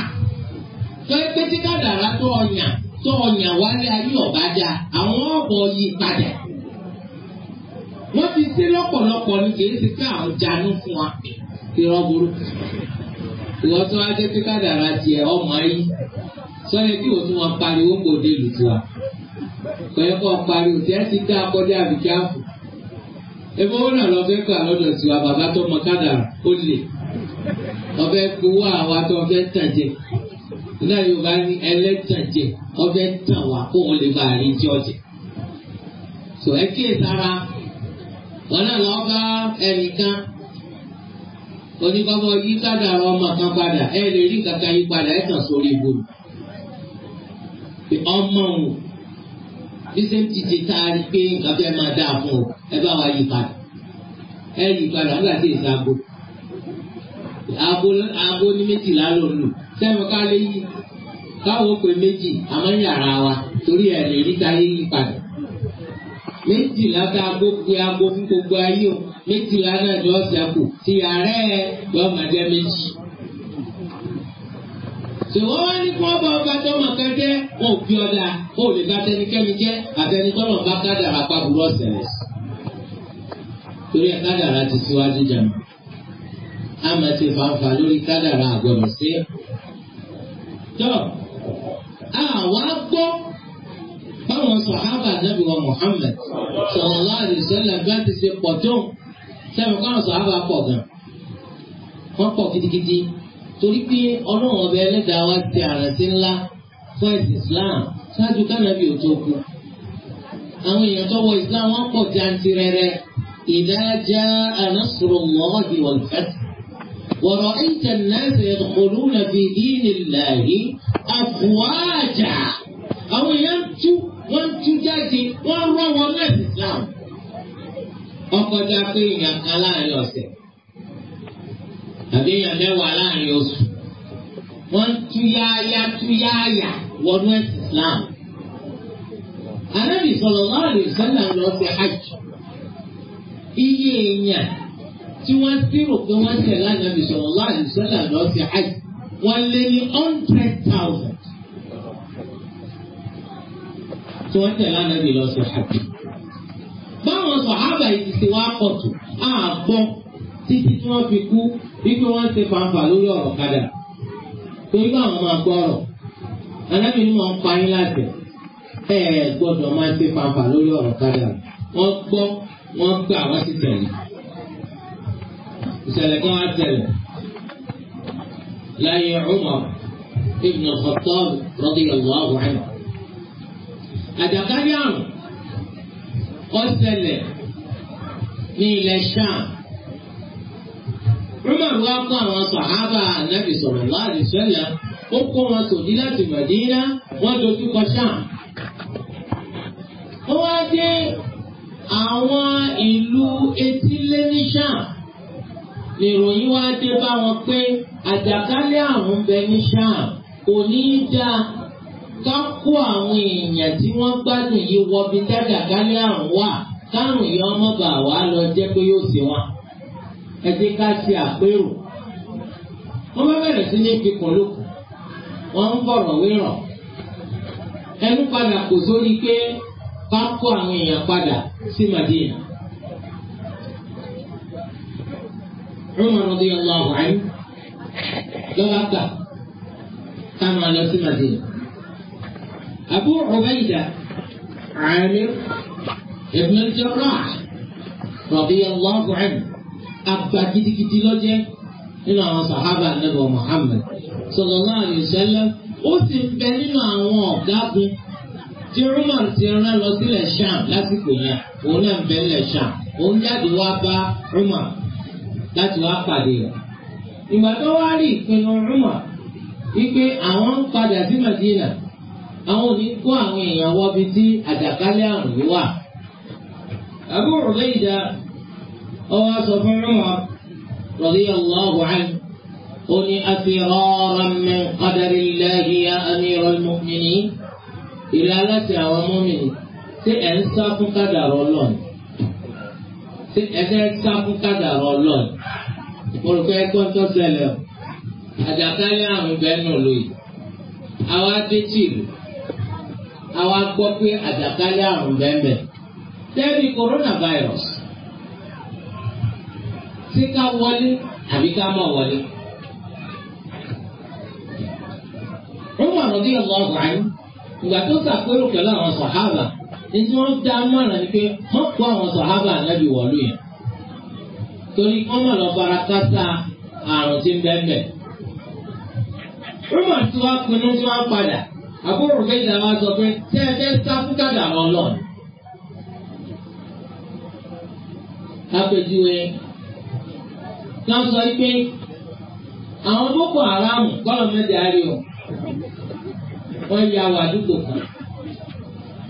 tó ẹ pé tí kádàrá tó ọyàn tó ọyàn wálé ayé ọ̀bá àwọn ọ̀bọ̀ yí padà. wọ́n ti ṣe lọ́pọ̀lọpọ̀ ni kì í ṣe pé àwọn jánu fún wa irọ́ burúkú ìwọ tó wá jẹ́ pé tiẹ̀ ọmọ ayé sọ́yẹ́ kí wọ́n tún wọn pariwo kò dé ìlú tiwa kọ́ pariwo tí ẹ ti dá akọ́dé àbíkí àfò ebi owó náà kọ́ àwọn bàbá tó mọ ó lè ọbẹ̀ gbowó wọn náà lọ bá ẹnìkan oníkọ́bọ̀ yí kádà ọmọ kan padà ẹ lè rí kankan yí padà ẹ kàn sórí ibòmí ọmọ òun bísí ti a taari pé nǹkan fẹ́ dáa fún ọ ẹ bá wa yí padà ẹ yí padà nígbà tí èsì abo abo ní sẹ́wọ̀n ká wa torí lè méjìlá tá a gbó pé aago fún gbogbo ayé o méjìlá náà ni wọ́n sẹ́kù ti yàrá ẹ̀ lọ́mọdé méjì. Ṣèwọ́n wá ní kí wọ́n bá ọba tó mọ̀ kan jẹ́ wọn ò fi ọ̀dà ó lè bá tẹnikẹ́ni jẹ́ àtẹnitọ́nà bá kádàrà pàbùrọ̀ ọ̀sẹ̀rẹ̀. Torí ẹ̀ kádàrà ti síwájú jẹun. A máa ti fàǹfà lórí kádàrà àgbọ̀dọ̀ sí. Tọ́ àwa gbọ́ báwọn sọ̀hábà nẹ́bí wa Muhammad sallallahu alaihi wasallam bá ti ṣe pọ̀ tó sẹ́mi káwọn sọ̀hábà pọ̀ gan wọ́n pọ̀ gidigidi torí pé ọlọ́run ọbẹ̀ ẹlẹ́dàá wa ti àrántí ńlá fún ẹ̀sìn Islam ṣáájú kánàbí ò tó kú àwọn èèyàn tó wọ Islam wọ́n pọ̀ jantirẹrẹ idha jaa nasrullahi wal fath wa ra'aita an-nasa àwọn èèyàn tún wọ́n ń tú jáde wọ́n rọ́ wọn láti Islam. ọkọjá pé èèyàn kan láàrin ọ̀sẹ̀ tàbí èèyàn mẹ́wàá láàrin oṣù wọ́n ń tú yáyá tú yáyà wọnú ẹ̀sìn Islam. Ànábì sallallahu alaihi wasallam lọ sí hajj. Iye èèyàn tí wọ́n sírò pé wọ́n tẹ̀lé Ànábì sallallahu alaihi wasallam lọ sí hajj wọ́n lé ní hundred thousand. tí wọ́n tẹ̀lé ànábì lọ sí hajj. báwọn sọ̀hábà yìí ti wá pọ̀ tó àgbọ̀ títí tí wọ́n fi kú wípé wọ́n ṣe fanfà lórí ọ̀rọ̀ kadà torí báwọn máa gbọ́ ọ̀rọ̀ ni wọ́n pa yín láti ẹ̀ gbọ́dọ̀ máa ṣe fanfà lórí ọ̀rọ̀ kadà wọ́n gbọ́ wọ́n gbà wọ́n sì tẹ̀lé ìṣẹ̀lẹ̀ kan á tẹ̀lé láyé Umar ibn al-Khattab radiyallahu anhu àjàkálẹ̀ àrùn ó ṣẹlẹ̀ ní ilẹ̀ Ṣáà. Umar wá kó àwọn sàhábà ànábì sallallahu alaihi wasallam ó kó wọn sòdí láti Mẹ̀dínà wọ́n dojú kọ Ṣáà. Ó wá dé àwọn ìlú etílé ní Ṣáà. Nìròyìn wá dé bá wọn pé àjàkálẹ̀ àrùn bẹ ní Ṣáà kò ní í dáa. ká kó àwọn èèyàn tí wọ́n gbádùn yìí wọ bí dágàgálẹ̀ àrùn wà kárùn yìí ọmọ bà wá lọ jẹ́ pé yóò ṣe wọn. ẹ jẹ́ ká ṣe àpérò. wọ́n bá bẹ̀rẹ̀ sí ní kíkan lóko wọ́n ń bọ̀rọ̀ wérọ̀. ẹnu padà kò sórí pé ká kó àwọn èèyàn padà sí lọ́wọ́ أبو عبيدة عامر ابن الجراح رضي الله عنه أبا كتي كتي لوجه nínú àwọn sàhábà nàbà Muhammad sallallahu alaihi wasallam ó sì ń bẹ nínú àwọn ọ̀gágun tí Umar ti rán lọ sílẹ̀ Sham lásìkò yẹn òun náà ń bẹ nílẹ̀ Sham òun jáde wá bá Umar láti wá pàdé rẹ̀ ìgbà tó wá rí ìpinnu Umar wípé àwọn ń padà sí Madina àwọn òní kó àwọn èèyàn wọbi tí àjàkálẹ̀ àrùn yìí wà. Abu Ubayda ọwọ́ sọ fún Umar radiyallahu anhu ó ní afiraran min qadarillahi ya amiral mu'minin ìrẹ́ aláṣẹ àwọn mọ́mìnì tí ẹ̀ ń sá fún kádàrá Ọlọ́run tí ẹ̀ fẹ́ sá fún kádàrá Ọlọ́run olùkọ́ ẹ̀kọ́ tó ṣẹlẹ̀ àjàkálẹ̀ àrùn bẹ́ẹ̀ nù lóyè àwa dé tìlù. àwa gbọ́ pé àjàkálẹ̀ àrùn bẹ́ẹ̀ tẹ́lẹ̀ coronavirus ti ká wọlé àbí ká má wọlé. ìgbà tó sàpérò pẹ̀lú àwọn sọ̀hábà tí wọ́n dá ni pé wọ́n kó àwọn sọ̀hábà wọ̀lú yẹn. Torí wọ́n mọ̀ lọ fara àbúrò méjì la máa sọ pé tẹ́ ẹ fẹ́ sá fún kàdà ọlọ́run. Àpèjúwe náà sọ pé àwọn Boko Haram kọ́lọ̀ mẹ́jẹ àárẹ̀ o wọ́n ya wà dúpọ̀ kan.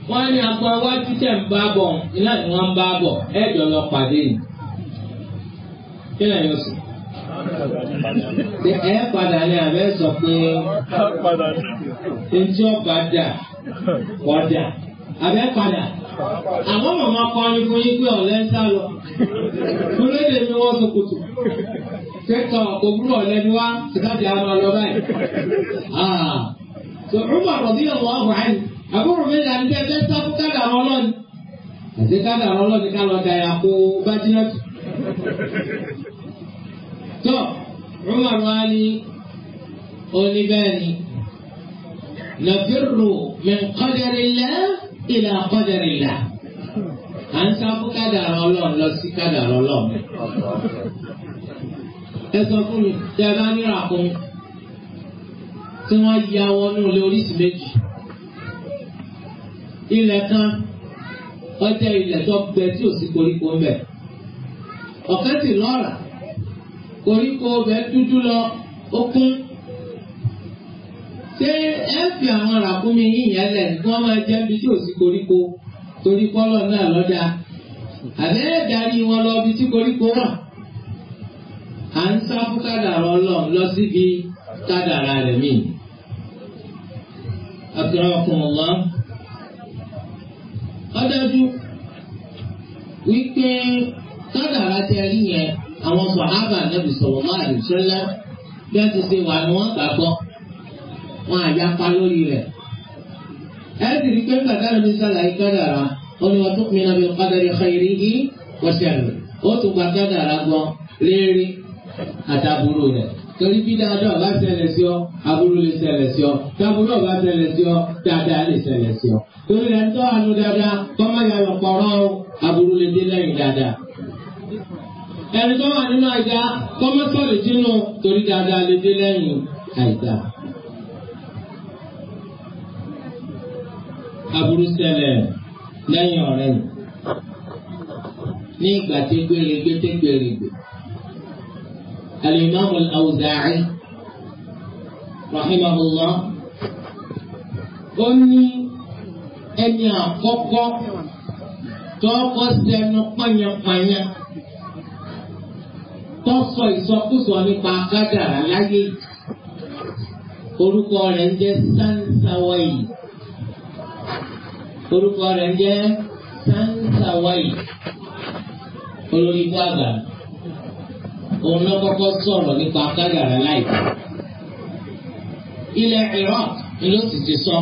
Wọ́n ní apá wá títẹ̀ ń bá bọ̀ iná ni wọ́n ń bá bọ̀ ẹ̀jọ̀ lọ pàdé yìí. Kí ni àyọ̀sùn? ẹ padà ní abẹ́ sọ pé etí ọba dà ọ̀dà abẹ́ padà àwọn màmá kọrin fún yín pé ọ̀lẹ́ ń sá lọ olóde mi wọ́n sokoto kẹta òwúrọ̀ ọ̀lẹ́ ni wá sítáàdì àwọn ọlọ́ báyìí. sọ ọmọ àròbí ọmọ ọmọ àyè àbúrò mi là ń dẹ bẹ sá fún kádà àwọn ọlọ́ni àti kádà àwọn ọlọ́ni ká lọ dàyà kó bájínà tù tọ́ Umar wa ni oní bẹ́ẹ̀ ni nàfírù min qadarillah ila qadarillah à ń sá fún kádàrá ọlọ́run lọ sí kádàrá ọlọ́run. ẹ sọ fún mi tí a bá ní ràkúnmí tí wọ́n ya wọnú ilé méjì. ilẹ̀ kan ọjọ́ ilẹ̀ tó gbẹ tí ò sí koríko ń bẹ̀. ọ̀kẹ́ sì lọ́ra oríko ọbẹ̀ dúdú lọ ó kún. ṣé ẹ fi àwọn ràkúnmí yíyan lẹ̀ kí wọ́n máa jẹ́ ibi tí ò sí koríko torí pọ́lọ̀ náà lọ́dà àbẹ́ darí wọn lọ ibi tí koríko wà à ń sá fún kádàrá ọlọ́run lọ síbi kádàrá rẹ̀ mí. Abdulrahman ọ̀dájú wípé kádàrá tẹ rí yẹn àwọn sọ̀hábà nàbì sọ̀rọ̀ máa rè sẹ́lẹ̀ bí wọ́n ti ṣe wà ní wọ́n gbàgbọ́ wọn àyapa lórí rẹ̀. ẹ sì rí pé bàtà mi sàlàyé kádàrà ó ní wọn tó pinna bí kádàrí xeyìrì yìí wọ́n ṣẹlẹ̀ ó tún gba kádàrà gbọ́ léèrè àtàbúrò rẹ̀ torí bí dáadáa ọba ṣẹlẹ̀ sí ọ aburú lè ṣẹlẹ̀ sí ọ dáburú ọba ṣẹlẹ̀ sí ọ dáadáa lè ṣẹlẹ̀ sí ọ torí rẹ̀ ń tọ́ àánú dáadáa kọ́mọ́ yà lọ pọ̀rọ́ aburú lè dé lẹ́yìn dáadáa. ẹni tó wà nínú àìdá kọ́mọ́sọ̀rì sínú torí dáadáa lè dé lẹ́yìn àìdá. aburú ṣẹlẹ̀ lẹ́yìn ọ̀rẹ́ yìí ní ìgbà tí gbèrègbè tí gbèrègbè. الإمام الأوزاعي رحمه ó ní ẹni àkọ́kọ́ tó kọ́ sẹ́nu tó sọ ìsọkúsọ nípa kádàrá láyé orúkọ rẹ̀ ń jẹ́ Sansawai orúkọ rẹ̀ ń jẹ́ Sansawai olórí ibú àgbà òun náà kọ́kọ́ sọ̀rọ̀ nípa kádàrá láìpẹ́ ilẹ̀ Iraq ni ló sì ti sọ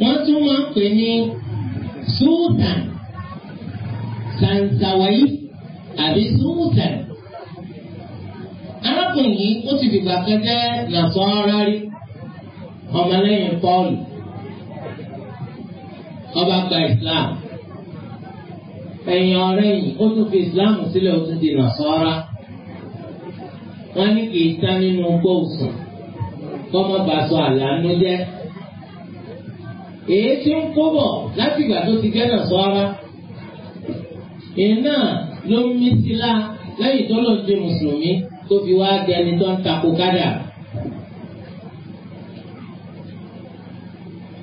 wọ́n tún máa pè ní Sultan Sansawai àbí súnmùtẹ̀. arákùnrin yìí ó ti fìgbà kan jẹ́ nàṣọ́ra rí ọmọlẹ́yìn Pọ́ọ̀lù ọba gba Islam ẹ̀yìn ọ̀rẹ́ yìí ó tún fi Islam sílẹ̀ ó tún di nàṣọ́ra wọ́n ní kì í sá nínú gbóòsùn kọ́mọ́ bá sọ àlàánú jẹ́ èyí tí ń kó bọ̀ láti ìgbà tó ti jẹ́ nàṣọ́ra iná ló ń mí sí la lẹ́yìn tó lọ di mùsùlùmí tó fi wá di ẹni tó ń takò kádà.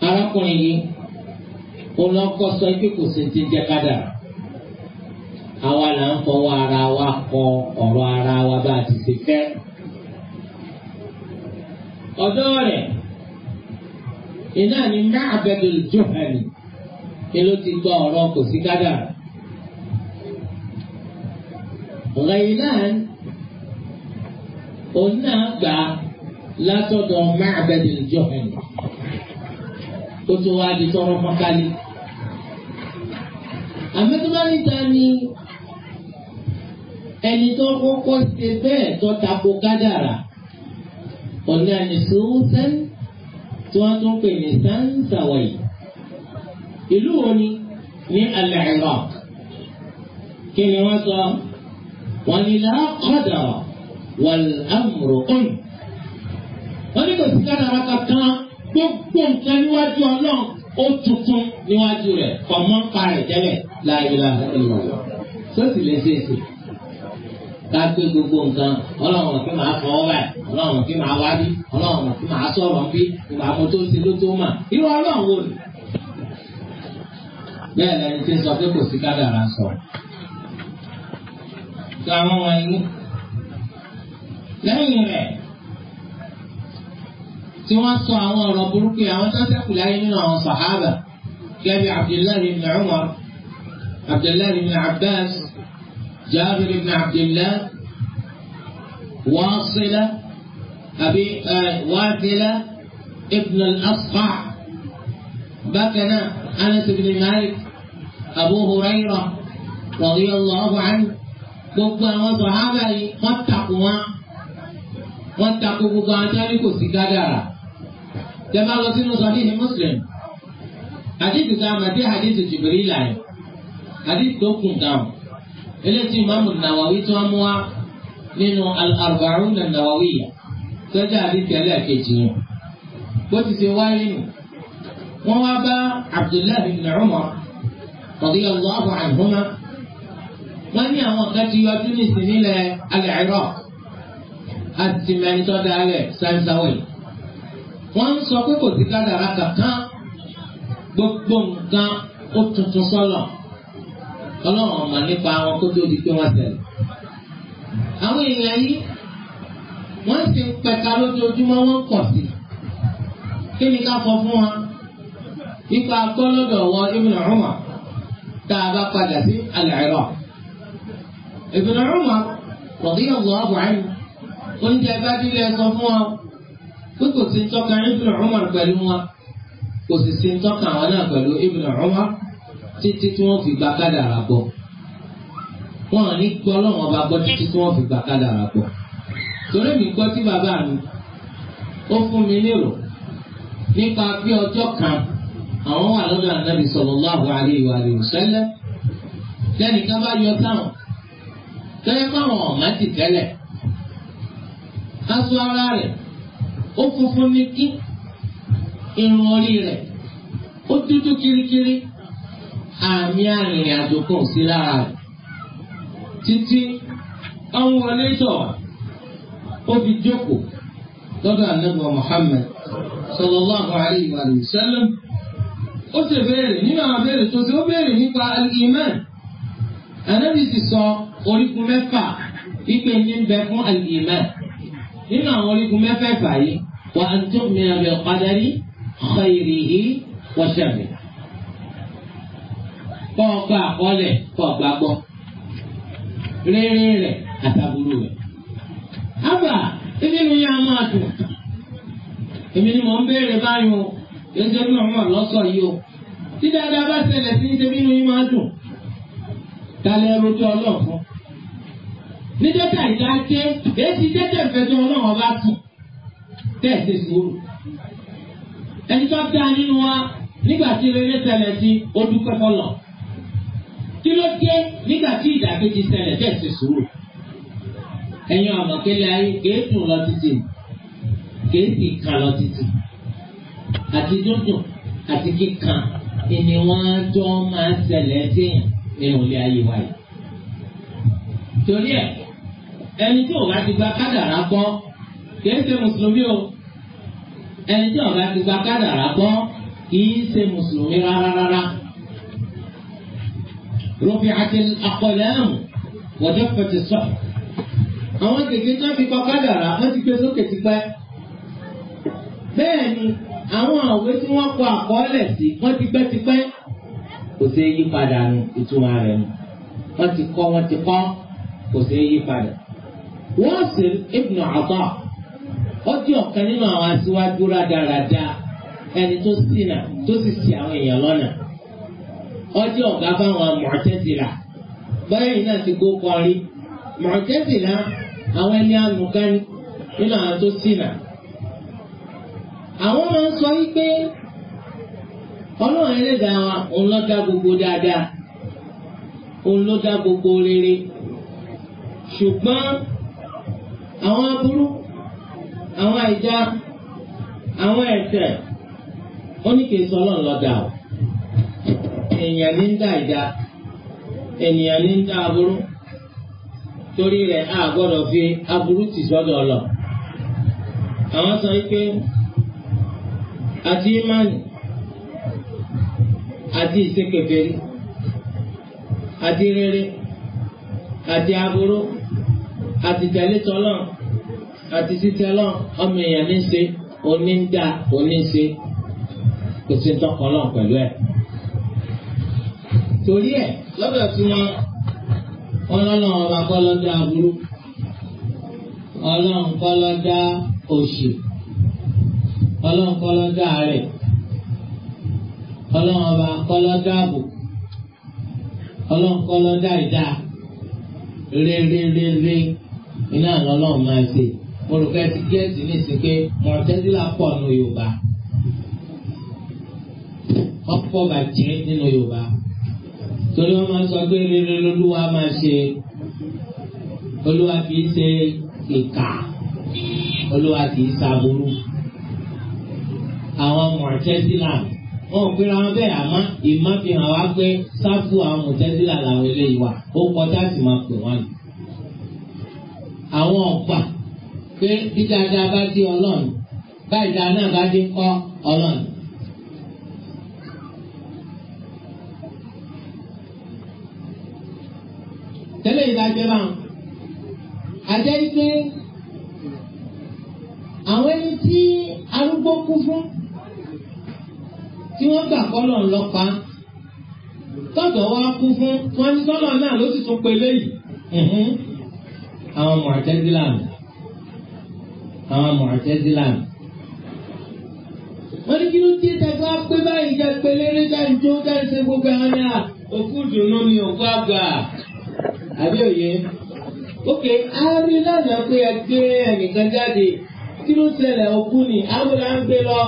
arákùnrin yìí ó lọ kọ́ sọ pé kò sí ti jẹ kádà. àwa là ń fọwọ́ ara wa kọ ọ̀rọ̀ ara wa bá a ti ṣe fẹ́. ọ̀dọ́ rẹ̀ iná ni Ma'badul Juhani kí ló ti gbọ́ ọ̀rọ̀ kò sí kádà. غيلان، òun náà gbà látọ̀dọ̀ Ma'bad al-Juhani ó tún wá di tọrọ mọ́kálí. àmọ́tọ́mọ́rin ta ni ẹni tó kọ́kọ́ ṣe bẹ́ẹ̀ tó tako kádàrà ọ̀nà ìṣòwòsán tí wọ́n tún pè ní sánsàwọ̀yì. ìlú wo ni ní al-Iraq kí ni wọ́n sọ? So, wọ́n ní la qadara wal amru un. wọ́n ní kò sí kádàrá kankan gbogbo nǹkan níwájú ọlọ́run ó tuntun níwájú rẹ̀ ọmọ ń pa rẹ̀ tẹ́lẹ̀ la ilaha illallah sọ́ọ̀sì lè ṣe èsì kápé gbogbo nǹkan ọlọ́run kí màá fọwọ́ báyìí ọlọ́run kí màá wá ọlọ́run kí màá sọ̀rọ̀ bí ìgbà mo tó ṣe ló tó mà irú ọlọ́run wò ni. bẹ́ẹ̀ lẹni tí ń sọ pé kò sí kádàrá sọ làwọn wọ̀nyí lẹ́yìn rẹ̀ tí wọ́n sọ àwọn ọ̀rọ̀ burúkú àwọn tó ṣẹ́kù láyé nínú àwọn sàhábà gẹ́gẹ́ abdullahi ibn umar abdullahi ibn abbas jabir ibn abdullah wasila abi wasila ibn al-asqa bákan náà anas ibn malik abu hurairah radiyallahu anhu. gbogbo àwọn sọ̀hábà yìí wọ́n takò wọn wọ́n takò gbogbo àwọn sáré kò sí gádàrà jẹba lọ sínú sọ̀híhì Muslim àdìsí ká màdé àdìsí jìbìrì láyé àdìsí tó kùn dáhùn eléyìí ìmáàmù Nawawi tí wọ́n mú wa nínú al-arba'un na Nawawiyya sọ́jà àdìsí ẹlẹ́ẹ̀kejì yẹn bó ti ṣe wáyé nù wọ́n wá bá Abdullahi bin Umar radiyallahu anhuma wọ́n ní àwọn kan ti yọjú nísìnyí nílẹ̀ alẹ́ Iraq àti mẹ́nitọ́ dalẹ̀ sáńsáwé wọ́n ń sọ pé kò sí kádàrá kankan gbogbo nǹkan ó tuntun sọ́lọ̀ ọlọ́run ọ̀mà nípa àwọn kó tó di pé wọ́n ṣẹlẹ̀ àwọn èèyàn yìí wọ́n sì ń pẹ̀ka lójoojúmọ́ wọ́n pọ̀ sí kí ni ká fọ fún wa ipa gbọ́lọ́dọ̀ wọ Ibn Umar tá a bá padà sí al-Iraq. Ibn Umar radiyallahu anhu oúnjẹ bá dílé ẹsọ fún wa pé kò sí tọ́ka Ibn Umar pẹ̀lú wa kò sì sí tọ́ka àwọn náà pẹ̀lú Ibn Umar títí tí wọ́n fi gba kádàrà pọ̀ wọn ní gbọ́ lọ́wọ́ bá gbọ́ títí tí wọ́n fi gba kádàrà pọ̀ torí mi gbọ́ tí bàbá mi ó fún mi nírò nípa bí ọjọ́ kan àwọn wà lọ́dọ̀ ànábì sallallahu alaihi wa sallam lẹ́nìkan bá yọ táwọn tẹ́lẹ̀ fáwọn ọ̀gá ti tẹ́lẹ̀ aṣọ ara rẹ̀ ó funfun ní kí irun orí rẹ̀ ó dúdú kirikiri àmì arìnrìn-àjò kan sí lára rẹ̀ títí ọ̀hún wọlé sọ̀rọ̀ ó fi jókòó lọ́dọ̀ ànábọ̀ Muhammad sallallahu alayhi wa sallam ó sì béèrè nínú àwọn béèrè tó ṣe ó béèrè nípa al-iman ànábì sì orígun mẹ́fà wípé ní bẹ fún àlìmọ́ nínú àwọn orígun mẹ́fẹ̀ẹ̀fà yìí wà á tó mìíràn bẹ qadari khayrihi wa sharrihi. kọ́ ọgbà àkọọ́lẹ̀ kọ́ ọgbà gbọ́ rere rẹ̀ àtàbúrò rẹ̀. àbà ebi mi yà máa dùn èmi ni mò ń béèrè báyìí o gẹ́gẹ́ bí ọmọ lọ́sọ̀ yìí o tí dáadáa bá ṣẹlẹ̀ sí ní tẹ́bí inú yín máa dùn. dalẹ̀ ẹrú tó ọlọ́ọ̀fọ́ ní dẹ́tà ìdáké èsì dẹ́tà ìfẹ́tọ́ ọlọ́run ọba tù tẹ̀sí sùúrù. ẹni tó dá nínú wa nígbà tí rere ṣẹlẹ̀ sí ó dúpẹ́ fọlọ̀ kí ló dé nígbà tí ìdàkejì ṣẹlẹ̀ tẹ̀sí sùúrù. ẹ̀yin àmọ̀kẹ́lẹ́ ayé kìí dùn lọ títì kìí sì kà lọ títì àti dúndùn àti kíkan ìní wọn jọ máa ṣẹlẹ̀ sí nínú ayé wa yìí. torí ẹ̀ ẹni tí ò bá ti gba kádàrá gbọ́ kìí ṣe mùsùlùmí o ẹni tí ò bá ti gba kádàrá gbọ́ kìí ṣe mùsùlùmí rárá rárá. rufi'atil aqlam wa jaffatis suhuf. àwọn kèké tó fi kọ kádàrá wọ́n ti gbé sókè tipẹ́. bẹ́ẹ̀ ni àwọn àwé tí wọ́n kọ àkọọ́lẹ̀ sí wọ́n ti pẹ́ tipẹ́ kò sí yípadà nu ìtumọ̀ rẹ̀ nu wọ́n ti kọ́ wọ́n ti kọ́ kò sí yípadà. Wọ́ọ̀sìn ibn Ata ó jẹ́ ọ̀kan nínú àwọn aṣíwájú rádaràda ẹni tó sínà tó sì ṣì àwọn èèyàn lọ́nà. Ó jẹ́ ọ̀gá fáwọn Mu'tazila báyìí náà ti kó kọrí Mu'tazila àwọn ẹni ànúkání nínú àwọn tó Àwọn máa ń sọ ọlọ́run ẹlẹ́dàá gbogbo dáadáa gbogbo rere ṣùgbọ́n. àwọn aburú àwọn àìjá àwọn ẹ̀ṣẹ̀ ó ní kì í sọ ọlọ́run o èèyàn ní ń dá ìjà ènìyàn ní ń dá aburú torí rẹ̀ a gbọ́dọ̀ fi aburú tì sọ́dọ̀ lọ. àwọn sọ pé àti imáni àti ìsekèfèrí àti rere àti aburú àtìtẹ̀lé tọ́lọ́n àti títẹ́lọ́n ọmọ èèyàn ní ṣe oní ń dà oní ń ṣe kò sí tọkọ lọ́n pẹ̀lú ẹ̀. torí ẹ̀ lọ́dọ̀ tí wọ́n ọlọ́run ọba kọ́ ló dá aburú ọlọ́run kọ́ ló dá òṣì ọlọ́run kọ́ ló dá àárẹ̀ ọba kọ́ ló dá àbò ìdá rere iná lọ́lọ́run máa ṣe mo rò pé ti gẹ́ẹ̀tì ní ìsìn pé mọ̀tẹ́dílà pọ̀ nù Yorùbá ọ̀pọ̀ bàjẹ́ nínú Yorùbá torí wọ́n máa sọ pé rere lolúwa máa ṣe olúwa kì í ṣe ìkà olúwa kì í ṣàbùrù àwọn mọ̀tẹ́dílà wọn ò pera wọn bẹ́ẹ̀ àmọ́ ìmọ̀ fi hàn wá pé sáfù àwọn mọ̀tẹ́dílà làwọn eléyìí wà ó kọjá sì máa pè wọ́n nù àwọn ọ̀pà pé bí dáadáa bá dé ọlọ́run báyìí dáadáa bá dé kọ́ ọlọ́run. tẹ́lẹ̀ ìdájọ́ náà àjẹ́ ike àwọn ẹni tí arúgbó kú fún tí wọ́n gbà kọ́lọ̀ ńlọ́pàá tọ́jọ́ wa kú fún wọn ní sọ́lọ̀ náà ló sì tún pe léyìí àwọn mọ̀tẹ́sílà àwọn mọ̀tẹ́sílà wọ́n ní kí ló dé tẹ̀sán pé báyìí jẹ́ pé léré jáde tó jáde ṣe gbogbo àwọn ní à òkú dùnú ni òkú àgbà àbí òye. ókè àárín lánàá pé ẹ gbé ẹnìkan jáde kí ló ṣẹlẹ̀ òkú ni àbúrò à ń gbé lọ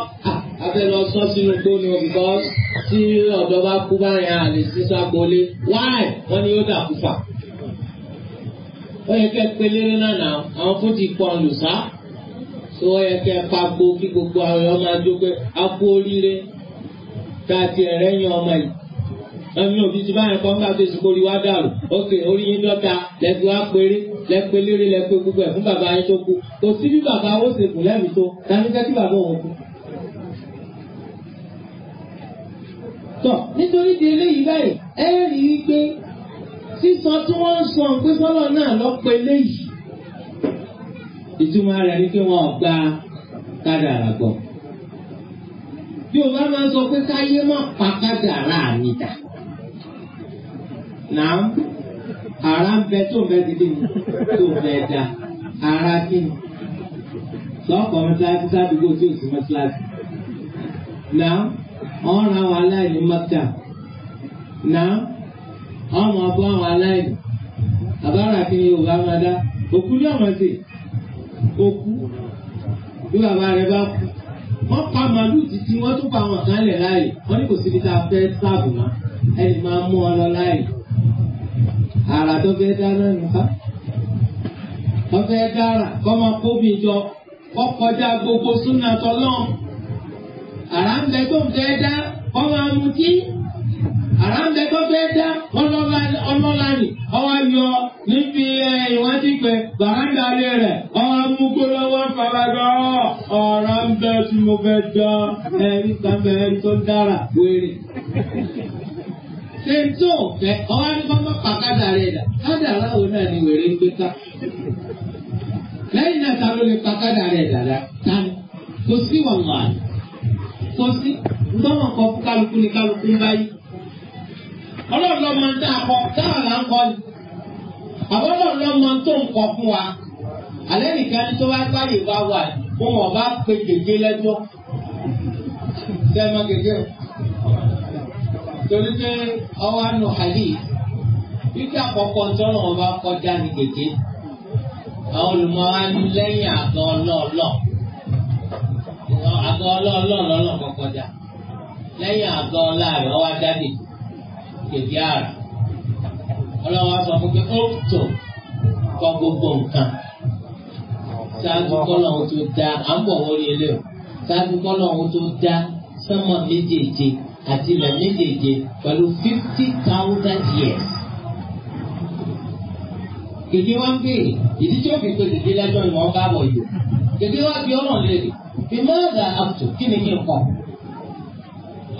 abẹ́ lọ sọ sínú gbóni o because tí ọ̀dọ́ bá kú báyìí à lè sísá gbolé wáì wọ́n ní ó dà kú fà. ọ yẹ kẹ́ pelére lánàá àwọn fún ti pọ̀ lù sá ó yẹ kẹ́ pagbo kí gbogbo àwọn ọmọ adó pé a kú ti ọmọ yìí ẹ̀mí òbí ti báyìí kọ́ nígbà tó ìsìnkú orí dàrú ókè orí dọ́ta lérè gbogbo ẹ̀ fún bàbá tó kú kò sí bí bàbá ó ṣe kù lẹ́mìí tó bàbá sísọ tí wọ́n ń sọ pé fọ́lọ́ náà lọ́pọ̀ eléyìí. ìtumọ̀ rẹ̀ ni pé wọ́n gba kádàrà gbọ́. Yorùbá máa ń sọ pé káyé má pa kádàrà mi dà. Nàá ara ń bẹ tó ń bẹ dídí ni tó ń bẹ dá ara kí ni. Sọ́kọ̀ mọ́tíláṣí sádùúgbò tí ò sí mọ́tíláṣí. Nàá ọ̀ràn àwọn aláìní mọ́tà. Nàá àwọn ọmọ abọ́ àwọn aláìní àbára kí ni yorùbá máa dá òkú ní ọmọ sí òkú bí bàbá rẹ bá kú wọ́n pa màálù títí wọ́n tún pa àwọn kan lẹ̀ láàyè wọ́n ní kò síbi tá a fẹ́ sáàbù mọ́ ẹni máa mú ọ lọ láàyè àrà tó fẹ́ dáná nípa wọ́n fẹ́ dára kọ́ máa kó mi jọ wọ́n kọjá gbogbo súnà tọ́lọ́ àrà ń bẹ tó ń fẹ́ dá wọ́n máa mutí àràǹdẹ tó fẹ́ dá ọlọ́lá ni ọwọ́ yọ níbi ìwádìí pé bàràǹdà rẹ̀ rẹ̀ ọwọ́ amúgbó lọ́wọ́ fàlàgọ́ ọ̀rọ̀ ń bẹ tí mo fẹ́ dá ẹ̀rí kan bẹ ẹ̀rí tó dára wéré. ṣé tó fẹ́ ọwọ́ ní bá má rẹ̀ dà kádàrá òun náà ni wèrè ń gbé ká. lẹ́yìn náà ta ló lè pàkádà rẹ̀ dàda tani kò sí wàhálà kò sí gbọ́mọ̀ kan kálukú ni kálukú ń báyìí. ọlọ́run lọ máa ń dá akọ táwọn là ń ni àbọ̀ máa ń tó nǹkan fún wa alẹ́ nìkan tó bá bá wà fún wọn bá pe gègé lẹ́jọ́ sẹ́ẹ̀ má gègé o torí pé ọwọ́ kọjá lẹ́yìn àgọ́ ọlọ́ọ̀lọ́ àgọ́ ọlọ́ọ̀lọ́ kẹ̀díàrà ọlọ́wọ́ sọ fún pé ó tò kọ gbogbo nǹkan ṣáájú kọ́lọ́hún tó dá à ń bọ̀ wọlé ilé o ṣáájú kọ́lọ́hún tó dá sánmọ̀ méjèèje àti ilẹ̀ méjèèje pẹ̀lú fifty thousand years. Kèké wá ń béèrè ìdí tí ó fi pe dèdè lẹ́jọ́ ni wọ́n bá bọ̀ yìí. Kèké wá bí ọ̀ràn lè Fi máa dà kí ni kí n kọ̀?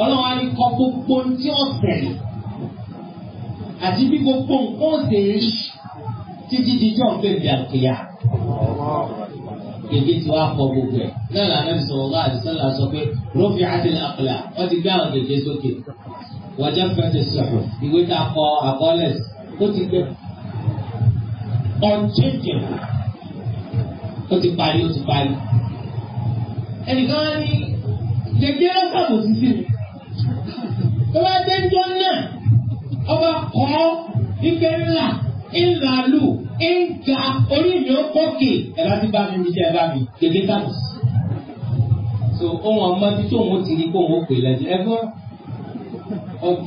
Ọlọ́run á ní kọ́ gbogbo tí ó ṣẹlẹ̀ àti bí gbogbo nǹkan ṣe rí títí di jọ́ ń bèbè àkèyà. Gègé ti wá pọ gbogbo ẹ̀. Náà làwọn ẹni sọ̀rọ̀ wá àti sọ́la sọ pé Rọ́fì Adìl Àkàlà wọ́n ti gbé àwọn gègé sókè. Wọ́jà fẹ́sẹ̀ sọ̀rọ̀ ìwé tá a kọ àkọọ́lẹ̀ ó ti gbé. Ọ̀jẹ̀jẹ̀ ó ti parí ó ti parí. Ẹnìkan wá ní gègé lọ́sàbò sí sí mi. Tó bá dé ń jọ náà ọba kọ́ ife ńlá ńlá lù ńga orí mi ó kọ́kè ẹ̀rọ ti bá mi níjẹ́ bá mi gègé tàbí. so ohun ọmọ tí tóun ti rí kóun ó pè lẹ́jọ́ ẹ gbọ́ ok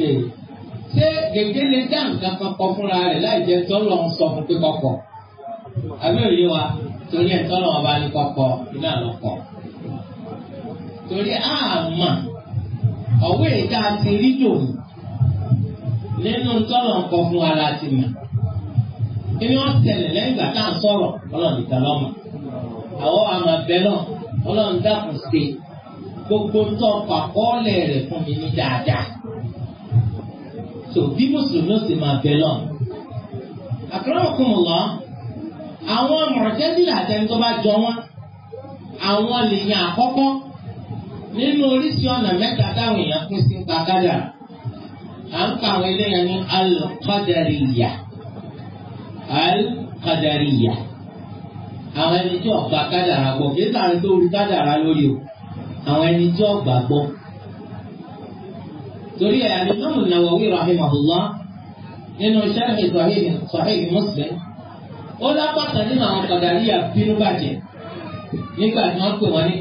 ṣé gègé lè dá nǹkan kan kọ fúnra rẹ̀ láì jẹ́ tọ́lọ̀ ń sọ fún pé kọ́kọ́ àbí òye wa torí ẹ̀ tọ́lọ̀ wọn bá ní kọ́kọ́ iná ló kọ́ torí àmà ọ̀wé ìta ti rí dòun nínú tọ́lọ̀ ń kọ fún wa láti mọ̀. kí ni wọ́n tẹ̀lé lẹ́yìn ìgbà tá à ń sọ̀rọ̀ ọlọ́run ìta lọ́mọ. àwọn àmà bẹ́ẹ̀ náà ọlọ́run dàkún sí gbogbo tó pàkọ́ọ̀lẹ̀ rẹ̀ fún mi ní dáadáa. tó bí mùsùlùmí ó sì máa bẹ́ẹ̀ náà. akramakumullah àwọn mọ̀rọ̀tẹ́sílẹ̀ àtẹni tó bá jọ wọn àwọn lèèyàn àkọ́kọ́ nínú oríṣi ọ̀nà mẹ́ta táwọn èèyàn pín sí ń pa kádàrá. à ń pa àwọn eléyàn ní alqadariya alqadariya àwọn ẹni tí ó kádàrà gbọ́ kí sàn tó rí kádàrà lórí o àwọn ẹni tí ó gbà gbọ́. torí ẹ̀ àti Imam Nawawi rahimahullah nínú sharhi sahihi Muslim ó lápá kan nínú àwọn qadariya bínú bàjẹ́ nígbà tí wọ́n pè wọ́n ní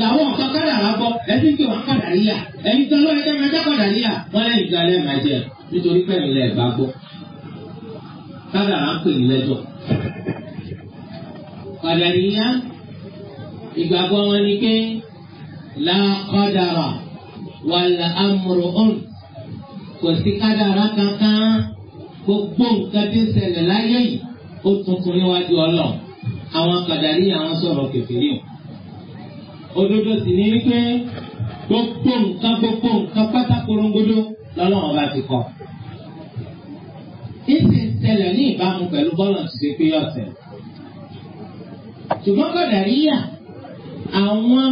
làwọn nǹkan kádà rà gbọ́ ẹtí kí wọ́n kádà níyà ẹ̀yin gan lọ́rẹ́ kẹ́ máa jẹ́ kádà níyà wọ́n lẹ́yìn gan lẹ́ẹ̀ máa jẹ nítorí pé ìlẹ̀ ẹ̀ bá gbọ́ kádà rà ń pè ní lẹ́jọ́. kádà níyà ìgbàgbọ́ wọn ni pé làkọ́dàrà wàlà amúròhùn kò sí kádàrà kankan gbogbo nǹkan tí ń ṣẹlẹ̀ láyé yìí ó tuntun níwájú ọlọ́ àwọn kádà níyà wọn sọ̀rọ̀ kẹfẹ́ yìí òdodo sì ní wípé gbogbo nǹkan gbogbo nǹkan pátá korongodo lọ́lọ́run bá ti kọ́. Ìsì ń ṣẹlẹ̀ ní ìbámu pẹ̀lú bọ́ọ̀lù ti ṣe pé ọ̀sẹ̀. Ṣùgbọ́n Qadariyya àwọn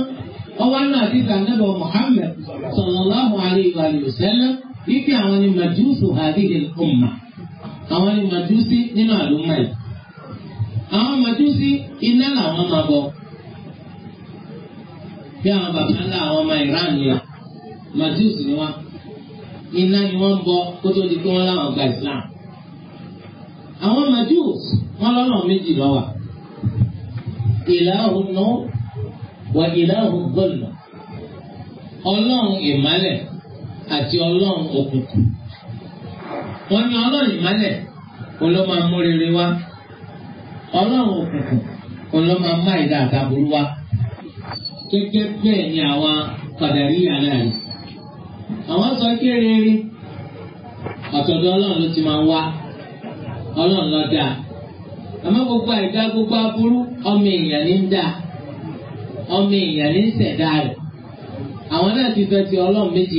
ọwọ́ náà ti gbà nẹ́bọ̀ Mùhàmmad sallallahu alaihi wa sallam wípé àwọn ni màjúùsù hadhihi al-umma. Àwọn ni màjúùsí nínú àdúmọ̀ Àwọn màjúùsí iná làwọn máa bọ̀ bí àwọn bàbá ńlá àwọn ọmọ Iran yẹn majus ni wọn iná ni wọn bọ kó tó di pé wọn láwọn gba Islam àwọn majus wọn lọ́nà méjì lọ́wọ́ ìlàhùn náà wà ìlàhùn gbọ́nà ọlọ́run ìmálẹ̀ àti ọlọ́run òkùnkùn wọ́n ní ọlọ́run ìmálẹ̀ òun ló máa mú rere wá ọlọ́run òkùnkùn òun ló máa má ìdá àtàbúrú wá. gẹ́gẹ́ bẹ́ẹ̀ ni àwọn kàdàríyà náà ni. àwọn sọ kéré rí ọ̀tọ̀dọ̀ ọlọ́run ló ti máa wá ọlọ́run ló dáa àmọ́ gbogbo àìdá gbogbo aburú ọmọ èèyàn ní ń dà ọmọ èèyàn ní ń rẹ̀ àwọn náà ti fẹ́ ti ọlọ́run méjì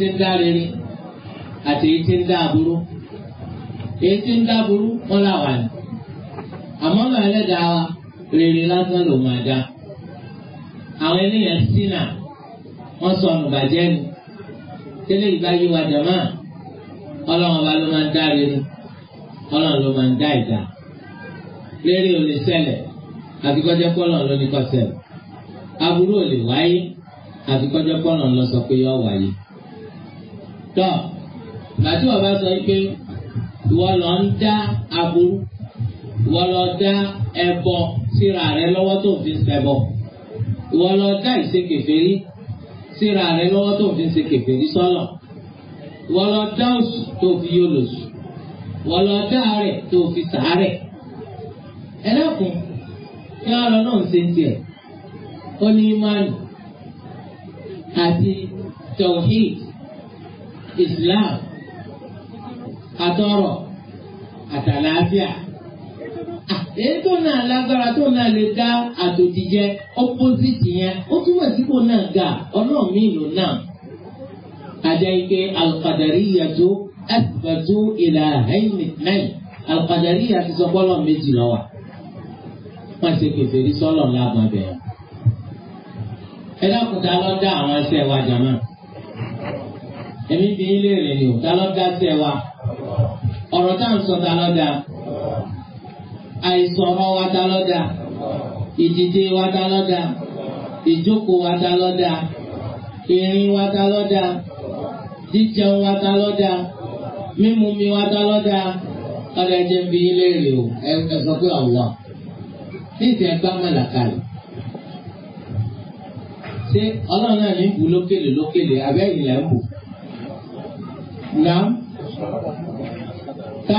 ti ń dá rere àti ti ń dá aburú èyí ti ń dá aburú làwọn àná rere lásán ló máa dá àwọn eléyàn sínà wọ́n sọ ọ̀nà bàjẹ́ ni tẹ́lẹ̀ ìbáyé wa dàmà ọlọ́run ọba ló máa ń dá rere ọlọ́run ló máa ń dá ìdá rere ò lè ṣẹlẹ̀ àfi kọjá pọ́lọ̀ ló ní kó ṣẹlẹ̀ aburú ò lè wáyé àfi kọjá pọ́lọ̀ ló sọ pé yọ wáyé tọ́ gbàtí wọ́n bá sọ pé ìwọ lọ ń dá aburú wọ́n lọ dá ẹbọ síra rẹ lọ́wọ́ tó fi ń ṣẹbọ wọ́n lọ dá ìṣekèfèrí síra rẹ lọ́wọ́ tó fi ń ṣekèfèrí sọ́lọ̀ wọ́n lọ dá oṣù tó fi yóò lòṣù wọ́n lọ dá rẹ̀ tó fi sàárẹ̀ ẹlẹ́kùn kí wọ́n lọ náà ṣe ń tiẹ̀ ó ní imáàlì àti tawhid islam àtọrọ àtàlàáfíà èyí tó náà lágbára tó náà lè dá àdòdì jẹ opposite yẹn ó túmọ̀ sí kò náà ga ọlọ́run mi ìlú náà. àjẹ́ ike al-qadariyatu athbatu ilahayn ithnayn al-qadariyya ti sọ pọ́lọ́ méjì lọ́wọ́ wọ́n ṣe kèfè rí sọ́lọ̀ lágbọ̀n bẹ̀rẹ̀. ẹ dákun ta ló dá àwọn ẹsẹ̀ wa jàmọ́ èmi bí ilé rẹ̀ ni ò ta ló dá ẹsẹ̀ wa ọ̀rọ̀ táà ń sọ ta ló dá. àìsọ̀rọ̀ wa dá lọ́dà ìdìde wa dá lọ́dà ìjókòó wa dá lọ́dà ìrìn wa dá lọ́dà jíjẹun wa dá lọ́dà mímu mi wa dá lọ́dà o ẹ sọ pé ọ̀wọ́ ṣé ọlọ́run náà ní bù lókèlè lókèlè abẹ́ ìlẹ̀ ta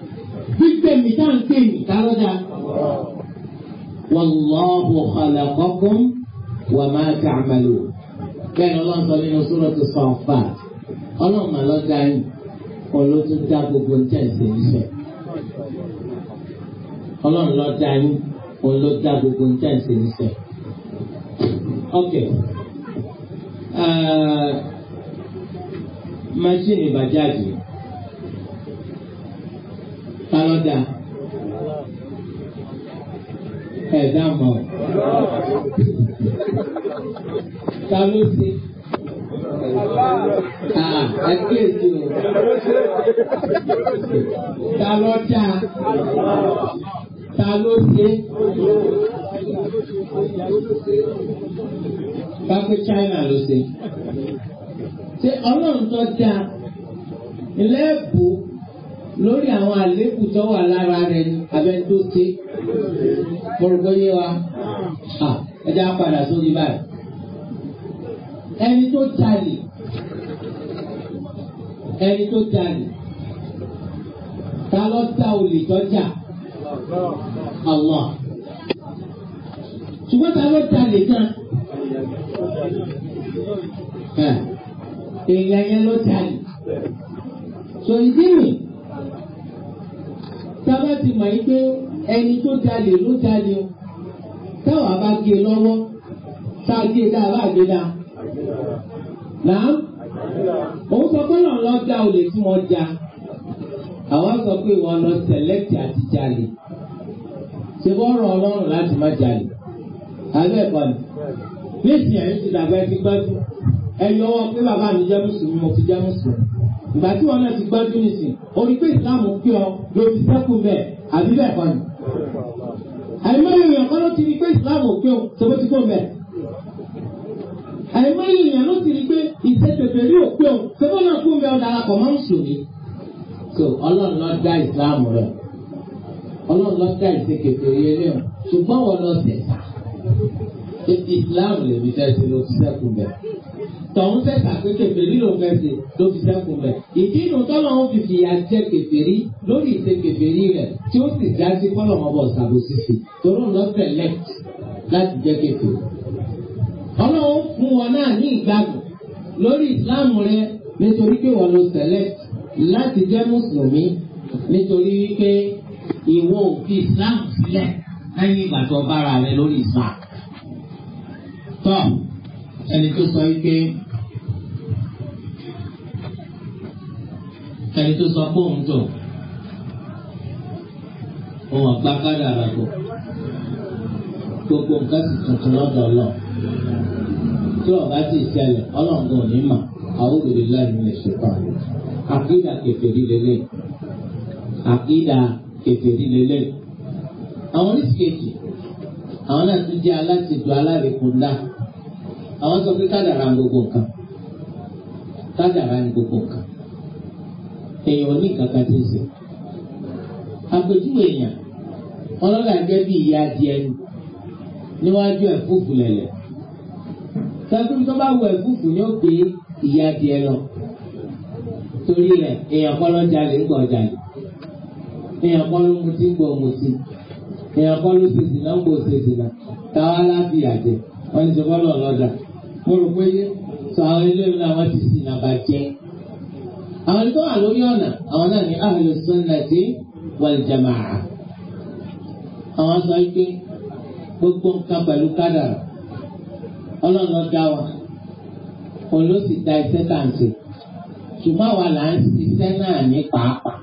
gbígbẹ̀mí tá à ń pè mí tálọ́dà. Wallahu khalaqakum wa ma ta'malun. Bẹ́ẹ̀ni ọlọ́run sọ nínú Suratu Saffat. Ọlọ́run mà lọ dá yín. Ọlọ́ tó dá gbogbo ní tẹ̀sí níṣẹ́. Ọlọ́run lọ dá yín. Ọlọ́ dá gbogbo ní tẹ̀sí níṣẹ́. Okay. Uh, machine bajaji. Tálọ́dà. Ẹ dáàmú ọ̀. Ta ló ṣe? Ẹ kíyèsí o. Ta ló dá? Ta ló ṣe? Pápẹ́ ṣe. ọlọ́run tó dá? Ilé ẹ̀bùn lórí àwọn àléébù tó wà lára rẹ̀ abẹ́ tó ṣe kọ̀rọ̀kọ̀ yé wa ẹja padà sórí báyìí. ẹni tó jalè ẹni tó jalè ta ló ta olè tọ́jà Allah ṣùgbọ́n ta ló jalè gan èèyàn yẹn ló jalè so ìdí nìyí sábà ti mọ̀ yín pé ẹni tó jalè ló jalè o táwa bá gé lọ́wọ́ tá a gé dáa bá a gé dáa náà òun sọ pé lọ́n lọ́ da olè tí wọ́n ja àwọn sọ pé wọ́n lọ sẹ̀lẹ́tì àti jalè ṣe bọ́ rọ ọlọ́run láti má jalè alẹ́ ẹ̀kọ́ ni ní ìsìn ẹ̀yìn ti dàgbà ẹ ti gbẹ́dùn ẹ yọ ọwọ́ pé bàbá mi jẹ́ mùsùlùmí mo ti jẹ́ mùsùlùmí ìgbà tí wọn náà ti gbájú nìsín orí pé ìsìláàmù ń pè ọ ló ti sẹ́kù bẹ́ẹ̀ àbí bẹ́ẹ̀ kọ́ ni. àìmọye èèyàn kan ló ti rí pé ìsìláàmù ò pé o tó bó ti kó bẹ́ẹ̀. àìmọye èèyàn ló ti rí pé ìṣètòfè rí ò pé o tó bó náà kó bẹ́ẹ̀ ọ̀dà alákọ̀ máa ń sùn ni. so ọlọ́run ló dá ìsìláàmù rẹ̀ ọlọ́run ló dá ìṣèkèfèrè eré o ṣùgbọ́n wọn lọ sẹ̀ tọ̀hún sẹ̀sà pé kèfèrí ló ń fẹsẹ̀ ló fi sẹ́kù rẹ̀. ìdí inú tọ́lọ̀ ń fìfì ya jẹ kèfèrí lórí ìṣe kèfèrí rẹ̀ tí ó sì já sí kọ́lọ̀ wọn bọ̀ ṣàbò sísè torí ń lọ tẹ̀lẹ̀ láti jẹ́ kèfèrí. ọlọ́run fún wọn náà ní ìgbàgbọ́ lórí ìsìláàmù rẹ nítorí pé wọn ló tẹ̀lẹ̀ láti jẹ́ mùsùlùmí nítorí wípé ìwọ ò fi ìsìláàmù sílẹ̀ lẹ́yìn ìgbà tó bára rẹ lórí ìsìláàmù ẹni tó sọ wípé ẹni tó sọ pé òun tó òun ọ̀gbá kádà rà bọ̀ gbogbo nǹkan sì tuntun lọ́dọ̀ lọ tí ọ̀gá sì ṣẹlẹ̀ ọlọ́ǹgàn ò ní mà àwọn òbèrè láì ní ìṣèpá àkídà kẹfẹ́rí lélẹ̀ àkídà kẹfẹ́rí lélẹ̀ àwọn oríṣi àwọn náà tún jẹ́ aláṣejù alárekùn àwọn sọ pé kádàrá ń gbogbo nǹkan kádàrá ń gbogbo nǹkan èèyàn ní kankan ti sè àpèjúwe èèyàn ọlọ́lá gẹ́gẹ́ ìyá adìẹ ni níwájú ẹ̀fúùfù lẹ̀lẹ̀ tẹ́kùn tó bá wọ ẹ̀fúùfù ni ó gbé ìyá adìẹ lọ torí rẹ̀ èèyàn kọ́ ló jalè ń gbọ́ jalè èèyàn kọ́ ló mutí ń gbọ́ mutí èèyàn kọ́ ló ṣèṣì náà ń gbọ́ ṣèṣì náà táwa láti àjẹ wọ́n ti sọ fọ́lọ́ ọlọ́dà mo rò pé sọ àwọn ilé ìlú làwọn ti sìn àbàjẹ́ àwọn tó wà lórí ọ̀nà àwọn náà ní ahlu sunnati wal jamaa àwọn sọ pé gbogbo nǹkan pẹ̀lú kádàrà ọlọ́run ọ̀dá wa òun ló sì da iṣẹ́ tá à ń ṣe ṣùgbọ́n àwa là ń ṣiṣẹ́ náà ní pàápàá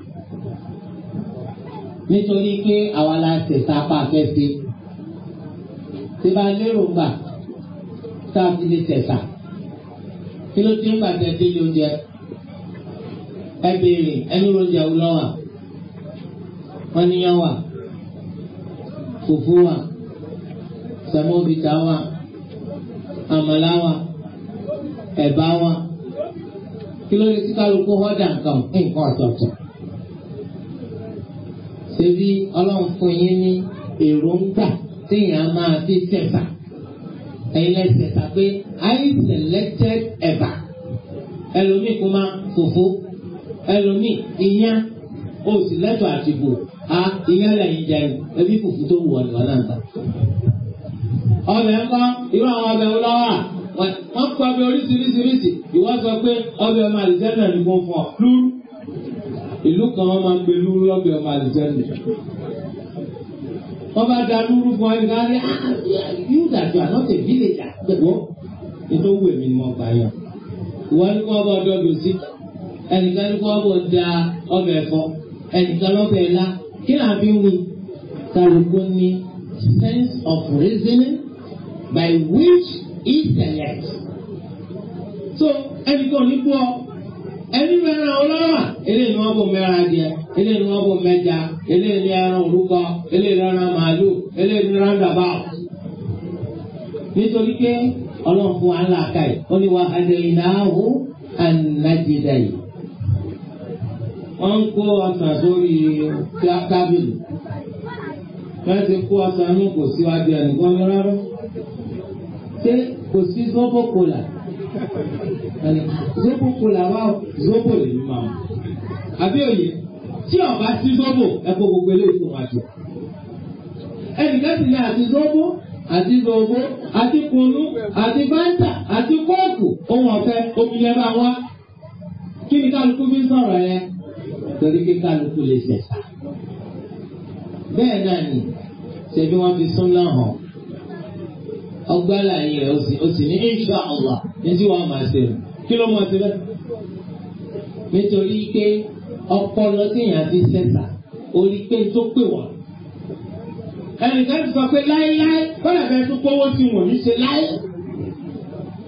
nítorí pé àwa la ṣẹ̀ṣà pa àfẹ́ ṣe tí bá lérò gbà tá a fi lè tẹ̀sà kí ló dé ńgbà tẹ̀ délé oúnjẹ ẹ béèrè ẹni oúnjẹ wò lọ́wọ́ wọn níyàn wà fùfú wà sẹmọ́bìtà wà àmàlà wà ẹ̀bà wà kí ló dé tí họ́dà nǹkan nǹkan ọ̀tọ̀ọ̀tọ̀ ṣebí ọlọ́run fún yín ní èròǹgbà téèyàn máa fi tẹ̀sà ẹlẹsẹta pé i selected ẹ̀bà ẹlòmíì kò máa fòfó ẹlòmíì ìyá o sì lẹ́tọ̀ àtìbò a ìyá lẹ́yìn jẹun ẹbí fòfó tó wù ọ̀nà náà gbà. ọbẹ̀ ńkọ́ irú àwọn ọbẹ̀ ńlọ́wà wọ́n kọ́ ọbẹ̀ oríṣiríṣiríṣi ìwọ sọ pé ọbẹ̀ ọmọ àlùjẹ́nà ni mo fọ̀ lúrú ìlú kan wọ́n máa ń gbé lúrú lọ́bẹ̀ ọmọ àlùjẹ́nà wọ́n bá da lúrú fún ẹni káwọn ní yóò dàjú ànáfẹ́ fílẹ̀jà gbẹ̀gbọ́ ètò owó èmi ni wọ́n gbà yàn wọ́n ní wọ́n bọ̀ dọ́dọ̀ sí ẹnìkan ní wọ́n bọ̀ da ọbẹ̀ ẹ̀fọ́ ẹnìkan lọ́bẹ̀ ẹ̀la kí náà fi wí kálukú ní sense of reasoning by which he selects so ẹnìkan ní bọ́ ọ. ẹbí mẹ́rin ọlọ́wà eléyìí ni wọ́n bò mẹ́ra adìẹ eléyìí ni wọ́n bò mẹ́ja eléyìí ni ẹran òrúkọ eléyìí ni ẹran ni wa ńlá ka yìí wọ́n ń kó ọsàn sórí tábìlì wọ́n ti kó ọsàn ní kò síwájú ẹnìkan rárá zobo kola wa zobo lè ní máa àbí òye tí ọba sí zobo ẹ̀kọ́ gbogbo eléyìí fún wa jù ẹnìkan sì ní àti zobo àti zobo àti kunu àti fanta àti kóòkù ohun ọ̀fẹ́ omi yẹn bá wá kí ni kálukú fi ń sọ̀rọ̀ yẹn torí kí kálukú lè ṣẹ̀ṣà bẹ́ẹ̀ náà ni ṣebí wọ́n fi sún láhàn ọgbà láàyè rẹ̀ ó sì ní insha Allah ní tí wọ́n máa ṣe rẹ̀ kí ló mọ̀ sí bẹ́ẹ̀. nítorí pé ọpọlọ tíyàn fi sẹ́sà orí pé tó pè wá. ẹnìkan ti sọ pé láéláé kọ́lá bẹ́ẹ̀ tó kówó sí wọ̀n ní ṣe láé.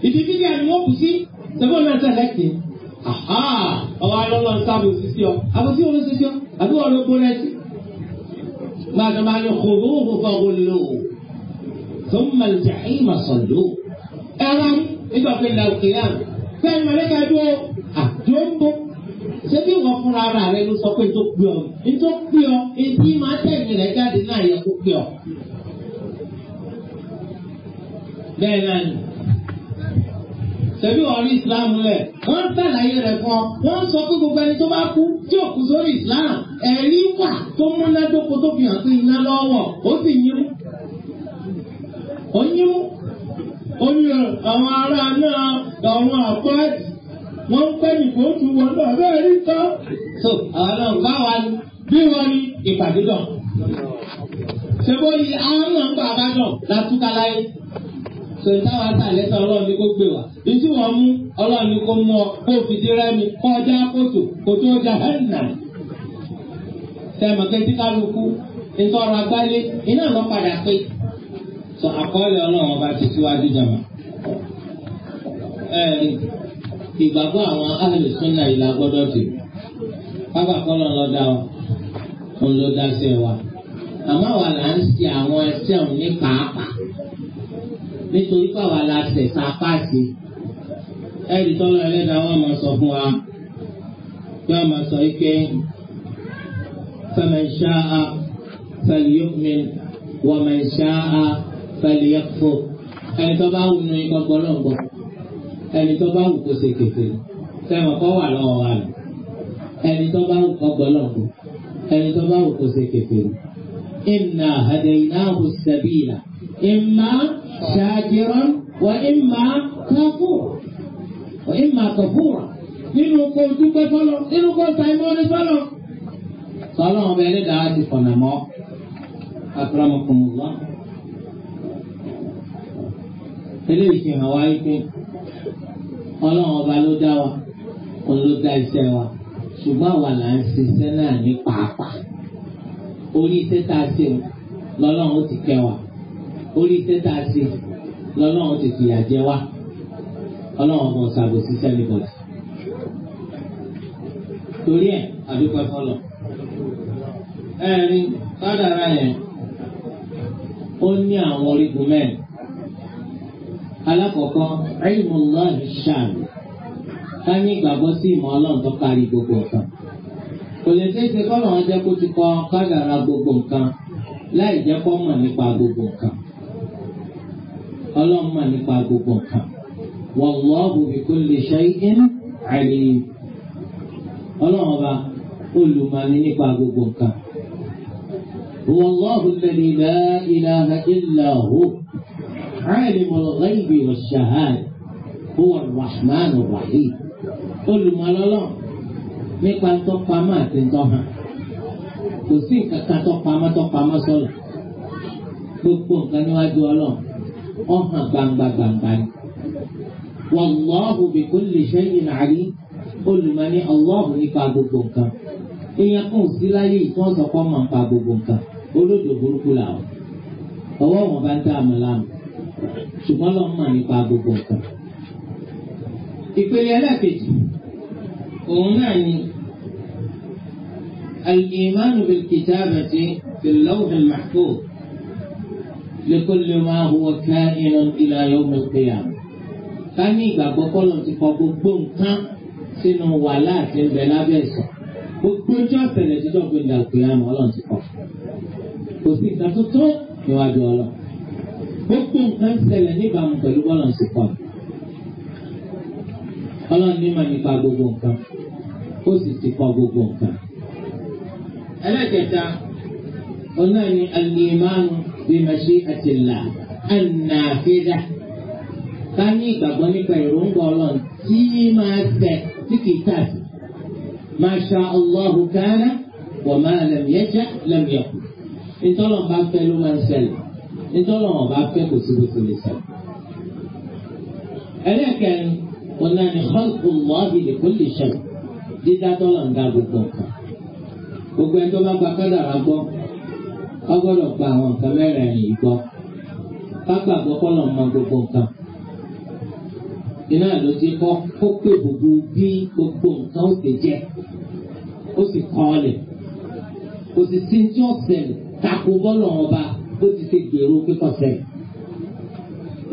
ìdíbí ni àdúgbò kù sí sẹ́fọ́n náà sẹ́lẹ̀kì. ọwọ́ alọ́lọ́ ń sábò sí sí ọ àbòsí wọn ló ṣe sí ọ àbí wọn ló gbóná sí. gbàdúrà máa ń kó owó fún ọgbọ́n lò ó. ثم الجحيم صلوه. أرى إذا قلنا القيامة bẹ́ẹ̀ mọ̀lẹ́kà dúró àjọ ń bọ̀. ṣé bí wọ́n fúnra ara rẹ ló sọ pé tó pè ọ́ ní tó pè ọ́ etí máa tẹ̀yìn rẹ̀ jáde náà yẹ kó pè ọ́. bẹ́ẹ̀ náà ni tẹ̀bí ọ̀rí Islam, lẹ̀. Wọ́n sàlàyé rẹ̀ fún ọ. Wọ́n sọ pé gbogbo ẹni tó bá kú tí ò kú sórí ìsìláàmù. Ẹ̀rí wà tó múnádóko tó fi hàn sí iná lọ́wọ́. Ó sì yín. Ó yín ó ní àwọn ará náà àwọn àpáàdì wọ́n ń pẹ́ nìkó tu wọn lọ bẹ́ẹ̀ rí tán. so àwọn náà bá wa bí wọ́n ní ìpàdé náà. ṣèbó yìí àwọn náà ń gbà bá náà látúkà láyé. so táwa ta lẹ́sẹ̀ ọlọ́run ní kó gbé wa. ìtí wọ́n mú ọlọ́run ní kó mú ọ kó fi ti rẹ́mi kọjá kótó kótó ọjà hẹ́nà. sẹ́mi kẹ́tíkálukú ìtọ́ra gbálé iná lọ padà pé sọ àkọọ́lẹ̀ ọlọ́run ọba ti síwájú jàmà. ìgbàgbọ́ àwọn ahlẹ̀ sunna ìlà gbọ́dọ̀ tì bàbá kọ́lọ̀ lọ dá ọ òun ló dá sí ẹ wa àmọ́ àwa là ń ṣe àwọn ẹsẹ̀ òun ní pàápàá nítorí pé àwa la ṣẹ̀ sá páàsì ẹ̀rí tọ́lọ́ ẹlẹ́dàá wọn máa sọ fún wa bí wọ́n máa sọ ike faman sha'a falyu'min wa man sha'a balẹ̀ yẹ fọ ẹni tó bá wù nù yín kọ́kọ́ náà gbọ́ ẹni tó bá wù kó ṣe kẹfẹ́ sẹ́wọ̀n kọ́ wà lọ́wọ́ wa lọ ẹni tó bá wù kọ́kọ́ náà gbọ́ ẹni tó bá wù kó ṣe kẹfẹ́ inna hadaynahu sabila imma shakiran wa imma kafura wa imma kafura nínú kó dúpẹ́ fọlọ́ nínú kó sàìmọ́ ní fọlọ́ sọlọ́n ọbẹ̀ ẹ̀dá ti fọ̀nà mọ́ akérèmọ́kùnrin wọn eléyìí fi hàn wá wípé ọlọ́run ọba ló dá wa òun ló dá iṣẹ́ wa ṣùgbọ́n àwa là ń ṣiṣẹ́ náà ní pàápàá orí iṣẹ́ tá a ṣe lọ́lọ́run ó ti kẹ́ wa orí iṣẹ́ tá a ṣe lọ́lọ́run ó ti fìyà jẹ wa ọlọ́run ọba ọ̀ṣàgbò ṣiṣẹ́ ní torí ẹ̀ àdúpẹ́ fọlọ́ ẹ̀rín kádàrá yẹn ó ní àwọn orígun mẹ́rin alákọ̀ọ́kọ́ ẹ̀yìnmọ̀ lọ́ọ̀hìn ṣáàlù ká ní ìgbàgbọ́ sí ìmọ̀ ọlọ́run tó kárí gbogbo nǹkan. kò lè ṣeé ṣe kọ́nà wọn jẹ́ kó ti kọ kádàrá gbogbo nǹkan láì jẹ́ kó mọ̀ nípa gbogbo nǹkan. ọlọ́run mọ̀ nípa gbogbo nǹkan. wallahu bi kulli shay'in alim. ọlọ́run ọba olùmọ̀ni nípa gbogbo nǹkan. wallahu alladhi la ilaha illa hu. عالم الغيب والشهادة هو الرحمن الرحيم olùmọ̀lọ́lọ́ nípa tọ́pamọ́ àti ntọ́hàn kò sí nǹkan kan tọ́pamọ́ tọ́pamọ́ sọ̀rọ̀ gbogbo nǹkan níwájú ọlọ́run ọ̀hàn gbangba gbangba ni. wàlláhu bi kulli shay'in alim olùmọ̀ni ọlọ́hùn nípa gbogbo nǹkan èèyàn kò sí láyé ìfọ́sọ̀kọ́ mọ̀ nípa gbogbo nǹkan olódò burúkú làwọn ọwọ́ wọn bá ń dá àmì láàmú ṣùgbọ́n lọ́n mọ̀ nípa gbogbo nǹkan. ìpele ẹlẹ́ẹ̀kejì òun náà ni al-imanu bil-kitabati fil-lawh al-mahfuz likulli ma huwa ka'inun ila yawm al-qiyamah. ká ní ìgbàgbọ́ kọ́lọ̀ ti kọ gbogbo nǹkan sínú wàhálà àti ìbẹ̀ lábẹ́ ẹ̀sán gbogbo ojú àtẹ̀lẹ̀ tí dọ́gbìn dàgbé àmọ́ ọlọ́run ti kọ kò sí ìta níwájú ọlọ́run gbogbo nǹkan ṣẹlẹ̀ níbàámu pẹ̀lú bọ́ọ̀lù ṣùpọ̀. ọlọ́run ní mà nípa gbogbo nǹkan ó sì ti kọ́ gbogbo nǹkan. ẹlẹ́kẹta ọ̀nà ni alìmánu bí mashi'ati llah ànàfẹ́dà ká ní ìgbàgbọ́ nípa ìròǹgbà ọlọ́run tí máa tẹ̀ tí kìí tàbí. masha Allahu kana wa ma lam yaja lam ìtọ́lọ̀ bá fẹ́ ló máa ń ṣẹlẹ̀ nítorí wọn bá fẹ́ kò síbi tó lè sọ. ẹlẹ́kẹ̀rin wọn náà ní xọ́ọ̀kùn mọ́ọ̀bì lè kó lè ṣe dídá tọ́lọ̀ ń dá gbogbo nǹkan. gbogbo ẹni tó bá gba kádàrá gbọ́ ọ gbọ́dọ̀ gba àwọn nǹkan mẹ́rẹ̀ẹ̀rin yìí gbọ́ ká gbàgbọ́ mọ gbogbo nǹkan. iná ló ti kọ́ kó pè gbogbo bí gbogbo nǹkan ó ti jẹ́ ó sì kọ́ ọ lẹ̀ kò sì sí tí ó takò bọ́lọ̀ wọn bó ti ṣe gbèrò pípọ̀ sẹ́yìn.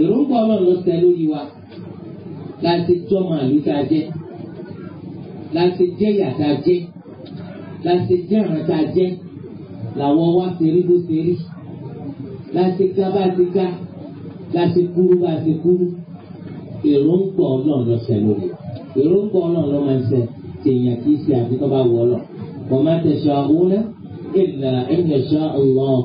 èròǹgbà ọlọ́run ló tẹ lórí wa láti jọmọ àlùkà jẹ láti jẹ yàtà jẹ láti jẹ ìrántà jẹ làwọn wá ṣerí bó ṣerí láti ká bá ti ká láti kúrú bá ti kúrú èròǹgbà ọlọ́run ló tẹ lórí wa èròǹgbà ọlọ́run ló máa ń ṣe tèèyàn kì í ṣe àti tó bá wọ ọ lọ. وما تشاءون إلا أن يشاء الله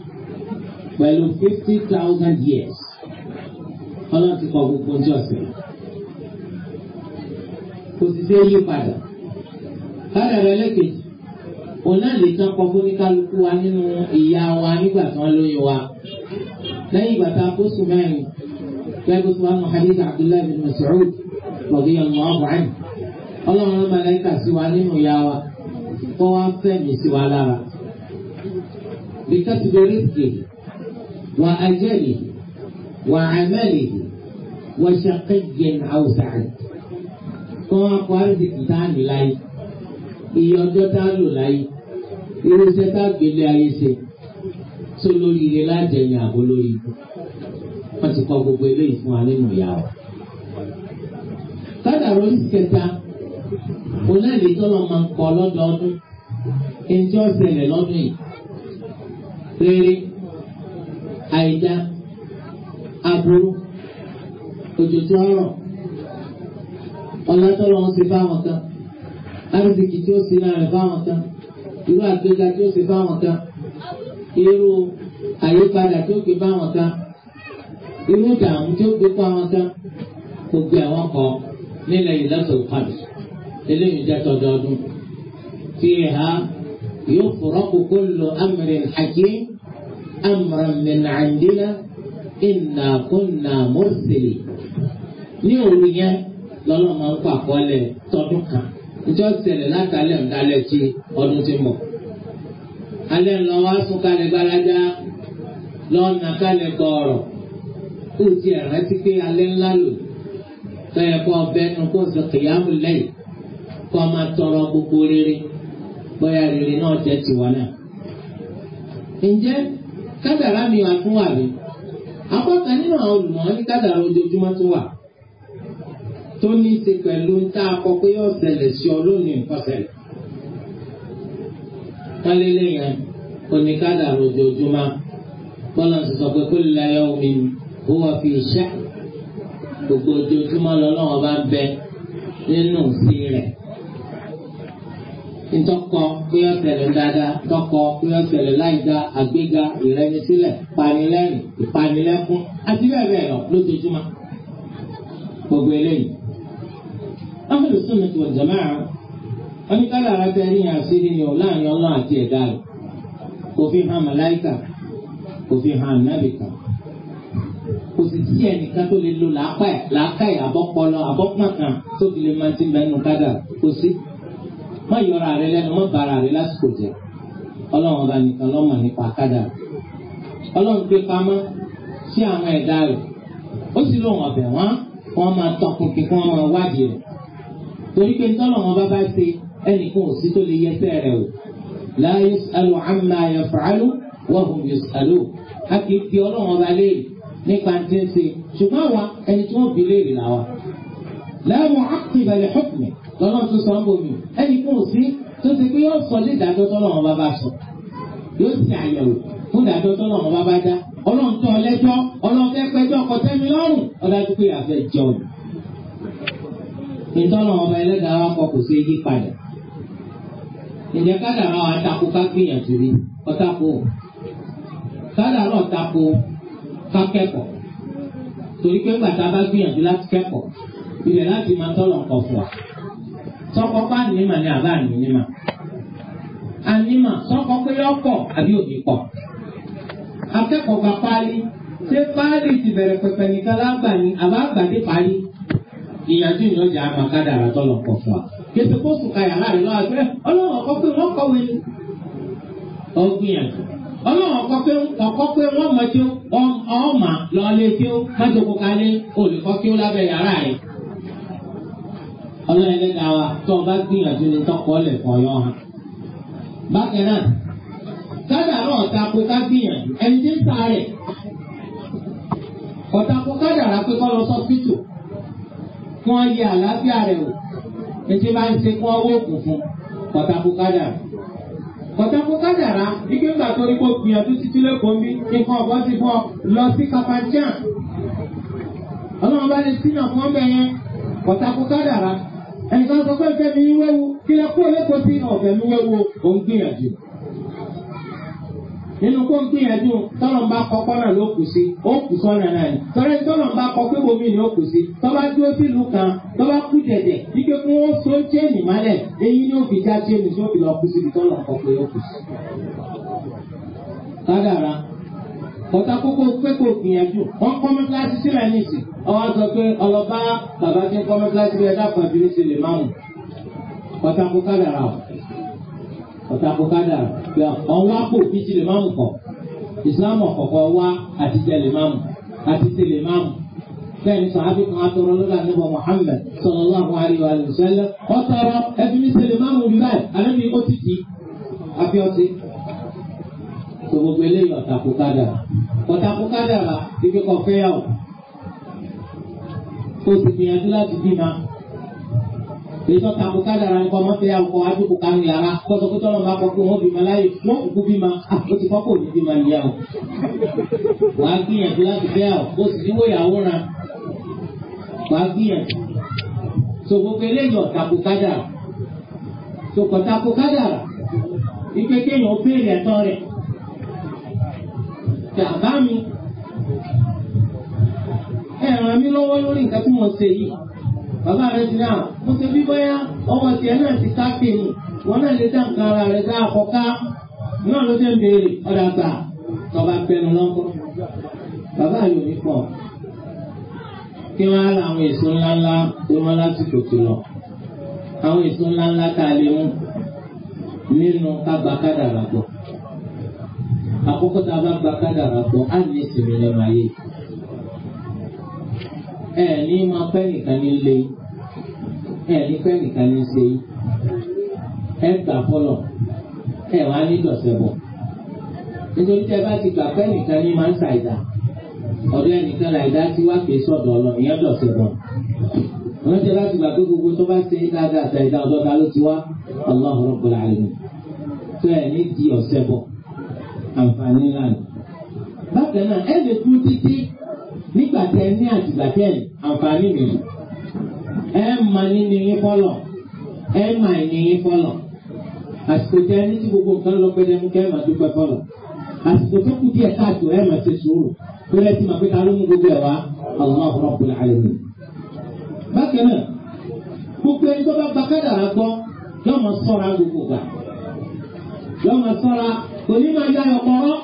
pẹ̀lú fifty thousand years ọlọ́run ti kọ gbogbo ọjọ́ ọ̀sẹ̀ kò sì sí yí padà káàdà rẹ lẹ́kẹ̀ẹ́ òun náà lè tán kọ fún oníkálukú wa nínú ìyá wa nígbà tí wọ́n lóyún wa lẹ́yìn ìgbà tá a kó sùn mẹ́rin gẹ́gẹ́ tí wọ́n mú hadith abdullahi bin Mas'ud lọ́dún yẹn lọ́wọ́ ọ̀hún ọlọ́run ló máa lẹ́ka sí wa nínú ìyá wa kó wá fẹ́mi sí wa lára bí kẹ́tù lórí ìgbè. وأجله وعمله وشقي أو سعيد kọ́ akọ àrídìkì tá a ní láyé iye ọjọ́ tá a lò láyé irúṣẹ́ tá a gbélé ayé ṣe tó lórí ilé lájẹyìn àbó lórí ikú wọ́n ti kọ́ gbogbo eléyìí fún wa nínú ìyá wa. kádàrá oríṣi kẹta onáìlè tọ́lọ̀ máa ń kọ́ lọ́dọọdún ẹni tí ó ṣẹlẹ̀ lọ́dún yìí rere àìdá aburú òjò tí ó rọ̀ ọlọ́tọ́lọ́ wọn ti fáwọn kan arísìkì tí ó sì lára fáwọn kan irú àgbéga tí ó sì fáwọn kan irú àyípadà tí ó gbé fáwọn kan irú ìdààmú tí ó gbé fáwọn kan kò gbé àwọn kan nílẹ̀ ìlẹ́sọ̀rọ̀ padì eléyìí jẹ́ tọdọọdún fi hà yóò fọ̀rọ̀ kókó lo amúrin hakim. amra min andina inna kunna mursili ní òru yẹn lọ́lọ́ máa ń kọ́ àkọọ́lẹ̀ tọdún kan ìjọ ṣẹlẹ̀ látàlẹ́ ọ̀dálẹ̀ tí ọdún ti mọ̀ alẹ́ ńlọ wá sún kalẹ̀ gbalaja lọ́nà kalẹ̀ gbọ̀ọ̀rọ̀ ti rántí pé alẹ́ ńlá lò kọ́ ọbẹ̀ kó kìyàmù lẹ́yìn kọ́ máa tọrọ gbogbo rere bóyá rere náà jẹ́ tiwọn náà. kádàrá mi wà tún wà bí. apá kan nínú àwọn olùmọ̀ ní kádàrá ojoojúmọ́ tún wà tó ní í ṣe pẹ̀lú ń tá a kọ pé yóò ṣẹlẹ̀ sí ọ lónìí nǹkan ṣẹlẹ̀. kálílé yẹn òní kádàrá ojoojúmọ́ bọ́lá ti sọ pé kullu yawmin huwa fi sha'n gbogbo ojoojúmọ́ lọ́lọ́wọ́ bá bẹ nínú sí rẹ̀ ntọkọ pé ọsẹlẹ dáadáa tọkọ pé ọsẹlẹ láìda àgbéga ìrẹnisílẹ̀ ìpanilẹ́rìn ìpanilẹ́kún àti bẹ́ẹ̀ bẹ́ẹ̀ lọ lójoojúmọ́ gbogbo eléyìí. ahlu sunnah wal jamaa oníkálà arábẹ́ ríyan àṣírí ni ò láàrin ọlọ́run àti ẹ̀dá rẹ̀ kò fi hàn màláìkà kò fi hàn nábìkà kò sì sí ẹnìkan tó lè lo làákàyà àbọ̀pọ̀lọ àbọ̀pọ̀n kan tó fi lè máa ti mẹ́nu kádà kò sí má yọra rẹ lẹ́nu má bara rẹ lásìkò jẹ ọlọ́run ọba nìkan lọ́mọ nípa kádà ọlọ́run gbé pamọ́ sí àwọn ẹ̀dá rẹ̀ ó sì lóun ọ̀bẹ̀ wọ́n wọ́n máa tọkùnkùn kí wọ́n máa wádìí rẹ̀ torí pé ntọ́lọ́run ọba bá ṣe ẹnìkan ò sí tó lè yẹsẹ̀ rẹ̀ o la yus'alu amma yaf'alu wa hum yus'alu a kì í fi ọlọ́run ọba léèrè nípa ti ṣùgbọ́n àwa ẹni tí wọ́n fi léèrè làwa la mu'aqqiba li hukmihi lọ́nà tó sọ ń bò mí ẹnì kan ò sí tó ti pé yóò sọ lé ìdájọ́ tó lọ́wọ́ bá bá sọ yóò ṣe àyẹ̀wò fún ìdájọ́ tó lọ́wọ́ bá bá dá ọlọ́run tó ọlẹ́jọ́ ọlọ́run fẹ́ pẹ́jọ́ ọkọ̀ tẹ́mi lọ́rùn ọ̀dájú pé àfẹ́ jẹun. ìtọ́nà ọba ẹlẹ́dàá wa kọ kò sí yí padà ìjẹ́ kádàrá wa tako ká gbìyànjú rí ọ̀tako kádàrá ọ̀tako ká kẹ́kọ̀ọ́ torí pé gbàtà bá gbìyànjú láti kẹ́kọ̀ọ́ ibẹ̀ láti máa tọ́lọ̀ nǹkan fún wa sọ́kọ́ pa nímà ni àbá ní nímà ànímà sọ́kọ́ pé yọ pọ̀ àbí òbí pọ̀ akẹ́kọ̀ọ́ gba páálí ṣé páálí ti bẹ̀rẹ̀ pẹ̀pẹ̀ nìkan lágbà ni àbá àgbàdé páálí ìyàtú ìyànjẹ àmàkádà àtọ̀lọ̀ pọ̀ fún wa kẹsì kó sùn ka yàrá rẹ lọ́wọ́ àgbẹ̀ ọlọ́run ọkọ pé wọ́n kọ̀wé ọgbìyànjú ọlọ́run ọkọ pé ọkọ pé wọ́n mọ̀ tí ó ọmọ lọ́ọ́lé tí ó mọ́tò kó kalẹ̀ olùkọ́ kí ó lábẹ́ yàrá rẹ̀ ọlọ́run ẹlẹ́dàá wa tó o bá gbìyànjú ni tọ́kọ lẹ̀ fọ́ yọ hàn. bákan náà kádà náà tako ká gbìyànjú ẹni tí ń ta rẹ̀ ọ̀tako kádà rà pé kọ́ lọ sọ́sítù kí wọ́n yẹ àlàáfíà rẹ̀ o ètí máa ń ṣe kí wọ́n wóògùn fún ọ̀tako kádà rẹ̀ kọ̀tàkùn kádàrá ike ń gbà torí kó gbìyànjú títí lẹ́kọ̀ọ́ mi nǹkan ọ̀gbọ́n ti fọ́ lọ sí kapajan ọlọ́run bá lè sínà fún ọbẹ̀ yẹn kọ̀tàkùn kádàrá ẹnìkan sọ pé ìfẹ́ mi wéwu kí lè kó lẹ́kọ̀ọ́ sí ọ̀fẹ́ mi wéwu òun gbìyànjú. nínú kó ń gbìyànjú tọ́lọ̀ ń bá kọ́kọ́ náà ló kù sí ó kù sọ́nà náà ni tọ́lẹ̀ tọ́lọ̀ ń bá kọ́ pé omi ni ó kù sí tọ́ba dúró sílùú kan tọ́ba kú dẹ̀dẹ̀ wípé kí wọ́n so chéènì málẹ̀ èyí ni ó fi já chéènì tí ó fi lọ kù síbi tọ́lọ̀ kọ́ pé ó kù sí kọta kókó pẹ́kọ̀ gbìyànjú wọ́n kọ́ mẹ́tíláṣí sílẹ̀ ní ìsìn ọwọ́ sọ pé ọlọ́ba bàbá tí ń kọ́ mẹ́tíláṣí rẹ̀ dàpọ̀ àbí níṣẹ́ lè máa mú kọta kó kádàrà o kọta kó kádàrà pé ọwọ́ àpò òbí ti lè máa mú kọ ìsìlámù ọ̀kọ̀ọ̀kọ̀ wá àtijọ́ lè máa mú àtijọ́ lè máa mú kan atọrọ lọ́dọ̀ àdébọ̀ Muhammad sallallahu alaihi wa sallam ọ̀tọ̀rọ̀ ẹbí mi ṣe lè máa mú bíbá ẹ̀ àlẹ́bí ó ti di àfi ọtí. gbogbo eléyìí ọ̀tà kó kádàrà kọ̀tàkù kádàrà ibi kan fẹ́ yà wò o sì gbìyànjú láti bímọ ètò kàkù kádàrà ni kọ́ ọmọ fẹ́ yà wò kọ́ adúgbò kanu yàrá kọ́tọ̀ kó tọ́lọ̀ bá kọ́ pé wọ́n bímọ láyè wọ́n kúkú bímọ o ah, ti kọ́kọ́ òní bímọ nìyà o wàá gbìyànjú láti fẹ́ yà wò o sì ní wòyàwó ra wàá gbìyànjú so gbogbo eléyìí ọ̀tàkù kádàrà so kọ̀tàkù kádàrà ìpè kéèyàn ó béèrè ẹ̀tọ́ rẹ̀ gàbá mi ẹ ràn mí lọ́wọ́ lórí nǹkan tí mo ṣe yìí bàbá rẹ ti náà mo ṣe bí bóyá ọwọ́ tiẹ̀ náà ti ká pè mí wọn náà lè dá nǹkan ara rẹ dá àkọ́ká náà ló ṣe ń béèrè ọ̀dà gbà tọba pẹ̀lú lọ́kọ́ bàbá yóò ní pọ̀ kí wọ́n á ra àwọn èso ńláńlá tó wọ́n láti tòtò lọ àwọn èso ńláńlá tá a lè mú nínú kábàkádà làgbọ̀ àkọ́kọ́ tá a bá gba kádàrà gbọ́ á ní ìsinmi lẹ́nu ayé. ẹ ní máa pẹ́ nìkan ní lé ẹ ní pẹ́ nìkan ní ṣe ẹ gbà fọlọ̀ ẹ wá ní dọ̀sẹ̀ bọ̀. nítorí tẹ bá ti gbà pẹ́ nìkan ní máa ń ṣàìdá ọ̀dọ̀ ẹnìkan làìdá tí wá pè sọ̀dọ̀ ọ̀nà ìyẹn dọ̀sẹ̀ bọ̀. wọ́n ti láti gbà pé gbogbo tó bá ṣe dáadáa ṣàìdá ọ̀dọ́ta ló ti wá Allahu Rabbul Alamin. tó ẹ ní di ọ̀sẹ̀ bọ̀. àǹfààní ńlá ni. bákan náà ẹ lè kú títí nígbà tẹ ní àǹfààní ẹ fọlọ ẹ àsìkò tẹ gbogbo nǹkan lọ fọlọ àsìkò tó díẹ̀ káàtó ṣe sùúrù ta ló mú gbogbo wá bákan náà gbogbo ẹni tó bá gbọ́ máa sọ́ra gbogbo gbà kò ní máa ya ọ̀pọ̀rọ́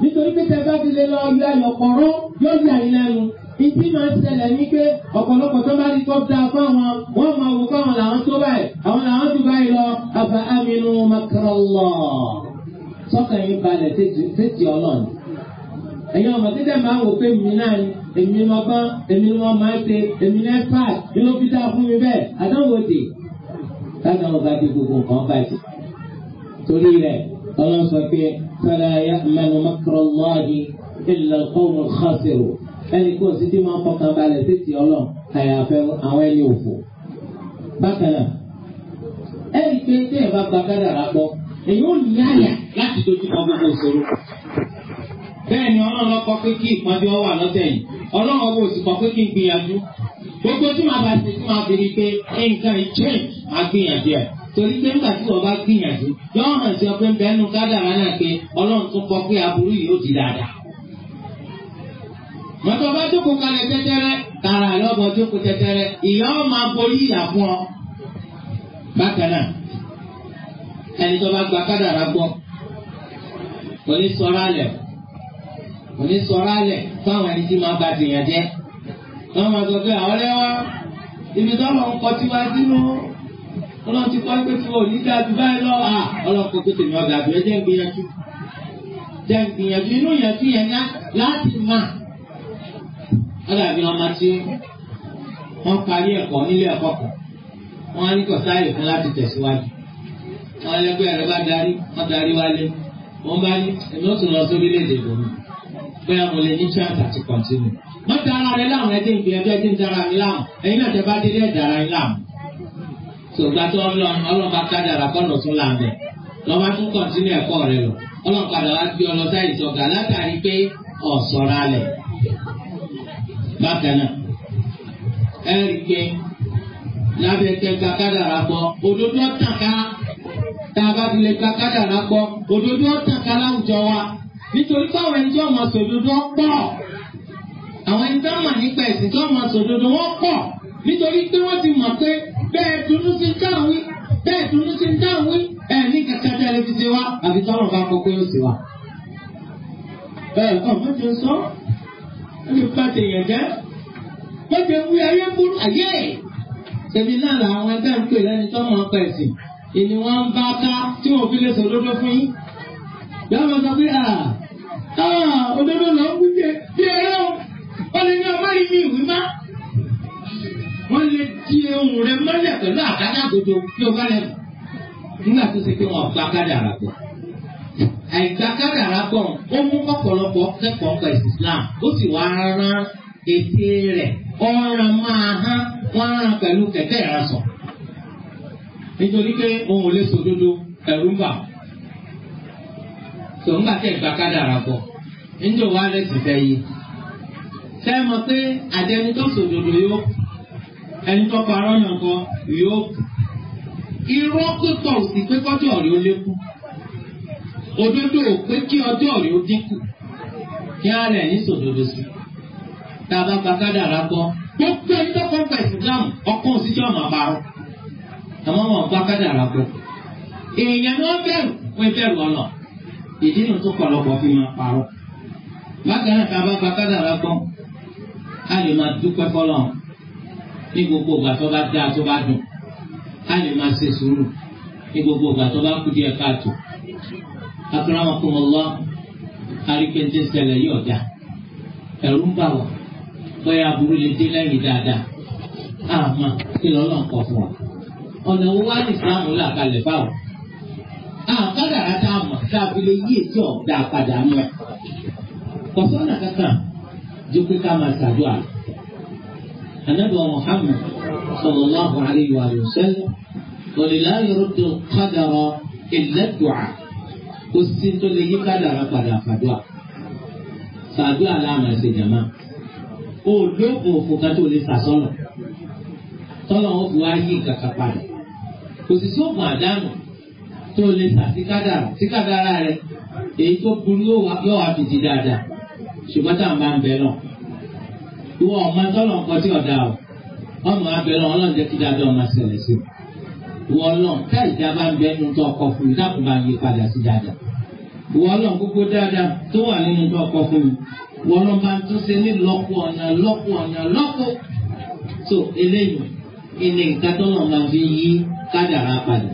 nítorí pé tẹ bá ti lè lọ ya ọ̀pọ̀rọ́ yóò yà yín lẹ́nu ìdí máa ń ṣẹlẹ̀ ní pé ọ̀pọ̀lọpọ̀ tó bá rí tó fáwọn wọ́n máa wò fáwọn làwọn tó báyìí àwọn làwọn tó báyìí lọ àbá aminu makarallah sọ́kàn yín balẹ̀ tètè ọlọ́run ẹ̀yin ọmọ títẹ máa wò pé mi náà ni èmi lọ bá èmi lọ máa ń ṣe èmi náà pàt inú fi dá fún mi bẹ́ẹ̀ àdánwò dè dáadáa ọba di gbogbo nǹkan bàjẹ́ torí rẹ̀ ọlọ́run sọ pé fala ya'manu makrallahi illa al-qawmu al-khasirun ẹni kó sì ti máa fọkàn balẹ̀ sétí ọlọ́ àyàfẹ́ àwọn ẹni òfò. bákan náà ẹni pé tẹ́ ẹ̀ bá gba kádàrá gbọ́ èyí ò ní àyà láti dojú kọ gbogbo ìṣòro. bẹ́ẹ̀ ni ọlọ́run ló kọ pé kí ìpàdé ọwọ́ àlọ́tẹ̀ yìí ọlọ́run ọwọ́ òsì kọ pé kí n gbìyànjú gbogbo tí màá bá ṣe tí màá torí pé nígbà tí wọ́n bá gbìyànjú yóò hàn sí ọpẹ́ bẹ́ẹ̀nu kádàrá náà pé ọlọ́run tún kọ pé aburú yìí ó di dáadáa. mọ́tò bá jókòó kalẹ̀ tẹ́tẹ́rẹ́ tààrà lọ́bọ̀ jókòó tẹ́tẹ́rẹ́ ìyá ọ máa borí ìyà fún ọ. bákan náà ẹni tó bá gba kádàrá gbọ́ kò ní sọ̀rọ̀ alẹ̀ kò ní sọ̀rọ̀ alẹ̀ fáwọn ẹni tí máa ba tèèyàn jẹ́. wọ́n máa sọ pé àwọn ẹlẹ́wà ibi táwọn ń kọtí wá sínú ọlọ́run ti kọ́ pé tí o ní dájú báyìí lọ à ah, ọlọ́run kò tètè mi ọ̀gá àbúrẹ́ jẹ́ gbìyànjú jẹ́ gbìyànjú inú ìyànjú yẹn ná láti mà ọ̀gá mi ọmọ tí wọ́n parí ẹ̀kọ́ nílé ẹ̀kọ́ kan wọ́n á ní kọ̀ sáyè fún láti tẹ̀síwájú wọ́n lẹ́gbẹ́ ẹ̀rọ bá darí wọ́n darí wálé wọ́n bá ní èmi ó tún lọ sórí léde lómi bẹ́ẹ̀ mo lè ní chance àti continue. wọ́n dara rẹ láwọn ẹ̀dín ìgbìyànjú ẹ̀dín dara mi láwọn ẹ̀yin náà tẹ bá délé ẹ̀ dara láwọn sògbà tó ọlọ́run ọlọ́run bá kádàrà kọ́ lọ́sùn làǹbẹ̀ lọ́ba tún kọ̀ntínú ẹ̀kọ́ rẹ lọ ọlọ́run padà wá gbé ọlọ́sà ìsọ̀gà látàrí pé ọ̀sọ̀ra lẹ̀ bákan náà ẹ rí i pé lábẹ́ kẹta kádàrà gbọ́ òdodo ọ̀tàn ká tá a bá ti lè ka kádàrà gbọ́ òdodo ọ̀tàn ká láwùjọ wa nítorí káwọn ẹni tí wọ́n mọ̀ sòdodo ọ̀pọ̀ àwọn ẹni tí wọ́n mọ̀ nípa ẹ̀sìn tí wọ́n mọ̀ sòdodo wọ́n pọ̀ nítorí pé wọ́n ti mọ̀ pé bẹ́ẹ̀ dunú sí dáwí bẹ́ẹ̀ dunú sí dáwí ẹ̀ ní kàkà tẹ́lẹ̀ ti ṣe wá àbí tọ́lọ̀ bá kọ́ pé ó ṣe wá. bẹ́ẹ̀ ọ̀ mọ́jọ sọ ó lè bá tèèyàn jẹ́ mọ́jọ wí ayé burú ayé ṣèbí náà làwọn ẹgbẹ́ ń pè lẹ́ni tó mọ̀ ọ́pẹ́ sí ìní wọn bá ká tí wọn fi lè sọ òdodo fún yín. yàrá wọn sọ pé òdodo lọ wí bí bí ẹ rẹ ọ wọ́n lè di ohun rẹ mọ́lẹ̀ pẹ̀lú àgádágodo kí o bá lẹ̀ mọ́. nígbà tó ṣe pé gba pọ̀. àìgbà kádàrá pọ̀ ó mú ọ̀pọ̀lọpọ̀ kẹ́kọ̀ọ́ pa Islam ó sì wá rán ète rẹ̀ ọ̀ràn máa hán wọ́n rán pẹ̀lú kẹ̀kẹ́ nítorí pé ẹni tó parọ́ yàn kan yóò kù. irọ́ pípọ̀ ò sí pé kọ́jọ́ rẹ̀ ó lékún. òdodo ò pé kí ọjọ́ dínkù. kí á rẹ̀ ní sòdodo sí. tá a bá gba kádàrá gbọ́ gbogbo ẹni tó kọ́ gba ìsìláàmù ọkọ̀ òsíjọ́ ọ̀nà àbárọ̀. àwọn ọmọ gba kádàrá gbọ́. èèyàn a bá ní gbogbo ìgbà tó bá dáa tó bá dùn á lè máa ṣe sùúrù ní gbogbo ìgbà tó bá kú díẹ̀ káàtó. akramakumullah arípẹ́ntì ṣẹlẹ̀ yóò dáa ẹ̀rù ń bà wá bóyá aburú lè dé lẹ́yìn dáadáa àmọ́ kí lọ́lọ́ kọ̀ fún wa. ọ̀nà wo wá ní ìsìláàmù là kalẹ̀ báwò. àkàdàrà tá a mọ̀ tá a fi lè yí ètò ọ̀dà padà mọ́. kọ̀sọ́nà kankan ju ká máa ṣàdúrà النبي محمد صلى الله عليه وآله وسلم ولله يرد القدر إلا الدعاء والسنت اللي يقدر قدر فدعاء فدعاء لا ما سجما olóko òfòkàtò lè sàsọ́nà tọ́lọ̀ wọn fi wá yí kàkà padà kò sì sóògùn àdánù tó lè sà sí kádàrà sí kádàrà rẹ èyí tó burú yóò wá fi di dáadáa ṣùgbọ́n tá à ń bá ń bẹ náà. ìwọ ọmọ tọ́lọ̀ nǹkan tí ọ̀dà o ọmọ abẹ́rẹ́ ọlọ́run jẹ́ kí dáadáa ọmọ ṣẹlẹ̀ sí ìwọ ọlọ́run ká ìjábá ń bẹ nínú tó ọkọ fún mi dákun bá yí padà sí dáadáa gbogbo dáadáa tó wà nínú tó ọkọ fún mi ìwọ bá ń tún ṣe ní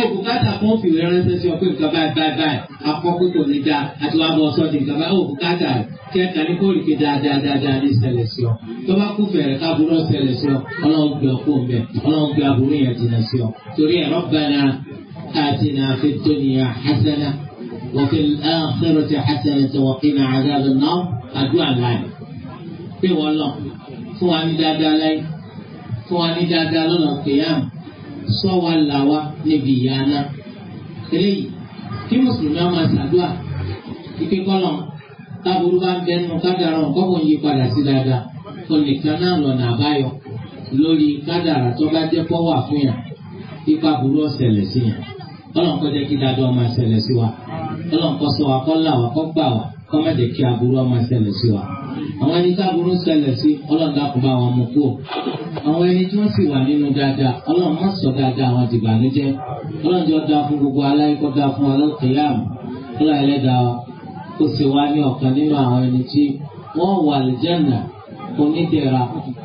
òbúkátà pọ́ǹpì rẹ ránṣẹ́ sí ọ pé nǹkan báyìí báyìí báyìí àkọ́kùtò ní dáa àti wàá bọ̀ sọ́ di nǹkan báyìí òbúkátà rẹ kí ẹ̀ka ní kórìí pé dáadáa dáadáa ní ìṣẹ̀lẹ̀ sí ọ tó bá kú fẹ̀rẹ̀ káàbùrọ̀ ìṣẹ̀lẹ̀ sí ọ ọlọ́run gbé ọkọ mẹ ọlọ́run gbé aburú yẹn jìnnà sí ọ torí ẹ̀ Rabbana atina fid dunya hasana wa fil akhirati hasana wa qina adhaban nar àdúrà láì pé wọ́n lọ fún wa ní dáadáa láì fún wa ní dáadáa lọ́nà kéèyàn sọ wa wa níbi ìyá náà eléyìí kí mùsùlùmí máa ṣàdúrà ike kọ́nà táburú bá ń bẹnu kádàrá wọn kọ́kọ́ ń yí padà sí dáadáa onìkan náà lọ́nà àbáyọ lórí kádàrá tó bá jẹ́ pọ́wà fún yàn ipa burú ọ̀sẹ̀lẹ̀ sí yàn ọlọ́nkọ́ jẹ́ kí dáadáa máa ṣẹlẹ̀ sí wa ọlọ́nkọ́ sọ wa kọ́ là kọ́ gbà wa kọ́ má jẹ́ kí aburú ọmọ ṣẹlẹ̀ sí wa. àwọn ẹni tí aburú ṣẹlẹ̀ sí ọlọ́dà kò bá wọn mú kú. àwọn ẹni tí wọ́n sì wà nínú dáadáa ọlọ́run má sọ dáadáa àwọn dìbànújẹ́ ọlọ́run jọ dáa fún gbogbo aláìkọ́ dáa fún ọlọ́kẹ́yàmù ọlọ́ ẹlẹ́dàá kó sì wá ní ọ̀kan nínú àwọn ẹni tí wọ́n wà lẹ́jẹ̀nà onídẹ̀ra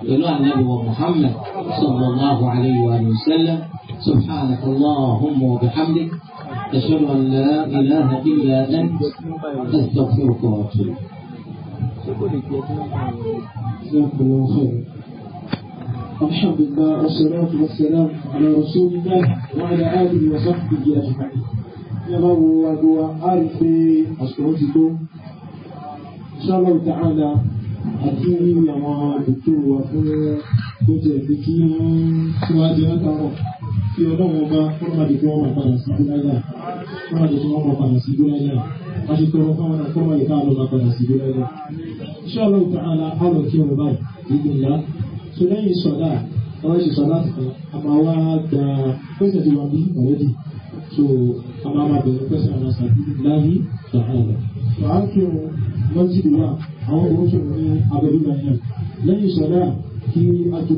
pẹ̀lú ànábì wa Muhammad sallallahu alayhi أشهد أن لا إله إلا أنت أستغفرك وأتوب إليك. الله الحمد لله والصلاة والسلام على رسول الله وعلى آله وصحبه أجمعين يا رب وعارف أسرته إن شاء الله تعالى àti يا ètò wà fún يا jẹ́ pé kí ọlọ́run ọba kọ́nàmàdé kí wọ́n máa padà sí gbóláyà kọ́nàmàdé kí wọ́n máa padà sí gbóláyà a ṣe tọrọ fáwọn náà kọ́nàmàdé káà ló máa padà sí gbóláyà. iṣẹ́ ọlọ́run tó ara àrùn kí wọ́n báyìí ìgbìyà tó lẹ́yìn sọ̀dá àwọn ṣe sọ̀dá kan a máa wá gba pẹ́sẹ̀ tí wọ́n bí ọ̀rẹ́dì tó a máa máa bẹ̀rẹ̀ pẹ́sẹ̀ àwọn sàbí láyé sàhálà. wàá kí wọn lọ́jì tí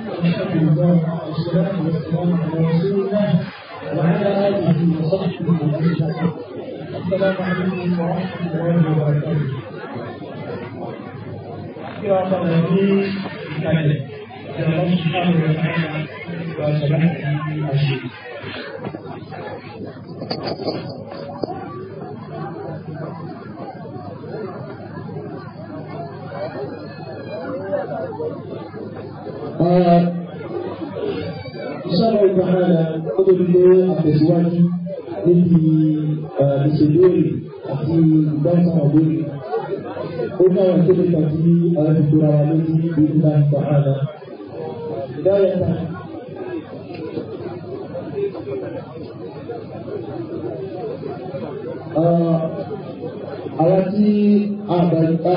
الحمد لله والصلاة والسلام على رسول الله وعلى آله وصحبه أجمعين السلام عليكم ورحمة الله وبركاته يا طلبي كمل يا رب سبحانه وتعالى وسبحانه عشيق Thank you. ta'ala ó tó lé àtẹ̀síwájú níbi ìṣèlú àti ìgbàsán àgbóyè. Ó ní àwọn ìṣèlú pàtí àdúgbò ara lójú ìlú náà ta'ala. Ìdáyà ta. Àwọn tí àgbà tó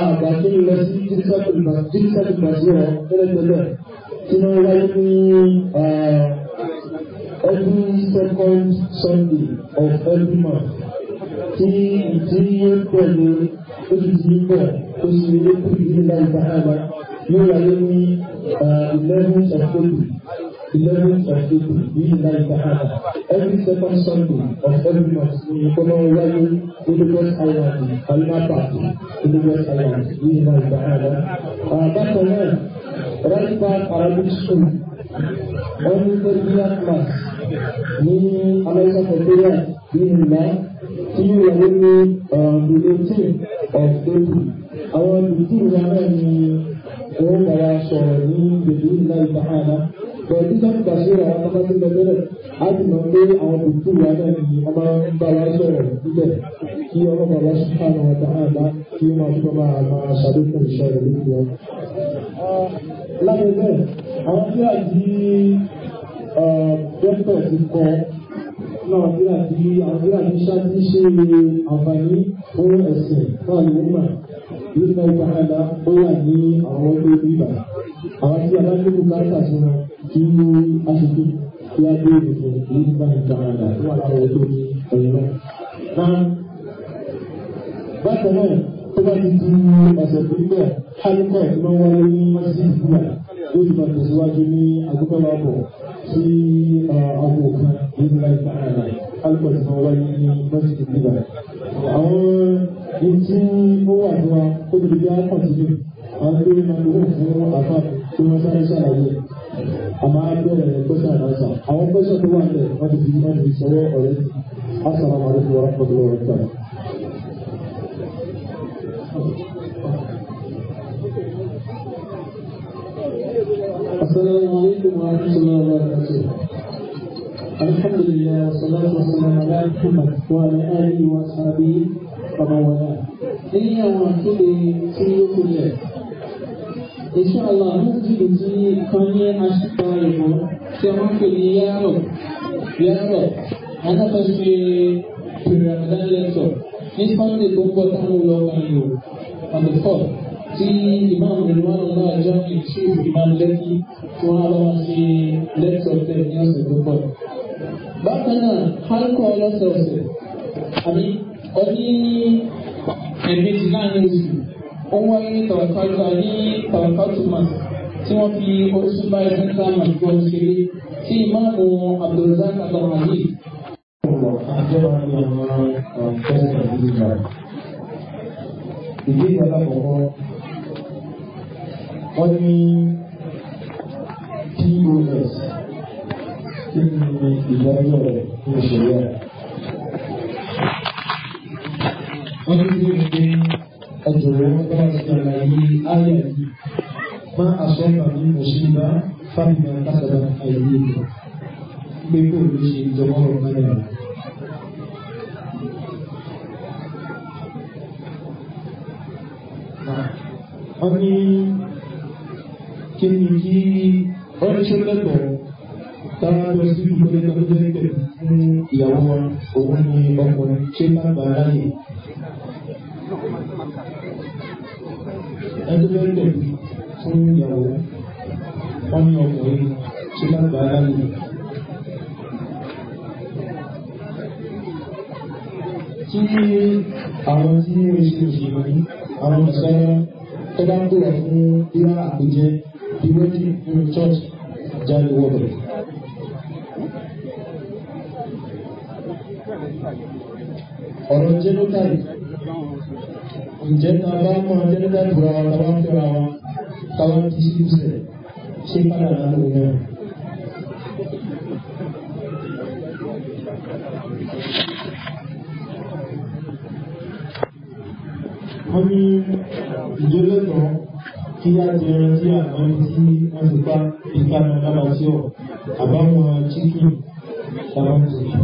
ń lọ sí Tírísàtì Màsíwọ̀ tẹ́lẹ̀tẹ́lẹ̀ tí wọ́n wáyé ní every second Sunday of every month tí ìdíyẹ pẹ̀lú olùdíyẹ pẹ̀ tó sì lè kú ìdílé ìdáhàlá yóò wáyé ní uh, eleven of eleven of February ní ìdílé ìdáhàlá every second Sunday of every month ní ìkọ́nà wáyé olùkọ́s island alimapa olùkọ́s island ní ìdílé ìdáhàlá. bákan náà right back Arabic school only thirty years class ní America Nigeria ní ìlà tí yóò wọlé ní ìlú eighteen of April àwọn ìdí ìlú náà ni wọ́n bára sọ̀rọ̀ ní ìlú ìlà ìbáhàmà pẹ̀lú sọ́kùtà sí àwọn akọ́kọ́sí lẹ́gbẹ̀rẹ̀ á ti mọ̀ pé àwọn òkú ìyá náà ni wọ́n máa ń bá wa sọ̀rọ̀ níbẹ̀ kí ọmọ bàbá dókítà ti kọ náà nígbà tí àgbéyà ti ṣáájú ṣe àǹfààní fún ẹ̀sìn náà ni wọ́n gbà nígbà ìpàdà ó wà ní àwọn ọdún bíbà àwọn tí a bá ní bùkátà sí wọn kí a ṣe tó kí a dé ìdìbò nígbà ìpàdà tó wà láwọn ọdún ẹ̀yìn náà. bákan náà tó bá ti di ọ̀sẹ̀ tó ń bẹ̀ hálùkọ̀ ló wáyé ní mọ́sí ìgbà lórí ìgbà tẹ̀síwájú ní agbẹ́wàbọ̀ sí ọkọ̀ kan nínú láìpẹ́ ààrẹ alùpàdùmọ̀ wáyé ní mọ́sílì nígbà àwọn ìtí ó wà fún wa ó ti di àpọ̀ sílẹ̀ àwọn tó ní máa lóhùn fún àfà tó wọ́n sáré ṣàlàyé àmọ́ abẹ́rẹ́ gbọ́sà di wọ́n ti sọ́wọ́ ọ̀rẹ́ asàlámù السلام عليكم ورحمة الله وبركاته الحمد لله والصلاة والسلام على محمد وعلى آله وأصحابه ومن والاه lẹ́yìn àwọn àkéde tí ó kó lẹ̀ èso àlọ́ àmójútó tí kan ní aṣípa ìbò tí a máa ń pè ní yàrá yàrá alábàáṣe pèrè àdáńlẹ́tọ̀ ní sunday tó ń bọ̀ táwọn olóògbé tí ìmáàmù ìrìnwá náà jọ ìṣe ìmọ̀ lẹ́kí tí wọ́n lọ́wọ́ sí lẹ́tọ̀ tẹ̀ ní ọ̀sẹ̀ tó pọ̀. Bákan náà, Hálùkọ́ ọlọ́sọ̀ọ̀sẹ̀ àbí ọdí ẹ̀mẹ́jì láàrin oṣù, ó ń wáyé tàwákàtà ní tàwákàtùmọ̀ tí wọ́n fi oṣù bá ẹgbẹ́ sáàmù àgbọ̀ òṣèré tí ìmáàmù Abdulrazak Abdulhadi. Ìgbésẹ̀ alákọ̀ọ́kọ́ wọ́n ní pos kí ni ìdájọ́ rẹ̀ ní ìṣẹ̀lẹ̀ rẹ̀. wọ́n tún bí mi pé ẹjọ̀rọ̀ wọn bá ti dàgbà yí ayé yìí má àsọ́nà ní mùsùlùmá fábìmá lásàdá ayé yìí pé kò ní ṣe ìjọba ọ̀rọ̀ náà yàrá. wọ́n ní kí ni kí ọ̀ṣẹ́ lẹ́tọ̀ọ́ táwọn sí ìgbélé tó jẹ́ pẹ̀ fún ìyàwó wọn òun ni ọkùnrin ṣé má bàa ráyè. ẹgbẹ́ lẹ́tọ̀ọ́ fún ìyàwó wọn ni ọkùnrin ṣé má bàa ráyè. tí be waiting in church during the war break. ọ̀rọ̀ jẹ́nẹ́tàlì ǹjẹ́ náà bá mọ̀ jẹ́nẹ́tàlì bùra wa tàbá ń fẹ́ra wa tàbá ń fi sí ṣe ṣé padà náà ló yẹn. wọ́n ní ìjọ́lẹ́tọ̀ọ́ kí á jẹ ẹran tí àwọn ibi tí wọ́n ti pa ìta náà lára sí ọ̀ àbáwọn chicken lára sí ọ̀.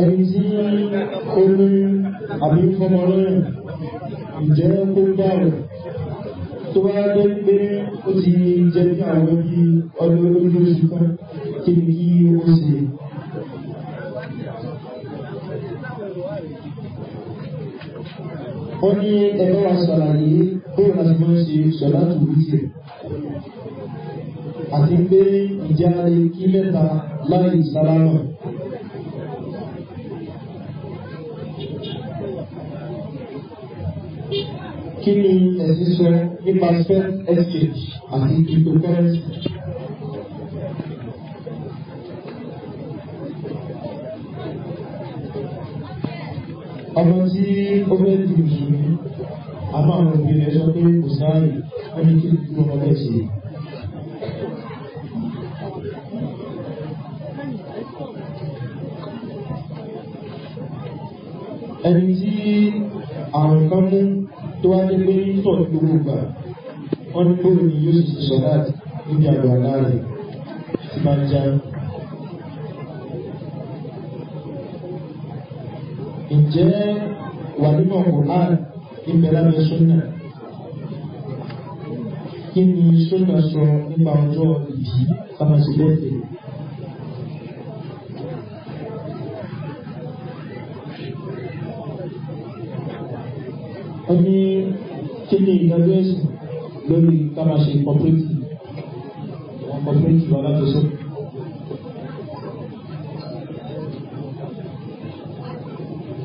ẹni tí ó ní àbí fọmọ lọ́rẹ̀ ìjẹ́ tó bá rẹ̀ tó bá dé pé ó ti jẹ́ ní àwọn ibi ọdún oṣù kan kí ni kí ó ó ní ẹgbẹ́ wa ṣàlàyé bóyá láti máa ń ṣe sọ̀lá tó wí tiẹ̀. àti pé ìjà kí mẹ́ta láì sálámà. kí ni ẹ̀sìn sọ nípa first estate àti cryptocurrency? ọmọ tí ó bẹ́ẹ̀ di mùsùlùmí a àwọn òbí rẹ̀ sọ pé kò sáàyè wọ́n ní kí ló wọ́n bẹ́ẹ̀ sí. ẹni tí àwọn kan mú tó wá ní pé ní tọ̀ ní gbogbo gbà wọ́n ní pé òun yóò sì sọ láti níbi àgbàlá rẹ̀ tí máa ń jáde. ǹjẹ́ wà nínú Quran ìbẹ̀rẹ̀ mi súnà kí ni súnà sọ nípa ọjọ́ ìbí fámasì bẹ́ẹ̀ ó ní kí ni ìdájọ́ ẹ̀sìn lórí fámasì cooperative cooperative alájọsọ́kù.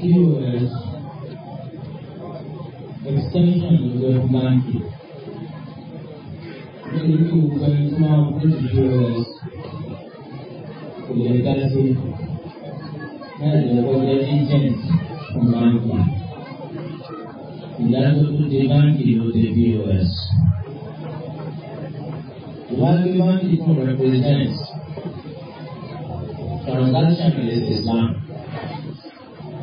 zero is extension of t h 90. Then you can go now into zero is solidarity a e d t h y o r g a n i z a t i o n t from b a n 90. That's what the bank is with the POS. What the bank is represents t r a t s a c t i o n is Islam.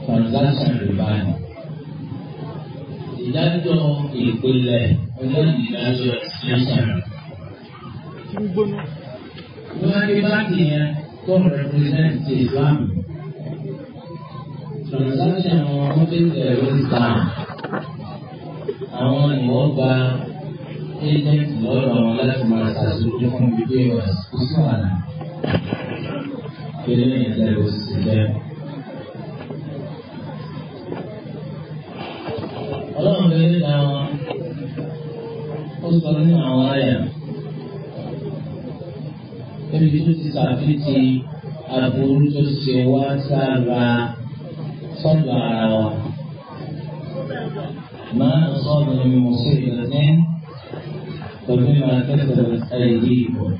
transaction rìbá ni. ìdájọ́ ìpìlẹ̀ onídìídájọ́ ṣẹ́ṣàn. wọ́n rí báńkì yẹn tó represent Islam. transaction wọn wọ́n fi tẹ̀lé Islam. àwọn ìwọ́n gba agent lọ́dọ̀ wọn láti máa ṣàṣojú fún bíbélì ọ̀sán kò sí wàhálà. Kí ló ń yẹ lẹ́yìn oṣù tẹ́lẹ̀? ọlọ́run bẹ níta wọn ó sọ nínú àwọn àyà níbi tó ti sàfihàn aburú tó ṣe wá ما أصابنا من مصيبة فبما كسبت أيديكم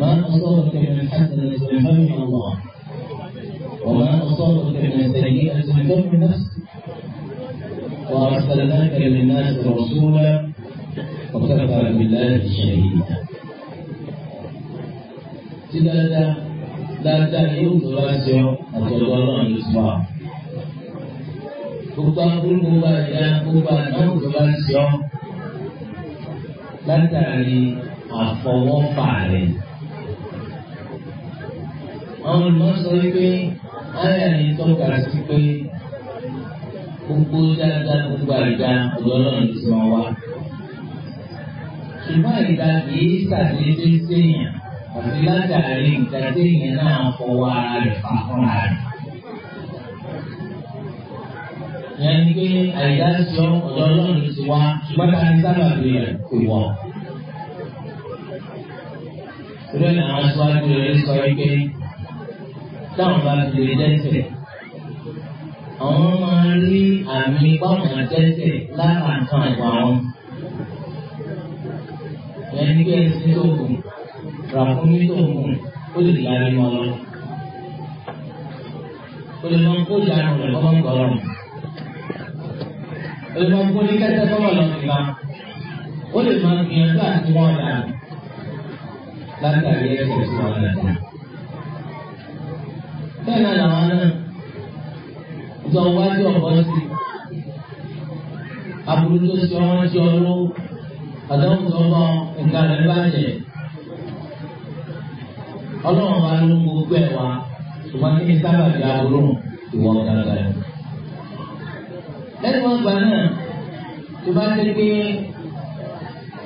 ما أصابك من حسنة فمن الله وما أصابك من سيئة فمن نفسك وأرسلناك للناس رسولا وكفى بالله شهيدا tí dáadáa dáadáa ni yóò tó bá ṣe ọ àtọ̀dọ̀ ọlọ́run ló ti wá. gbogbo aburú gbogbo àdá gbogbo àdá yóò tó bá ṣe ọ látàrí àfọwọ́fà rẹ̀. àwọn olùmọ̀sọ wípé ayé àyè tọ́ka sí pé gbogbo dáadáa gbogbo àìdá ọlọ́run ti wọn wá. ṣùgbọ́n àìdá kìí ṣàdédé séèyàn àti látàrí nǹkan téèyàn náà fọwọ́ ara rẹ̀ fà fúnra rẹ̀. ìyẹn ni pé àìdá sọ ọlọ́run ti wá ṣùgbọ́n ká ní sábà bí rẹ̀ kò wọ̀. ìrẹ́lẹ̀ àwọn aṣáájú rẹ̀ sọ wípé táwọn bá ti lè dẹ́sẹ̀ àwọn máa rí àmì pọ́nmọ́ tẹ́tẹ̀ lára nǹkan ìwà wọn. ẹni bí ẹni tó gùn ràkúnmí tó gùn ó lè yára mọ́ lọ. ó lè máa ń kó ìyá rẹ̀ lọ́wọ́ ń gbọ́rọ̀. ó lè máa ń kó ní kẹ́tẹ́ tọ́wọ́ lọ nígbà. ó lè máa gbìyànjú àti wọ́n dà látàrí ẹ̀sìn ìwà rẹ̀. bẹ́ẹ̀ náà làwọn náà. ìtọ́ wájú ọ̀pọ̀ sí aburú tó ṣe ọmọ ṣe ọlọ́ àdáhùn tó mọ nǹkan rẹ̀ bàjẹ́ ọlọ́run wa ló ń gbogbo ẹ̀ ṣùgbọ́n kí ni sábàbí aburú ìwọ gàgà rẹ̀. lẹ́nu náà tó bá ti pé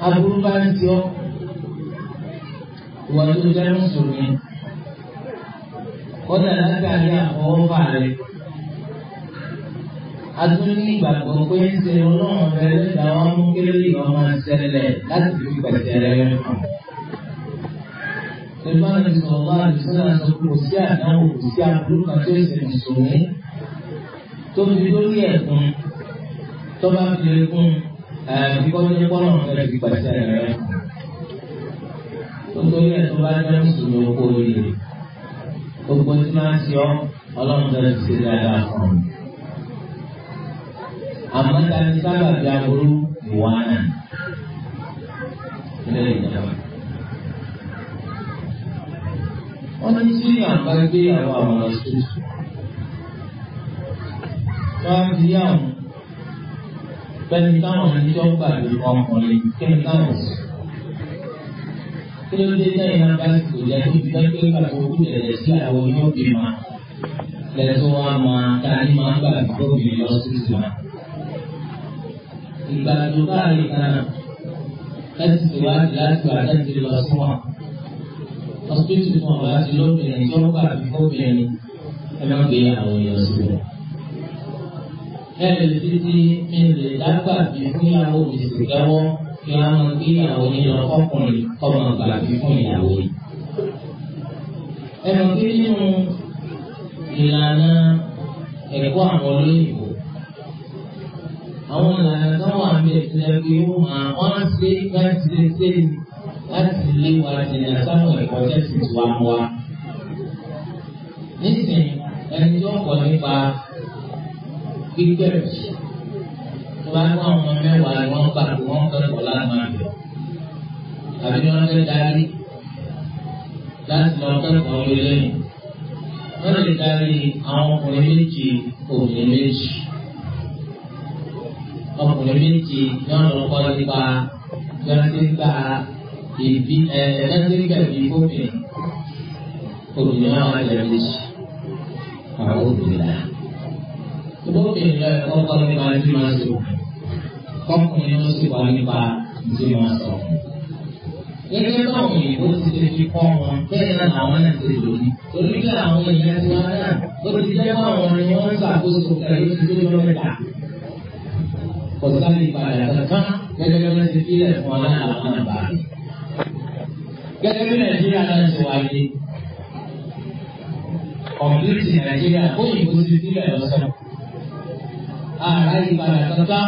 aburú bá ń ṣe ọ́ tó jẹ́ kọ́dà lágbàáyé rẹ̀. adúlé ìgbàgbọ́ pé ń ṣe ọlọ́run rẹ lẹ́dà wọn mú kí lórí ọmọ ṣẹlẹ̀ láti fi pẹ̀sẹ̀ rẹ hàn. Ṣèjọ́ ní sọ̀rọ̀ àdìsọ́nà sọ kò sí àdáwò kò sí àbúrò kan tó ṣe mùsùlùmí tó fi lórí ẹ̀kún tó bá fi kún ẹ̀ẹ́dẹ́gbọ́dé pọ́nà rẹ fi pẹ̀sẹ̀ rẹ hàn. Nítorí ẹ̀ tó bá jẹ́ mùsùlùmí oko rèé, gbogbo tí máa ń ṣe ọ́ ọlọ́run rẹ ti ṣe dáadáa fún mi àmọ́ ta oh, ni sábà bí aburú ìwà náà. wọ́n ní sí àgbá gbé àwọn àmọ̀ràn sí i. wọ́n á fi àwọn bẹ́ẹ̀ni táwọn ẹni tó gbà ló ọkùnrin kí ni táwọn sì. kí ló dé lẹ́yìn náà bá sì kò jẹ́ tó fi dájú pé kàkó kú lẹ̀lẹ̀ sí àwọn yóò bí ma lẹ́tọ́ wa máa ta ni máa gbà tó bí sí ìsìn ìgbàlódé káàrin kan láti ṣèwádìí láti wà láti lọ sí wọn. ọ̀sìpìtì fún ọ̀rọ̀ láti lóbìnrin tí wọ́n gbà fún obìnrin ẹ má gbé àwọn èèyàn síbẹ̀. ẹ lè fi ti mi lè dágbà bí fún ìyàwó mi sì kẹ́wọ́ kí wọ́n máa gbé ìyàwó yín lọ fọkùnrin kọ́ gbà bí fún ìyàwó yìí. ẹ mọ̀ nínú ìlànà ẹ̀kọ́ àwọn olóyìnbó àwọn ìlànà tó wà ní ìtìlẹ̀ pé ó máa wọ́n ṣe láti lè ṣe láti lè wà jìnnà sáwọn ìkọjẹ́ sì ti wá wá. Nísìnyí, ẹni tó kọ̀ nípa gbígbẹ̀rẹ̀ sí. Tó bá ní àwọn mẹ́wàá ni wọ́n gbà pé wọ́n kẹ́kọ̀ọ́ láti máa bẹ̀. Àbí wọ́n fẹ́ darí láti lọ kẹ́kọ̀ọ́ lórí lẹ́yìn. Wọ́n lè darí àwọn ọkùnrin méjì, obìnrin méjì ọkùnrin méjì yọ̀ọ́ lọ kọ́ nípa yọ̀ọ́sígbà ìbí ẹ̀ẹ́dẹ́gbẹ̀gbà ìbí gómìnà obìnrin náà wà lẹ́yìn méjì àwọn obìnrin náà. Gómìnà yọ ẹ̀kọ́ kọ́ nípa ẹbí máa sọ kọ́kùnrin ló sì kọ́ nípa ìdí máa sọ. Gẹ́gẹ́ báwọn òyìnbó ti ṣe fi kọ́ wọn bẹ́ẹ̀ náà làwọn náà ti lò ní. Oníkẹ́ àwọn èèyàn ti wá náà ó ti jẹ́ báwọn ọ̀rẹ́ wọn ń ṣàkóso pẹ̀lú ìdílé lọ́mẹ́ta kò sáré padà kankan gẹ́gẹ́ bí wọ́n ti kílẹ̀ fún wọn náà àwọn àbá. gẹ́gẹ́ bí nàìjíríà náà ti wáyé kọ̀m̀pútì nàìjíríà ó yìnbó ti kílẹ̀ lọ́sẹ̀. ààrẹ ìpadà kankan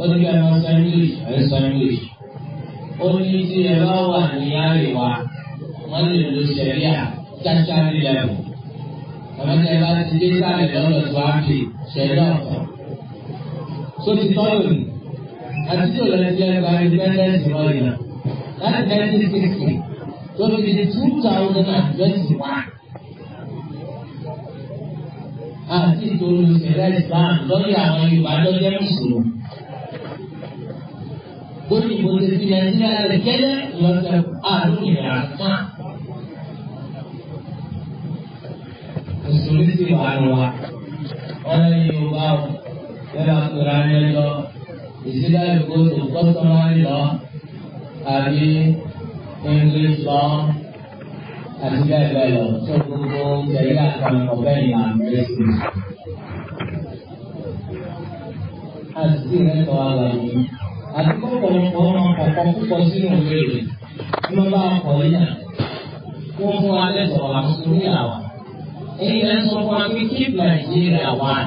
ó ní bí ẹran sọ english ẹ̀ sọ english. ó ní tí ẹ bá wà ní àríwá wọ́n lè lo sẹ̀ríà kíákíá nílẹ̀ ẹ̀bùn. àwọn ẹ̀ka ti dé sáré lọ́dọ̀ tó sórí tọ́lù ni àti tí òlò ẹgbẹ́ ẹgbẹ́ independence lọ́yìn náà láti nineteen sixty tó fi di two thousand and twenty one. àti ìtòlù ìṣẹ̀lẹ̀ Islam lórí àwọn Yorùbá lọ́jọ́ mùsùlùmí. Lórí ìbò ti fi Nàìjíríà rẹ̀ kẹ́lẹ́ lọ́sẹ̀ àdúgbò rẹ̀ àtúmá. Mùsùlùmí sì wà lọ́wọ́. Wọ́n lè Yorùbá o. yálà kúránì lọ ìsílẹ̀ ìkóso kọ́sọ́mọ́rì lọ àbí english lọ àti bẹ́ẹ̀ bẹ́ẹ̀ lọ tó gbogbo tẹ̀lé àkànní ọ̀bẹ́ ìlà mẹ́sìn. àti ìrẹ́tọ̀ àlàyé àti kọ́kọ́ ọmọ ọ̀pọ̀ púpọ̀ sínú ìbéèrè tí wọ́n bá ọkọ̀ yíyà wọ́n fún wa lẹ́sọ̀rọ̀ àmúṣe ní àwọn. èyí lẹ́sọ̀ fún wa keep Nigeria one.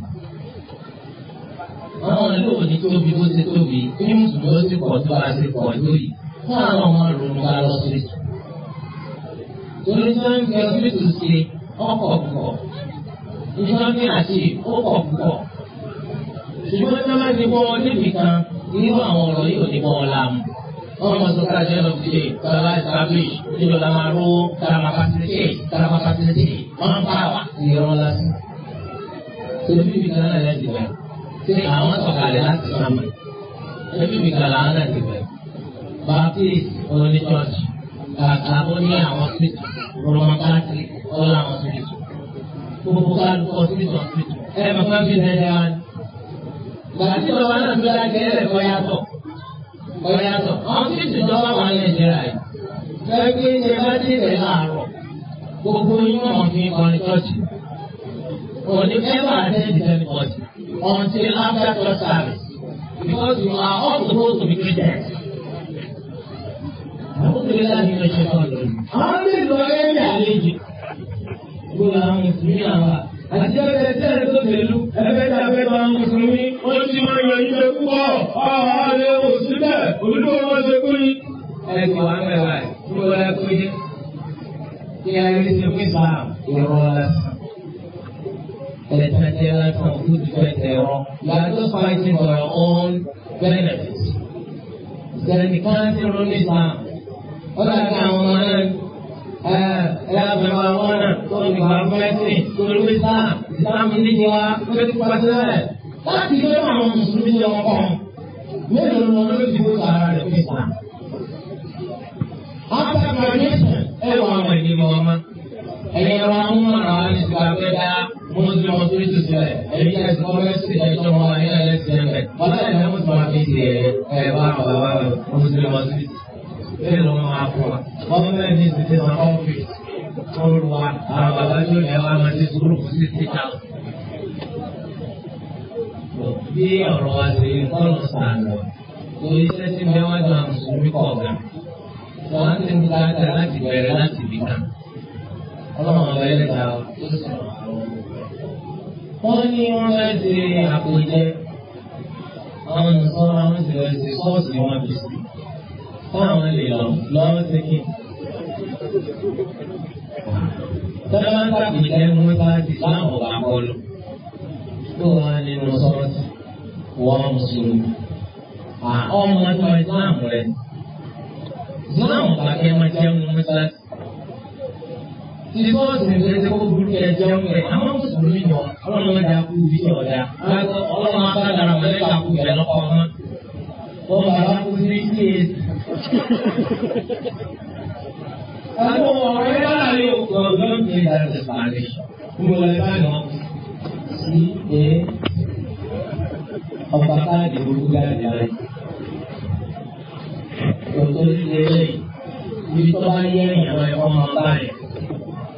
àwọn olóò ní tóbi bó ṣe tóbi kí mùsùlùmí ó sì pọ̀ tó bá ṣe pọ̀ lóyìí fún àwọn ọmọ ìrònú bá lọ sí. torí tó ń fi ọsibítù ṣe ọkọ̀ pọ̀ ìjọba ní àti ọkọ̀ pọ̀ ṣùgbọ́n tí wọ́n ti bọ́ wọn níbi kan irú àwọn ọ̀rọ̀ yìí ò ní bọ́ wọn láàmú. wọ́n mọ̀ sọ́kà jẹ́ lọ sí ṣe tọ́lá establish nílò la máa ró karama facility karama facility wọ́n ń bá wa ìrọ̀ lásán. tòun kan náà lẹ́sìn bẹ́ẹ̀ ṣé àwọn sọ̀kalẹ̀ láti sàmà ẹbí mi kàlà àwọn náà ti bẹ̀rẹ̀ baptist oní church bàtà ó ní àwọn síbìtì roman catholic ó láwọn síbìtì gbogbo kálukọ síbìtì ọ̀sibìtì ẹ mọ̀ fẹ́ fi ṣẹlẹ̀ wa ni. bàtí ìjọba náà fi ra kẹ́lẹ́ kọ́ yàtọ̀ kọ́ yàtọ̀ àwọn síbìtì ìjọba wà ní nàìjíríà yìí fẹ́ gbé ní ẹgbẹ́ tí ìrẹ̀ láàárọ̀ gbogbo yín wọ̀n fi kọ́ church òní ẹ wà ní ìdílé ní until after church service because you are all supposed to be Christians. Àwọn ìlú ọ̀rẹ́ ní àlejò. Gbogbo àwọn mùsùlùmí àwa. Àti ọ̀rẹ́ tí ẹ̀rẹ́ tó tẹ̀lú. Ẹgbẹ́ tí a fẹ́ gba àwọn mùsùlùmí. Wọ́n ti máa ń yọ ilé púpọ̀. Ọ̀hún àlẹ́ ò síbẹ̀. Olúwo wọn ṣe kú ni. Ẹ ti wà ń bẹ̀ wáyé. Gbogbo ẹ kú jẹ́. Kí a yẹ kí ṣe fún ìsàlám. Ìrọ̀lá sí. Sententialize from who defend their own. You are just fighting for your own benefit. Sẹ̀nìkan ti ro ní Islam. Ó dàbí àwọn ọmọ náà ẹ lábẹ́wà wọn náà tó nípa fẹ́sìn torí Islam. Islam ní kí wá fẹ́ẹ́ pàṣẹ. Láti gbé àwọn Mùsùlùmí jẹ wọn kàn. Mélòó lọ lórí ìdìbò sàrà rẹ̀ fún Islam? After graduation, ẹ wọ àwọn ìdìbò wọn mọ́. Ẹ̀yẹ̀rọ àwọn ọmọ náà wá ní ìgbà pẹ́ dáa mun jọ tuntun sílẹ̀ èyí ẹ̀ tó bẹ́ẹ̀ sì ẹjọ́ wọn ní ẹlẹ́sìn ẹ̀mẹ́. Bọ́lá ẹ̀ lẹ́mú tó máa fi ṣe ẹ̀ bá àwọn bàbá rẹ̀ mun jọ wọn sí. Bẹ́ẹ̀ ló máa fún wa. Wọ́n fún ẹ̀ ní ìsinsin wọn kọ́ fi kọ́rù wa àwọn bàbá tó yẹ wa máa ti sùúrù fún títí ta. Bí ọ̀rọ̀ wa ṣe ń kọ́ lọ sàn lọ, torí iṣẹ́ tí bẹ́ẹ̀ wá jọ àmùsùnmí kọ̀ọ̀gà. Wọ́n ti ń gbá wọ́n ní wọ́n fẹ́ ṣe àpòjẹ àwọn nìkan àwọn ti lọ sí ṣọ́ọ̀ṣì wọn bì sí fún àwọn lè lọ lọ́wọ́ sí kí. tọ́lá ń tàbíjẹ́ mú bá ti láwọn ọ̀gá kọlù tó wà nínú ṣọ́ọ̀ṣì wọ́n mùsùlùmí. ọmọ ẹ̀tọ́ ìsìláàmù rẹ̀ ìsìláàmù bàkẹ́ máa jẹ́ mú mọ́ṣáláṣí sísọ́ọ̀sì ń ṣe kó burú kẹ jẹun rẹ̀ àwọn mùsùlùmí yọ àwọn ọmọ dà kú bí ọ̀dà láti ọlọ́run abálára mọ̀lẹ́ta kú bẹ̀ lọ́kọ̀ ọmọ. wọ́n bàbá kú sí sí e. àwọn ọ̀rẹ́ yára lè kọ́ ọdún ní ìdájọ́ ìpàdé. mo lè bá yọ sí e ọba káàdì olùgbàdì rẹ̀. òtún ṣe é ibi tó bá yẹ ìyàwó ẹ̀kọ́ máa bá yẹn.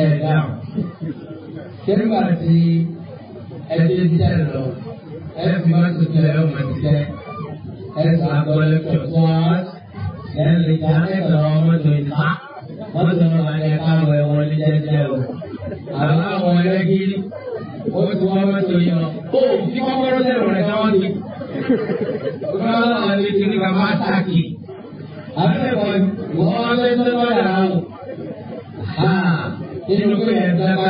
ẹ dáhùn sẹ́nìgbà tí ẹdí ń jẹ́ lọ ẹ fi máa tó jẹ ẹ mọ̀ jẹ ẹ sọ agbọ́lẹ̀ tó fún ọ lẹ́nu ìjà ẹ sọ mọ́tò ìta mọ́tò náà ẹ káwọ ẹ wọlé jẹ́jẹ́ o àwọn àwọn ẹlẹ́gìrì ó ti wọ́n mọ́tò yàn ó fi kọ́kọ́rọ́ lẹ́rù rẹ̀ káwọ́ ni ó bá wà ní kíní ká má tàkì.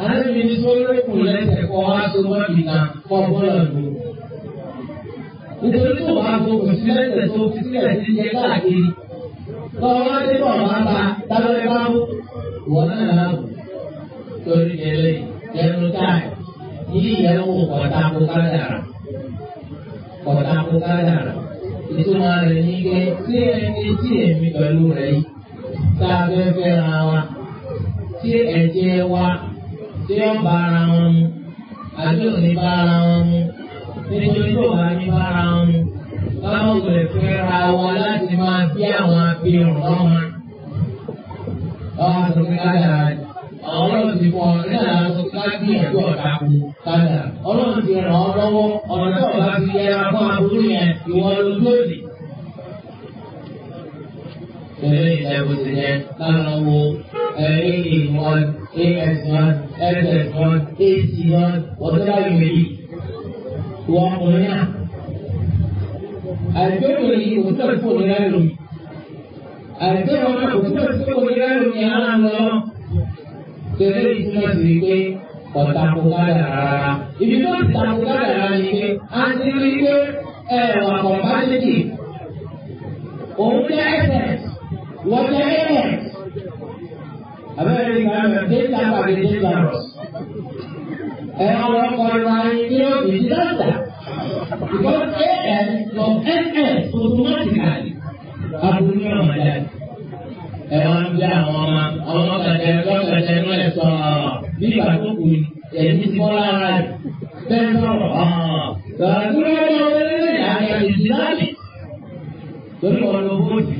Àlejò ní sọ́lé kù lẹ́sẹ̀ kọ́ aṣọ́gbọ́n ìgbà kọ́ bọ́lá lò. Nítorí tó bá gbogbo sí lẹ́sẹ̀ tó fi sílẹ̀ sí jẹ́ káàkiri. Lọ́wọ́ tí wọ́n bá ta dábẹ́ bá mú. Wọ́n náà náà bù. Torí ẹlẹ́ táì. wò kó ká kó a wa. Tí ẹ̀jẹ̀ wa. tí ó bá ara wọn mu àbí ò ní bá ara wọn mu nítorí tó bá ní bá ara wọn mu báwo lè fẹ́ ra wọn láti máa bí àwọn abirùn lọ́mọ. ọ̀hún àtúntò káyà ọlọ́run ti fọ nígbà tó ká gbìyànjú ọ̀dà kú káyà ọlọ́run ti ràn ọ́ lọ́wọ́ ọ̀nà tó ọ̀gá ti yẹra fún aburú yẹn ìwọ lójú òdì. Ìlú ìjẹ́bù ti yẹ ká lọ wo ẹ̀rí ìwọ́n. AS1, SS1, AC1, whatever you may be. Wọ́n kò ní à. Àìgbẹ́rù yìí kò tẹ̀ fún òní lẹ́rù mi. Àìgbẹ́rù náà kò tẹ̀ fún òní lẹ́rù mi ara lọ. Tẹ̀lé ìtumọ̀ sí ni pé ọ̀tà kò kádà rárá. Ibi tó ti tà kò kádà rárá ni pé a ti rí pé ẹ̀wà kọ̀m̀pátìkì. Òun jẹ́ ẹ̀sẹ̀, wọ́n jẹ́ ẹ̀sẹ̀ abẹ́rẹ́ ìgbà rẹ̀ déjà pàdé déjà rọ̀. Ẹ ọ̀rọ̀ ọ̀rọ̀ ayé ni ó di dídáta. Because AS from NS automatically aburú ọ̀nà ìjà. Ẹ wá ń bí àwọn ọmọ ọmọ kẹ̀kẹ́ lọ́kẹ̀kẹ́ náà ẹ̀ sọ nígbà tó kù ẹ̀mí ti bọ́ lára rẹ̀. Bẹ́ẹ̀ sọ̀rọ̀ gbàdúrà ọmọ ọmọdé àyà ìdíláàbì. Torí ọ̀rọ̀ owó ti.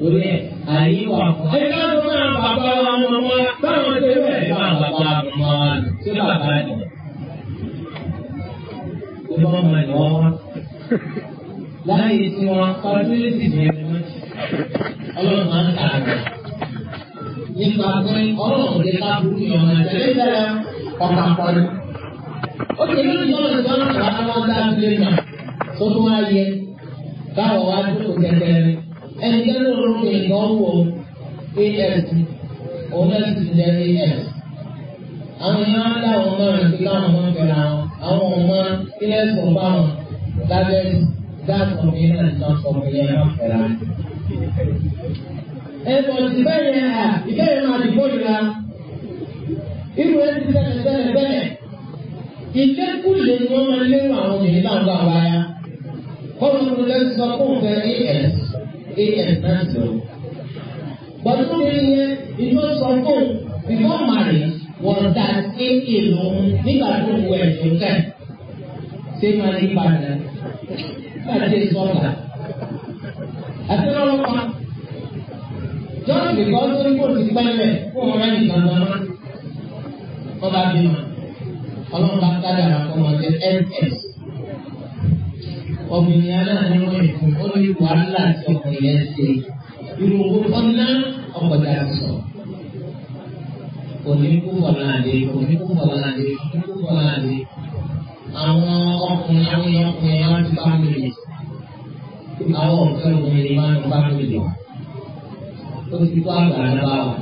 Torí ẹ̀ àyíwá fún. ẹ ká ló fún àwọn bàbá wa mọ wa báwọn ṣe bẹ̀rẹ̀ bá àwọn bàbá wa mọ wa ṣé bàbá ni. ṣé wọ́n mọ ìwọ́ wa? láyé tí wọ́n kọ́ńtírẹ́tì ní ẹ̀rọ mọ́. ọlọ́run máa ń ta àgbà. nípa pé ọlọ́run lè ká burú ní ọmọ àtẹ̀lẹ́ tẹ́lẹ̀ ọkà pọ́nì. ó ti ní ìjọba ìjọba àwọn ọmọ dáadé náà tó tún wá yẹ wá dúró kẹkẹrẹ ẹni tẹ́lẹ̀ olóògbé ìdánwò as òun náà ti jẹ́ as. àwọn èèyàn ń láwọn ọmọ rẹ̀ sí láwọn ọmọ ìbẹ̀rẹ̀ àwọn àwọn ọmọ ilé ẹ̀sùn bá wọn lábẹ́ dáàbò ní náà ní wọn sọ̀rọ̀ yẹn náà fẹ̀rẹ̀ àwọn. ẹ̀sùn ti bẹ́ẹ̀ yẹn à ìbéèrè náà ti bó ìlà irú ẹni ti tẹ́lẹ̀ tẹ́lẹ̀ bẹ́ẹ̀ ìlékùlé ni wọ́n máa lérò àwọn ènìyàn náà gbà wáyà kọ́ as náà lọ. Bọ̀dún mi yẹ inú sọ before marriage was that in AA lòun nígbà tó wù ẹ̀sùn kẹ̀. Ṣé máa ní ìbàdàn? Bàjẹ́ ìsọ̀tà. Àti lọ́lọ́pàá. John bí kọ́ tó ní kó ti pẹ́lẹ̀ kó wọn rẹ́ nìkan lọ́nà. Ọba bímọ. Ọlọ́run bá kájà àkọ́mọdé MS ọmọ ènìyàn náà ní wọ́n ẹ̀fọn ó ní wàhálà tí ọkùnrin yẹn ṣe irú owó tọ́lá ọkọ̀ dà sọ. oníkúfọ̀láde oníkúfọ̀láde oníkúfọ̀láde àwọn ọkùnrin àwọn ọkùnrin wọn ti fámìlì àwọn nǹkan obìnrin wọn ti fámìlì ó ti kó àgbàlagbà wa.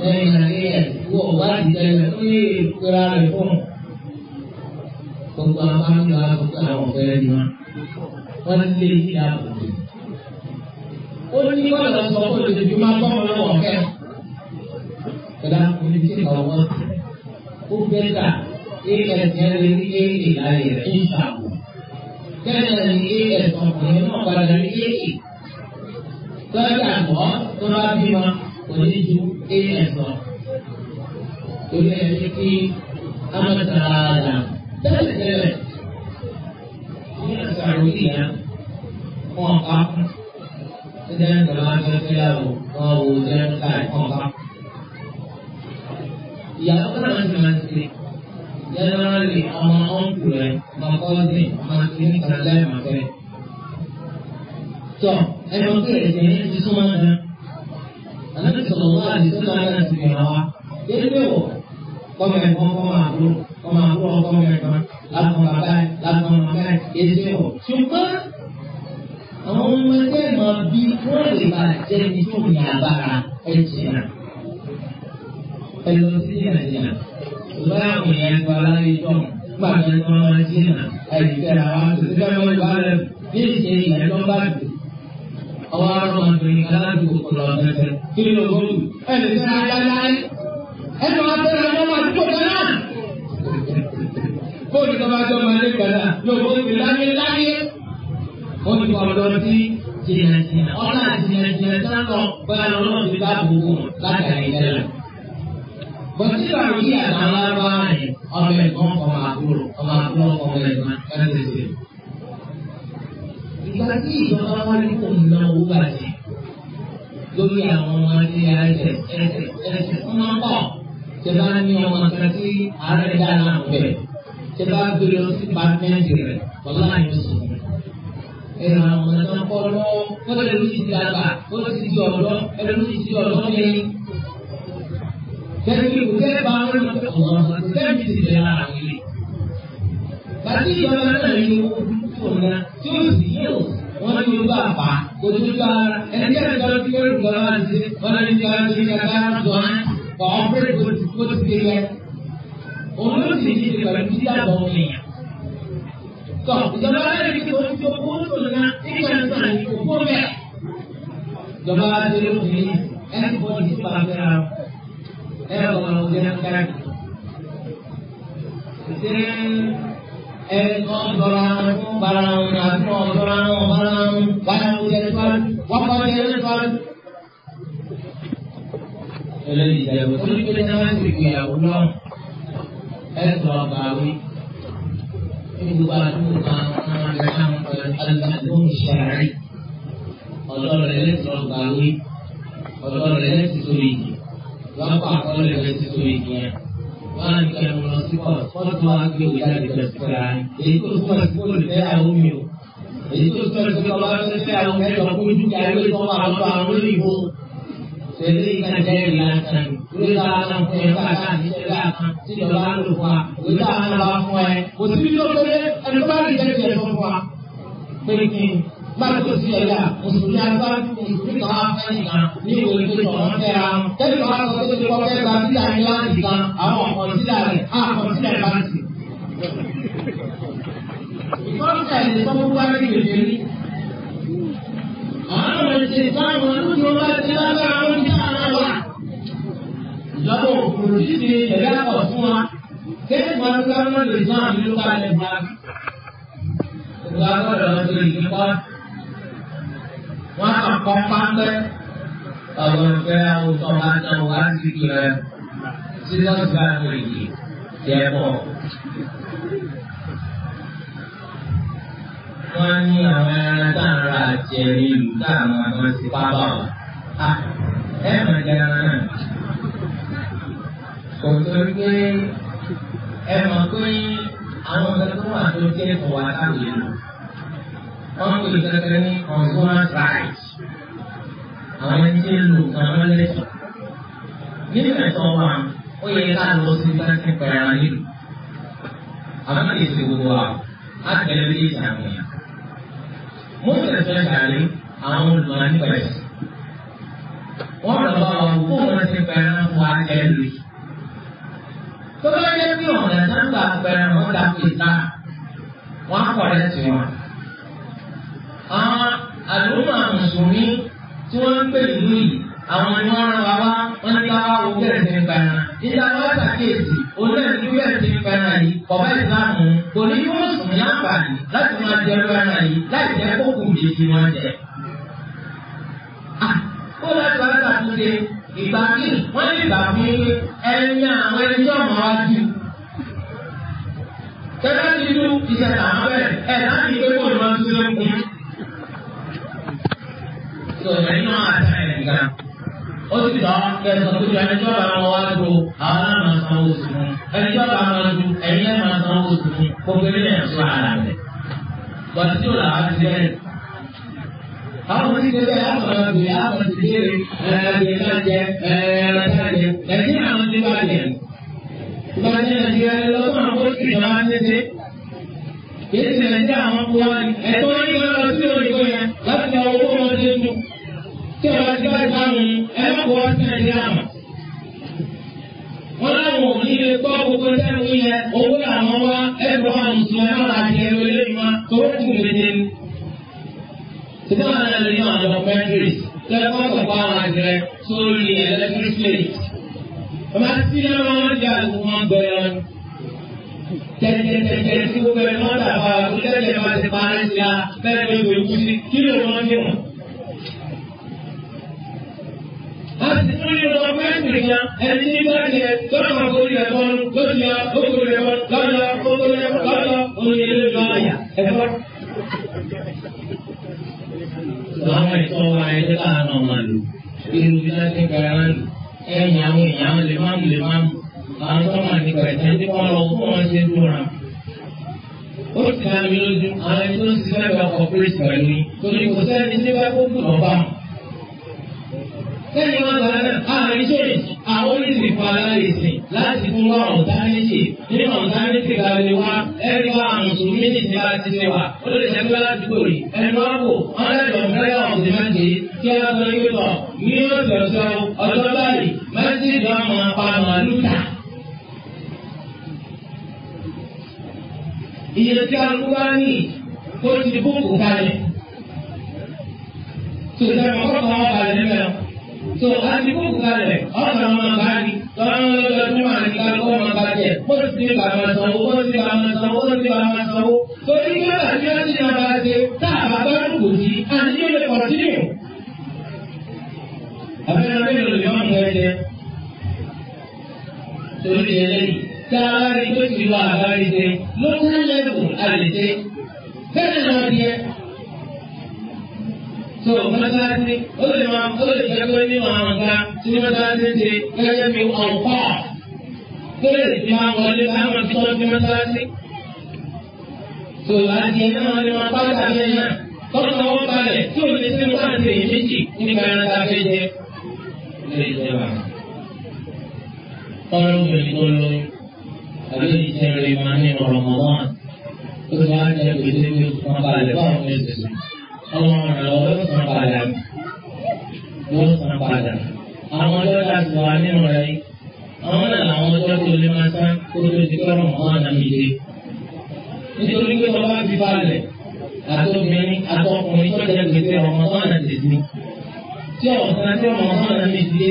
lẹ́yìn àríyàn wọ́n wá ti dẹ́rẹ́ ó lè kóra rẹ̀ fún un gbogbo àwọn ń lọ àbùkù àwọn ọ̀fẹ́rẹ́ ni wọn. wọ́n lé ní àbùkù. ó ní wọ́n lọ sọ fún ojoojúmọ́ bọ́ọ̀lù wọn kẹ́. kọ́lá omi tí kò wọ́n ó bẹ́ẹ̀ ta as yẹn lè ní aa láàyè rẹ̀ ń sàbò. kẹ́lẹ́ ní as ọkùnrin náà padà ní aa. tọ́jà àgbọ̀ tó bá bímọ kò ní ju as lọ. torí ẹ̀ ní a máa tààdà tẹ́lẹ̀tẹ́lẹ̀ ní àṣàrò ìyá wọn pa ẹgbẹ́ ìgbàlá afẹ́fẹ́ àrò wọn wò jẹ́ ńlá ẹ̀kọ́ pa. ìyàwó náà ti máa ṣe jẹ́nẹ́rálì ọmọ ọ̀nkù rẹ̀ ọmọkọ́sì máa ti ní kàlẹ́ màfẹ́. tọ́ ẹnu pé ẹ̀jẹ̀ yẹn ti súnmọ́ ẹ̀ àlẹ́ sọ̀rọ̀ wọn àti sọ́nà ẹ̀ ti rìn àwa yẹ́n lé wọ̀ kọ́mọ̀ ẹ̀kọ́ kọ́mọ̀ àbúrò ọmọ àbúrò ọkọ mẹ́ta látọ̀ bàbá ẹ̀ látọ̀ màmá ẹ̀ èsì ọ̀. ṣùgbọ́n àwọn ọmọ ẹgbẹ́ máa bí wọ́n lè bá jẹ́ ní tó ní agbára ẹ̀ jìnnà. ẹ lọ sí jìnnà jìnnà. ìgbà àwọn èèyàn gba láyé tán nígbà tí wọ́n máa jìnnà ẹ̀rì fẹ́ra wa ṣùgbọ́n wọ́n lè bá rẹ̀ bí ìṣe ìyẹn lọ́ bá dùn. ọwọ́ àrùn àgbẹ̀yìn aládùn ọ̀pọ̀lọ ẹ̀ẹ́dẹ̀ẹ́dẹ́ kí bóòlù tó bá jọ máa lé gbàdá yóò bó ti lá láyé. ó ní ọ̀dọ́ sí jìnnà jìnnà ọ̀la jìnnà jìnnà tó ń lọ bóyá lọ́wọ́ ti bá gbogbo láti àyíká rẹ̀. bọ̀dé bàrù yí àtàwọn ará rẹ̀ ọmọ ẹ̀gbọ́n ọmọ àbúrò ọmọ àbúrò ọmọ ẹ̀gbọ́n kẹ́lẹ́sì. ìgbà tí ìjọba wọn ní kò ń lọ owó bàjẹ́ lórí àwọn ọmọ ẹni ẹsẹ̀ ẹsẹ̀ ẹsẹ̀ fún wọn pọ̀ tẹ bá gbére lọ sí pàtẹ́ǹtì rẹ̀ wọ́lá àìsàn ẹ̀rọ àwọn ọ̀nà kọ́ lọ́wọ́ wọ́n lè lù sí ti àgbà wọ́n lè sí ti ọ̀dọ́ ẹ̀rọ lù sí ti ọ̀dọ́ ní. Bẹ́ẹ̀ni kò kẹ́ bá wọn lọ sí ọ̀wọ́n kò kẹ́ bí ti bẹ̀rẹ̀ ara wọn lè. Bàtí ìjọba náà ní owó tó ń ra tí ó sì yẹ o wọ́n ní olú àbá kò tó bá ẹni tí àjọ tí wọ́n òun ló sì ní ìṣe pẹ̀lú dídá àwọn èèyàn. Tọ́ ìjọba rẹ̀ ní kí wọ́n ti owó tó lọ́nà nígbà tó àti òkú rẹ̀. Ìjọba wa ti rí fún mi ẹni bọ́ ní sípa fẹ́ra ẹ̀rọ ọmọ ọmọ ọdún náà kára. Ṣé ẹni kan lọ́ra fún bara àti wọn lọ́ra wọn bara wọn wáyà wọn jẹ́ nípa wọ́n kọ́ jẹ́ nípa. Ẹlẹ́yìn ìjà ìwé tó ní náà ẹ̀sọ̀ bàwí. Gbogbo àdúgbò kan máa ń ká àdúgbò ìṣàárẹ̀. Ọ̀dọ́ rẹ̀ lẹ́sọ̀ bàwí. Ọ̀dọ́ rẹ̀ lẹ́sì sórí igi. Lọ́pọ̀ àkọọ́lẹ̀ rẹ̀ ti sórí igi yẹn. Wọ́n á ń kẹnu lọ sí pọ̀. Wọ́n tún wá gbé òwe jáde pẹ̀lú síra. Èyí tó sọ sí kò lè fẹ́ àwọn omi o. Èyí tó sọ sí ọlọ́run fẹ́ àwọn mẹ́jọ kó dúkìá lórí tó máa lọ àwọn olóyìnbó. Pẹ̀lú ìkàjẹ́ ìlàsàn, orí bá a lọ fún ẹ wá láàrin ìṣẹ̀lẹ̀ àkàn tí ìjọba ń lò fún wa. Orí bá a lọ fún ẹ. Kò sí bí yóò lóore ẹni bá rí ìjẹ́ ìjẹ́ fún wa. Pé kí n gbàgbé tó sí ẹ̀yà mùsùlùmí agbára mùsùlùmí kan wá fẹ́ nìkan ní ìwé ìwé ìtọ̀wọ́n fẹ́ra. Tẹ́lẹ̀ kan Ìjọba òkùnrin sí ti ẹ̀rí àpọ̀ fún wa. Kéèkó ń gbá mọ́ lè sán àmì ló bá lè bá. Ìgbà gbọ́dọ̀ lọ sí ìgbà. Wọ́n á kọ́ pápẹ́. Ọ̀gbọ́n ìfẹ́ àwọn ọba náà wá sí ìgbà. Sílẹ̀ ọ̀gbà àgbègbè jẹ́ pọ̀. wọ́n ní àwọn ẹran tá à ra àti ẹ̀rín ìlú tá àwọn àwọn ti pa bá wà. ẹ mọ̀ jẹ́ ẹran náà. kò torí pé ẹ mọ̀ pé àwọn ọ̀gá tó wà tó jẹ́ ọ̀wà táwọn yẹn lò. wọ́n pè é ní consumer rights. àwọn ẹni tí ń lo nǹkan wọn lẹ́sọ̀. nínú ẹ̀tọ́ wa ó yẹ ká lọ sí sáńtì pẹ̀lú ẹran nílùú. àwọn kìí ṣe gbogbo àwọn àtẹ̀lé ìtàn àwọn èèyàn mọ́tò lè sọ̀rọ̀ gàrí àwọn olùmọ̀ nípa ẹ̀sìn. wọ́n lọ bá wọn kó wọn ti pẹ̀rẹ̀ wọn ẹ̀lú. tó bá yẹ kí ọ̀nà sábà pẹ̀rẹ̀ wọn ta fi ta ni wọ́n rán wa wá wọ́n ní ká wá wo bẹ̀rẹ̀ nígbà wọn ṣàkíyèsí olóòtú ẹ̀sìn fẹ́ràn yìí bàbá ìsìlámù kò ní yóò sùn láǹfààní láti máa jẹ fẹ́ràn yìí láì jẹ́ kókò méjì wọn jẹ. ó láti wá ṣàtúnṣe ìgbà míì wọ́n lè gbà fún ẹni àwọn ẹni tí ọmọ wa jù. Tẹ́lá ti dún ìṣẹ̀lẹ̀ àwọn bẹ́ẹ̀ ẹ̀ láti gbé kó lọ́ọ́ sílẹ̀ fún. Sọ̀rọ̀ nínú àtàrà ẹ̀ ó sì tọ́ kẹsàn tó ju ẹni tí wọ́n bá wọn wá ju àwọn náà máa san owó sí fún ẹni tí wọ́n bá wọn ju ẹ̀yin náà máa san owó sí fún gbogbo ilé ẹ̀ sọ ara rẹ̀. bọ̀dé tí ó là wá ti bẹ́ẹ̀. àwọn oníṣẹ́ bẹ́ẹ̀ àtọ̀rọ̀ bèrè àtọ̀rọ̀ ti bèrè ẹ̀ẹ́dẹ̀ẹ́ náà jẹ ẹ̀ẹ́dẹ̀ẹ́ náà jẹ ẹ̀ẹ́dẹ̀ẹ́ náà ti bá jẹ. ìgbà tí nàìjíríà lọ́sọ̀ àwọn oṣù ìjọba ń tètè kì í sì nàìjíríà àwọn ọkọ̀ wọn ẹ̀tọ́ tí ọba ti bá ìgbà mu ẹ má kó wá sí nàìjíríà mọ́. wọ́n láwọn òní lè gbogbo sẹ́nu yẹ owó làwọn wá ẹ̀rọ àmùsùn ẹ̀ máa jẹ ẹ̀rọ ilé ìmọ̀ tó wọ́n ti gbèdé ní. ṣùgbọ́n àwọn ní àwọn ọ̀dọ́ pẹ́ntìrìs lẹ́kọ́ ọ̀pọ̀ àwọn àjẹrẹ sórí electric plate. ọba tí lẹ́nu wọn jẹ́ àgùn wọn gbọ́yọ̀ ni tẹ̀tẹ̀tẹ̀tẹ̀ tí gbogbo ẹ̀ lọ́dà bá kó tẹ̀tẹ̀ máa ti parí sí a fẹ́ẹ́ lè wẹ̀ kú sí kí ló ń wọ́n dé wọn. wọ́n ti tún lé lọ́wọ́ fún ẹ̀sìn yẹn ẹni ní bá yẹ lọ́nà máa kórè ẹ̀ wọn lórí ya ó kórè ẹ̀ wọn lọ́nà ó kórè ẹ̀ wọn lọ́nà òun yẹn ló lọ àyà ẹ̀ fọ́. Àwọn ìtọ́ wa ẹ̀jẹ̀ láàánú ọmọ lò irú bí láti bẹ̀rẹ̀ wọn lò ẹ̀yìn àwọn èèyàn lè má mú lè má mú àwọn tó máa nípa ẹ̀jẹ̀ tí wọ́n lọ fún wọn ṣe dúró ti dá mi lójú àwọn ẹni tó ń ṣiṣẹ́ gba kọ̀ọ̀pẹ́rẹ́sì pẹ̀lú yín torí kò sẹ́ni tí bá kó kù lọ́ba mọ̀ lẹ́yìn wọn gbà náà àwọn ìṣòro àwọn oníṣìí faraare sìn láti fún wa ọ̀tánìṣì nínú ọ̀tánìṣì kalẹ̀ wa ẹni wa àwọn mùsùlùmí ní ìṣẹ́ láti ṣe wa ó lè ṣe pé láti gbòòrì ẹni wa kò wọn lè lọ fẹ́ àwọn ọ̀sẹ̀ máa ṣe kí wọ́n sọ yín lọ ní ọ̀sọ̀ọ̀sọ̀ ọjọ́ báyìí mẹ́sìlì àwọn apá màlúùtà. iye tí a lù wá ní kó ti bùkù kalẹ̀ tòṣẹ́ mọ́kànlá kalẹ̀ nílẹ̀ so àti kó kó kalẹ̀ ọ̀sán máa bá ní lọ́wọ́ lọ́jọ́ máa ní kálukọ́ máa bá jẹ bóyá sí ká máa sanwó bóyá sí ká máa sanwó bóyá sí ká máa sanwó. torí pé àti ọtí náà bá ṣe tá a bá bá kò sí àti yóò lè kọ̀tínú. abẹ́rẹ́ mélòó lè máa ń gbọ́ ẹ̀jẹ̀ torí ẹlẹ́yìn tá a bá rí pé ìwà àbá rí ṣe lọ́sẹ̀ lẹ́gùn àlè ṣe bẹ́ẹ̀ náà tó mọ́sálásí ó lè máa ó lè jẹ́ pé nínú àwọn nǹkan tí ní mọ́sálásí ṣe gẹ́gẹ́ bí ọ̀pọ̀ tó wọlé láwọn tí wọ́n ti mọ́sálásí. tó láti náà ni wọ́n bá tàbí náà tọ́lá náà wọ́n balẹ̀ tí ò ní sínú káàdì èyí méjì nípa ẹran tá a jẹ. lè jẹ wà. ọrùn mi kò lo àbí ìṣẹ̀lẹ̀ máa ní ọ̀rọ̀ mọ́ ó ti wá jẹ gbèsè tó kàn balẹ̀ fún àwọn ẹ̀sìn àwọn ọ̀rọ̀ ló san padà ló san padà àwọn ọjọ́ láti wà nínú rẹ̀ àwọn náà làwọn ọjọ́ tó lè máa sán kó tó ti kọ́ ọ̀rọ̀ mọ́ ọ̀nà mi dé. nítorí pé wọ́n bá fi balẹ̀ àtọ́bìnrin àtọkùnrin tó jẹ gbèsè ọmọ ọ̀nà tèmi tí ọ̀sán tí ọmọ ọ̀nà mi dé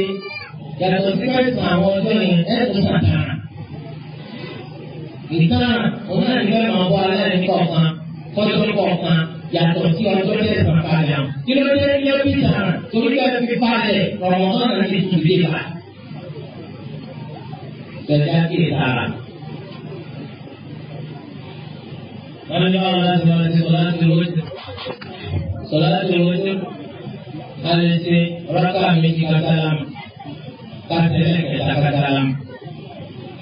yàtọ̀ sí mẹ́sàn-án àwọn ọjọ́ yẹn ẹ̀ tó sàtàrà. ìtàn òun náà ní bẹ́ẹ̀ máa bọ́ alẹ́ nípa ọ̀kan kọ́jọ́ nípa ọ̀kan yàtọ̀ sí ọjọ́ mẹ́sàn-án balẹ̀. kí ló dé ní ẹbí tàn torí ká fi balẹ̀ ọ̀rọ̀ náà náà ti tù dé bá. Gbẹ̀dá kì í tààrà. wọ́n ní báwọn láti wọ́n ti sọ̀rọ̀ láti lówó ṣe. sọ̀rọ̀ láti lówó ṣe. a ṣe rákà méjì kátàlámù. ká tẹ̀lé kẹta kátàlámù.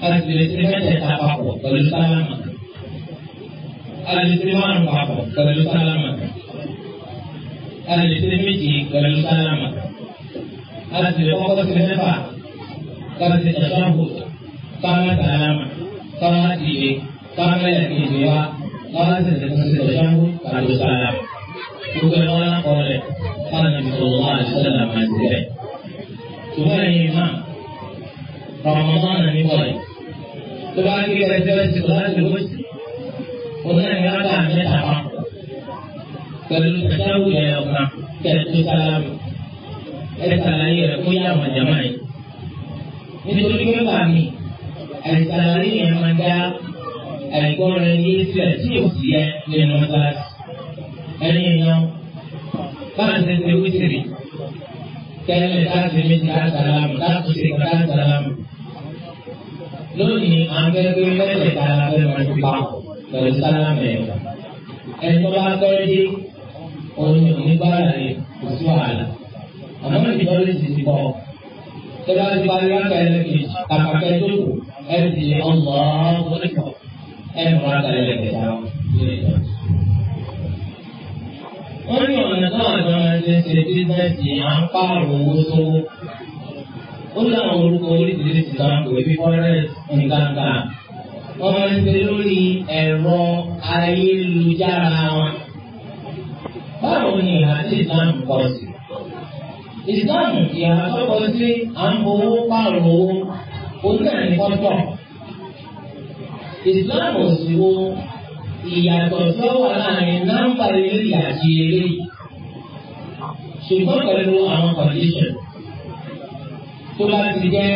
ká sì ṣe mẹ́tẹ̀ẹ̀ta papọ̀ pẹ̀lú sálámù. alisimani hapo kalalu salama alisim miji kalalu salama alisim koko sinefa kalasi asabu kama salama kama tibe kama yakijiwa kama sinefa asabu kalalu salama kuka wala kole kala nabi sallallahu alaihi wasallam azire tuwa ni imam ramadhana ni wali tuwa ni kala jala sallallahu alaihi wasallam onírin rákà mẹ́ta papọ̀ pẹ̀lú tẹ̀sáwù ẹ̀yọ̀ kan kẹ̀tù sálámù ẹ̀sàlàyé rẹ̀ kó yá àwọn jàmá yìí. nítorí mẹ́fà mi ẹ̀sàlàyé yẹn máa dá ẹ̀kọ́ rẹ̀ ní sílẹ̀ tí yóò sì yẹ nínú mọ́sálásí. ẹni yan báà ṣe ṣe wítìrì kẹ́lẹ́ káàsì méjì káàsàlámù káàsì ṣe káàsàlámù. lónìí àwọn akẹ́kọ̀ọ́ mẹ́tẹ̀ẹ̀ta la fẹ́ máa ti pa ọ̀ pẹ̀lú sálámẹ̀ ẹ̀ka. Ẹni tó bá pẹ́ dé oyún onígbàrà rẹ̀ kò sí wàhálà. Àmọ́ ìdí lọ́dún ti ti bọ̀. Tó bá ti parí lápẹ̀ ẹlẹ́kejì, àpapẹ̀ tó kù, ẹ ti ọmọ oníkọ̀. Ẹ mọ̀ látàrí ẹlẹ́kẹta wọ́n ní ọ̀nà táwọn àjọ máa ń ṣe ṣe bísíǹsì à ń pààrọ̀ owó sówó. Ó láwọn orúkọ oríṣiríṣi kan pè é bí fọ́rẹ́sì nǹkan wọ́n máa ń ṣe lórí ẹ̀rọ ayélujára wọn. Báwo ni ìhà tí ìsìláàmù kọ sí? Ìsìláàmù ìhà tó kọ sí à ń owó pààrọ̀ owó, òun náà ní kọ́tọ̀. Ìsìláàmù sì wo ìyàtọ̀ tí ó wà láàrin nọ́mbà eléyìí àti eléyìí. Ṣùgbọ́n pẹ̀lú àwọn condition tó bá ti jẹ́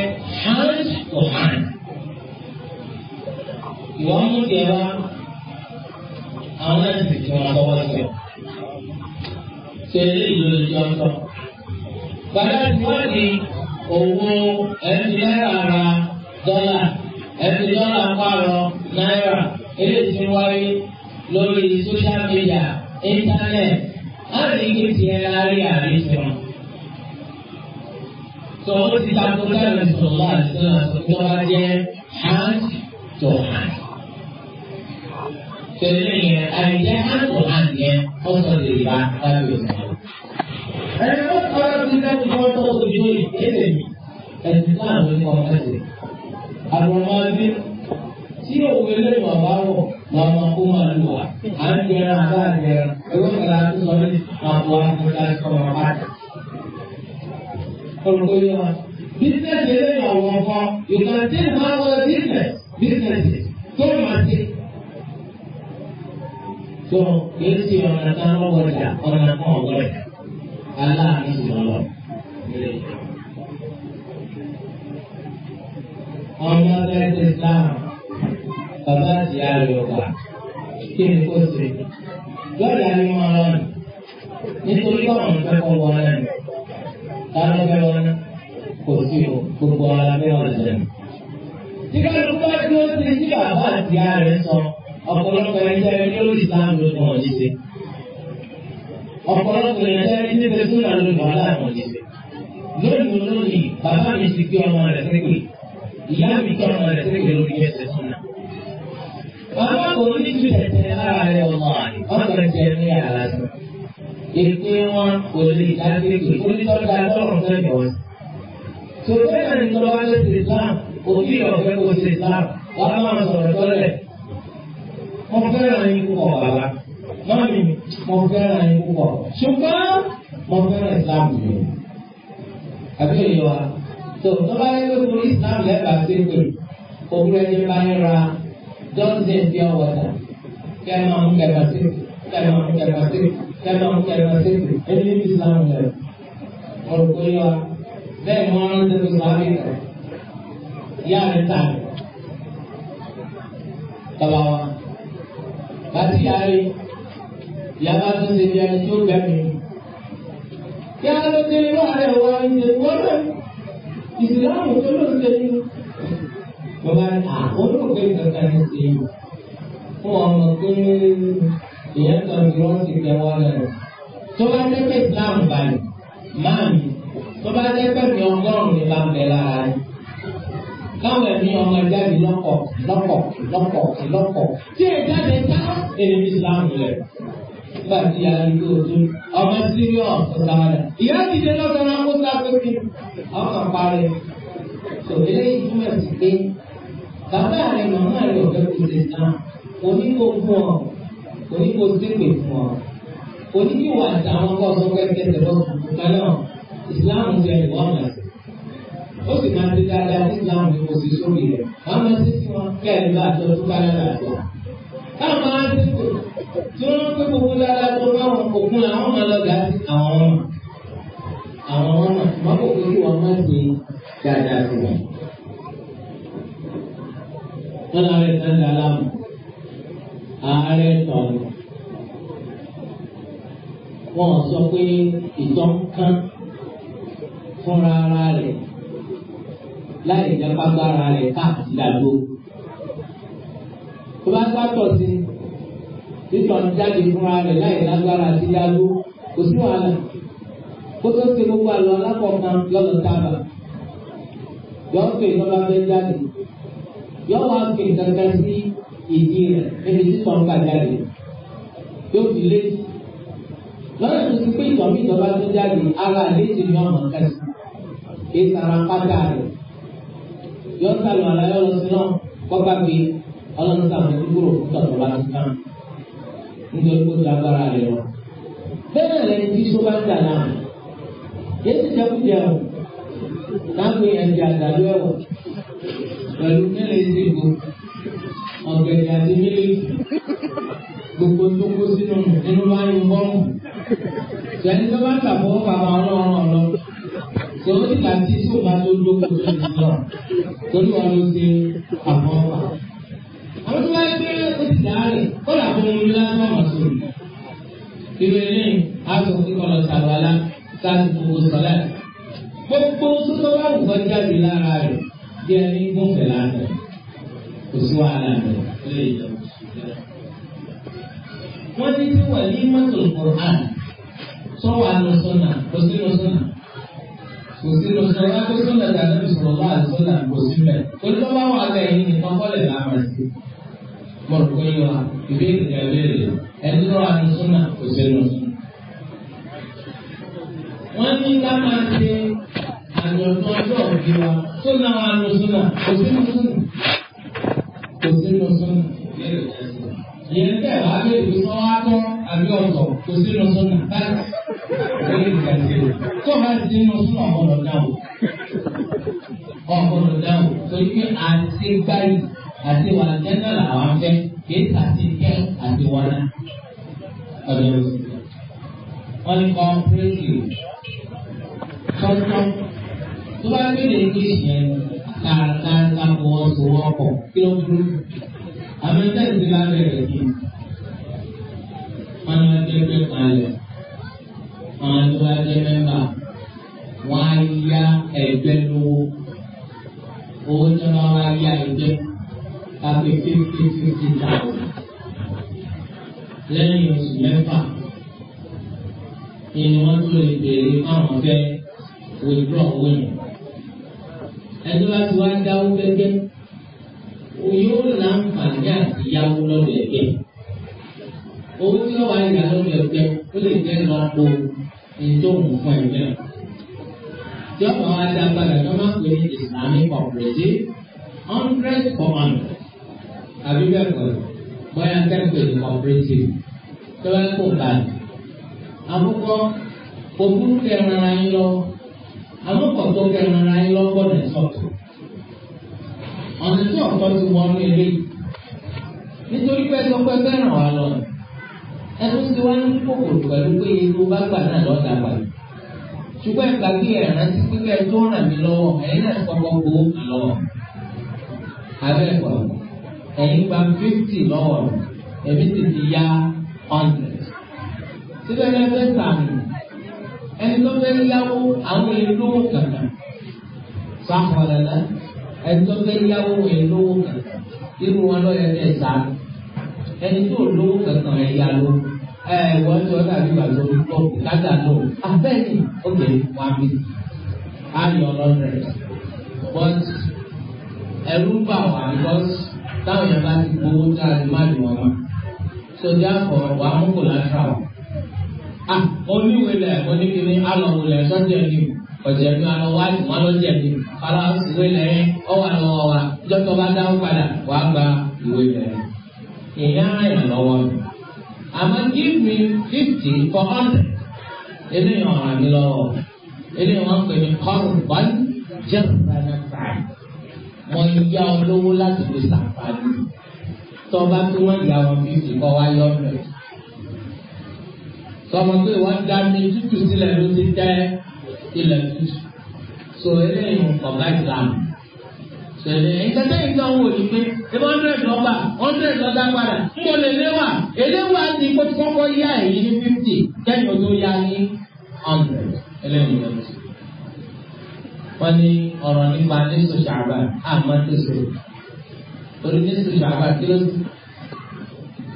hand to hand ìwọ mú tiẹ̀ wá àwọn náà sì ti wọn lọ́wọ́ sí ọ. ṣe eléyìí ló lè jọ sọ. bàbá tí wọ́n di owó ẹni náírà ra dọ́là ẹni dọ́là pààrọ̀ náírà eléyìí ti wáyé lórí social media internet láti ike tiẹ̀ láàrin àárín sí wọn. sọ wọ́n ti ta kó dáhùn sọ̀rọ̀ àti sọ̀rọ̀ àti sọ̀rọ̀ jẹ́ hand to hand tẹ̀lé you can still have a business, business tó máa ṣe tó kìí ṣe ọ̀nà kan lọ́wọ́ ọjà ọ̀nà kan ọ̀wọ́ ọjà aláàánú sì lọ́wọ́ ilé ìjọ. ọmọ bẹ́ẹ̀ ti sáà bàbá àti àlùyọ̀gbà kí ni kò sí lọ́dà ni wọ́n lọ nù nítorí ọ̀run fẹ́ kọ́ wọn lẹ́nu táwọn fẹ́ wọn kò sí o gbogbo ara fẹ́ wọn lẹ́nu. tí kálukú bá dúró sí bàbá àti àlùyọ̀gbà sọ ọ̀pọ̀lọpọ̀ ẹ̀jẹ̀ ẹ̀jẹ̀ lórí islam ló ní wọ́n ti ṣe. ọ̀pọ̀lọpọ̀ ẹ̀jẹ̀ ẹ̀jẹ̀ níbi tó nà ló ní wọ́n láwọn ti ṣe. lónìí lónìí bàbá mi ti gbé ọmọ rẹ̀ sígbè ìyá mi gbé ọmọ rẹ̀ sígbè lórí ẹsẹ̀ súnà. bàbá kò ní ju ẹ̀jẹ̀ lára rẹ̀ ọmọ rẹ̀ ọ̀sán ẹ̀jẹ̀ ní yàrá sí. èpè wọn kò lè dá sígbè ó ní tọ́jú alọ́run fẹ́mi wọn. tòun fẹ́ràn ní lọ́wọ́ mo fẹ́ràn yín púpọ̀ bàbá náà ni mo fẹ́ràn yín púpọ̀ ṣùgbọ́n mo fẹ́ràn Islam yìí àbí òye wa tó tó bá yẹ kó ní Islam lẹ́bàá sí pé òwúrọ̀ ẹni bá ń ra dọ́sìn bí ọwọ́ ta kẹ́ ẹ máa mú kẹ́ẹ̀mà sí kẹ́ ẹ máa mú kẹ́ẹ̀mà sí kẹ́ ẹ sí ẹni ní Islam lẹ́rù mo rò pé wa bẹ́ẹ̀ ni wọ́n rántí ló sọ àbíkà ìyá rẹ̀ àti àárẹ̀ ìyá bá tún ṣe bí ẹni tí ó gbẹ̀mí. Kí á lọ sí irú àárẹ̀ wa ṣe wọ́lẹ̀ ìsìláàmù tó ló ń ṣe ní. Bàbá rẹ̀ àwọn olóògbé kankan ní ṣe yìí. Fún ọmọ tó ní ìyẹn kan ní wọ́n ti tẹ̀ wọ́n lẹ̀. Tó bá jẹ́ pé ìsìláàmù balẹ̀, máàmì, tó bá jẹ́ pé mi ọgọ́rùn-ún ni bá ń bẹ lára rẹ̀ káwọn ẹ̀mí ọmọ jáde lọ́pọ̀ lọ́pọ̀ lọ́pọ̀ lọ́pọ̀ tí ẹ jáde ká èyí Islam rẹ̀ nígbà tí a rí kó tó ọmọ síríọ̀ ọ̀sàmàlà ìyá ti dé lọ́sàn án kó sáfẹ́kì àwọn kan parí tó eléyìí túmọ̀ sí pé bàbá rẹ̀ màmá rẹ̀ ọ̀fẹ́ kò ṣe tán oníkó fún ọ oníkó sípè fún ọ oníkó wà táwọn kọ́ ọ̀sán pẹ́ẹ́kẹ́ tẹ̀lé ọ̀sán kálọ̀ Islam jẹ́ ìwọ́n màsí ó sì máa ti dáadáa sí ìlànà ìwò sí sórí rẹ̀ wọ́n máa ti sí wọn kẹ́rin bá àti ọdún kálá àjọ. táwọn máa ń dínkù tí wọ́n pé gbogbo dáadáa tó báwọn òkun àwọn máa lọ gà sí àwọn ọmọ àwọn ọmọ wọn kò fi kí wọn má ti dáadáa sí wọn. wọ́n náà rẹ̀ sáńdà aláàmù ààrẹ sọ̀rọ̀ wọ́n sọ pé ìtọ́kán fúnra ara rẹ̀ láì jẹ́ pàgbára rẹ̀ káàkiri àdúgbò. tó bá gbàtọ̀ sí títọ̀ jáde fúnra rẹ̀ láì lágbára sí yálò kò sí wàhálà kó tó ṣe gbogbo àlọ́ alákọ̀ọ́kan yọ̀lọ̀ tábà yọ̀ọ́ pé lọ́ba fẹ́ jáde yọ̀ọ́ wá pè kankan sí ìdí rẹ̀ níbi títọ̀ ń gbà jáde yóò fi lé lọ́nà tó ti pé ìtọ̀ ìjọba tó jáde ara àlejò ni ọmọ nǹkan sí kí sara pátá rẹ̀ yọ sálọ àlàyé lọ sí náà kọ́ba pé ọlọ́run sàmì kúrò fún tọ̀tọ̀ bá ti tán nítorí kó tó agbára rẹ̀ lọ. bẹ́ẹ̀ lẹni tí iṣó bá ń dà náà yéé ti dẹ́kun jẹ́ o láàpin ẹ̀jẹ̀ àgbàdo ẹ̀wọ̀ pẹ̀lú mẹ́lẹ̀ ìdìbò ọ̀gẹ̀dẹ̀ àti mílíkì gbogbo tó kó sínú nínú bá ń yún bọ́ọ̀mù. sẹ́ni tó bá ń tàbọ̀ ọ̀pá àwọn ọlọ́run ọ̀lọ́ Tòun ti ka ti tí o bá tó dúró kó tó ti lọ. Torí wọn ló ṣe àbọ̀ wà. Àwọn tó wáyé pé ó ti dá rẹ̀ kó lè àbọ̀ omi lásán ọ̀nà sòrò. Ìwé ilé aṣọ kíkọ́ lọ sàlùwalá láti gbogbo sọ̀lá. Gbogbo sọ́tọ́ wà wù wọ́n jáde lára rẹ̀ bí ẹni gbọ̀nfẹ̀ lánàá. Kò sí wàhálà rẹ̀ lè yọ. Wọ́n ti ti wà ní mọ́tò Kùrán. Sọ́wọ́ àlọ́ sọ́nà, kò sí lọ sọ́nà kò sínú sọ̀rọ̀ pé sọ̀nà tàbí sọ̀rọ̀ bá àtúnṣe kò sí mẹ́. torí tó bá wà lẹ́yìn nìkan kọ́lẹ̀ náà rẹ̀ sí. mo rò pé béèrè ẹni tó wà ní sọ̀nà kò wọ́n ní ká máa ọjọ́ òbí wa sọ̀nà wà ní sọ̀nà kò sínú sọ̀nà kò ìyẹn tẹ̀ wá bẹ́ẹ̀ bí sọ́wọ́ á tọ́ àbí ọ̀sọ̀ kò sí lọ sọ́nà láti lórí ìgbàgbé tó bá ti nínú sọ́nà ọ̀gbọ̀dọ̀ dáhùn ọ̀gbọ̀dọ̀ dáhùn torí pé àti gbáyì àti wà jẹ́nà làwọn fẹ́ kì í àti kẹ́ àti wọná ọ̀dọ̀ wọn ni kọ́ pírẹ́sì tọ́tọ́ tó bá gbé lè ní ìyẹn kàkàkà wọ́n sọ wọ́n kọ̀ kí ló ń dúró àmì ẹ̀ńtẹ́ ìdílé alẹ́ rẹ̀ yìí wọ́n ní wọ́n jẹ́ mẹ́ta rẹ̀ àwọn tó bá jẹ́ mẹ́ta wọ́n á yá ẹgbẹ́ lówó owó tí wọ́n bá yá ẹgbẹ́ káfí fífi fífi tà lẹ́yìn oṣù mẹ́fà ni wọ́n tó lè béèrè fáwọn owó tí wọ́n wá ní ìdáná lórí ọ̀pẹ ó lè jẹ́ ìrànpo ètò òun fún ẹ̀mí náà. Ìjọba wa dá padà tó máa pè ní Islamic cooperative hundred for hundred. Àbí bẹ́ẹ̀ kọ́ bóyá kẹ́kọ̀ọ́ ní cooperative tó bá kó gbà. Àkókò òkúrú kẹrin ara yín lọ àmọ́kọ̀ tó kẹrin ara yín lọ gbọ́dọ̀ sọ̀tọ̀. Ọ̀nà tí ọ̀tọ̀ ti wọnú ilé nítorí pé ẹjọ́ fẹ́ràn wa lọ́nà ẹnu tí wọ́n ń kókò pẹ̀lú pé irú bá gbà náà lọ́dà pàdé ṣùgbọ́n ìgbà bí ẹ̀ràn ti pípẹ́ tó ràn mí lọ́wọ́ ẹ̀yin náà kọ́kọ́ gbó lọ́wọ́ abẹ́ẹ̀kọ́ ẹ̀yin gba fifty lọ́wọ́ ẹ̀mí sì ti ya hundred síbẹ̀ náà fẹ́ sàmì ẹni tó fẹ́ yáwó àwọn ìlówó kàkà sáfọ̀lẹ́lẹ́ ẹni tó fẹ́ yáwó ìlówó kàkà irú wọn lọ́yẹ̀ ẹni tó lówó kankan rẹ̀ yá ló ẹ wọ́n tó ẹ̀ka bí wàá tó lọ abẹ́ni ok wàá mi á yọ lọ́rẹ̀ but ẹ̀rú bà wá because táwọn yẹn ti gbowó a lè má lè wọ́n so therefore wàá mú ah oníwe lẹ oníkiri alọwò lẹ sọjọ ni ọjọ ni alọ wa ni wọn lọ jẹ ni gba ìwé ìdá àyàn lọ́wọ́ mi àmọ́ give me fifty for hundred eléyìí ọ̀ràn mi lọ́wọ́ eléyìí wọ́n pè ní kọ́rùn bọ́ọ̀lù jẹ́ ìbáná sáà mo yá ọ lówó láti fi sàǹfààní tọ́ba tí wọ́n yà wọn fífi kọ́ wá yọ ọ́nà sọmọ pé wọ́n dá mi tútù sílẹ̀ ló ti tẹ́ ilẹ̀ tútù so eléyìí ọ̀gá ìsàmù ìtẹ́tẹ́ ìgbà wo ni pé ebe hundred lọ́gbà hundred lọ́dá padà ń bọ̀ lè léwà eléwà ti kó ti kọ́kọ́ yá èyí ní fifty kẹ́yìn tó yá ní hundred ẹlẹ́yìn lọ́dún. wọ́n ní ọ̀rọ̀ nípa nísò ṣàbà àmọ́ tẹ̀sọ̀ torí nísò ṣàbà kí ló sì.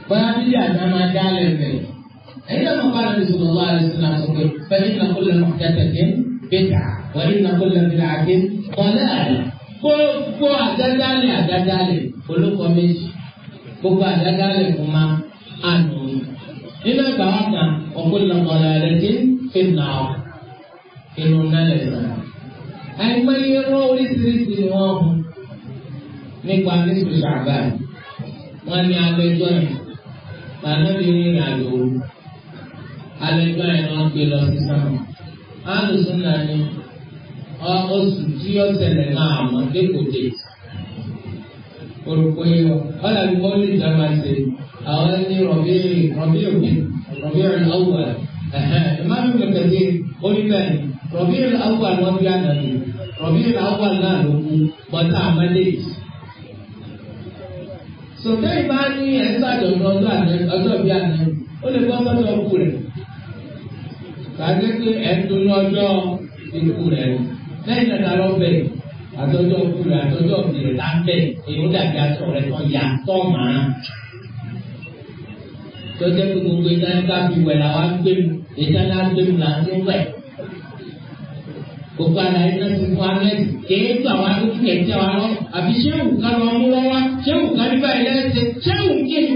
bóyá bíbí àná máa dá lẹ́fẹ̀. ẹ̀yin náà mo bá lọ sọ̀rọ̀ wá lọ sí náà sọ pé fẹ́ẹ́ ní nàkó lẹ́nu kẹ́tẹ̀kẹ́ bẹ́ẹ̀ gbogbo àdádálẹ̀ àdádálẹ̀ olóko méjì gbogbo àdádálẹ̀ kò máa àná nínú ẹgbà wọn kan ọkùnrin ọmọlẹ rẹ dé fìlà ọ inú nálẹ rẹ àìmọye irọ́ oríṣiríṣi ni wọn hù nípa nítorí àgbà wọn ní alẹjọ yìí lànà bí rìn àjò alẹjọ yìí wọn gbé lọ sí sáà alùsùn náà ni oṣù tí ó ṣẹlẹ̀ náà àmọ́ dékòdé orúkọ yìí wọ ọ̀là bí wọ́n lè dáná ṣe àwọn ní rọ̀bí rọ̀bí òbí rọ̀bí rẹ̀ awùwà ìmáàmù kẹkẹdé oníbẹ̀rẹ̀ rọ̀bí rẹ̀ awùwà ni wọ́n fi ànàbì rọ̀bí rẹ̀ awùwà náà ló kú bọ́tà àmàlẹ́yìí. sọ̀tẹ́ ìbá ní ẹ̀ńtà àjọ̀dún ọjọ́ ìbí àná ó lè gbọ́ sọ́dọ̀ ọkù rẹ̀ kàdé pé ẹ̀ńtò ní ọjọ́ ikú rẹ̀ ni lẹ́yìn náà lọ bẹ̀ àtọ́jọ́ kúrò àtọ́jọ́ kúrò là ń bẹ̀ èyí dàbí aṣọ rẹ̀ tán yà tọ́ màá. tọ́jọ́ pé gbogbo ìtàn bá fi wẹ̀ làwọn gbé mu ìtàn náà gbé mu là ń wẹ̀ gbogbo àlàyé náà ti fún anẹ́tì kéé gbà wá ló fún ẹ̀jẹ̀ wa lọ àbí sẹ́wù ká lọ mú lọ́wọ́ sẹ́wù ká ní báyìí lẹ́sẹ̀ sẹ́wù kéwù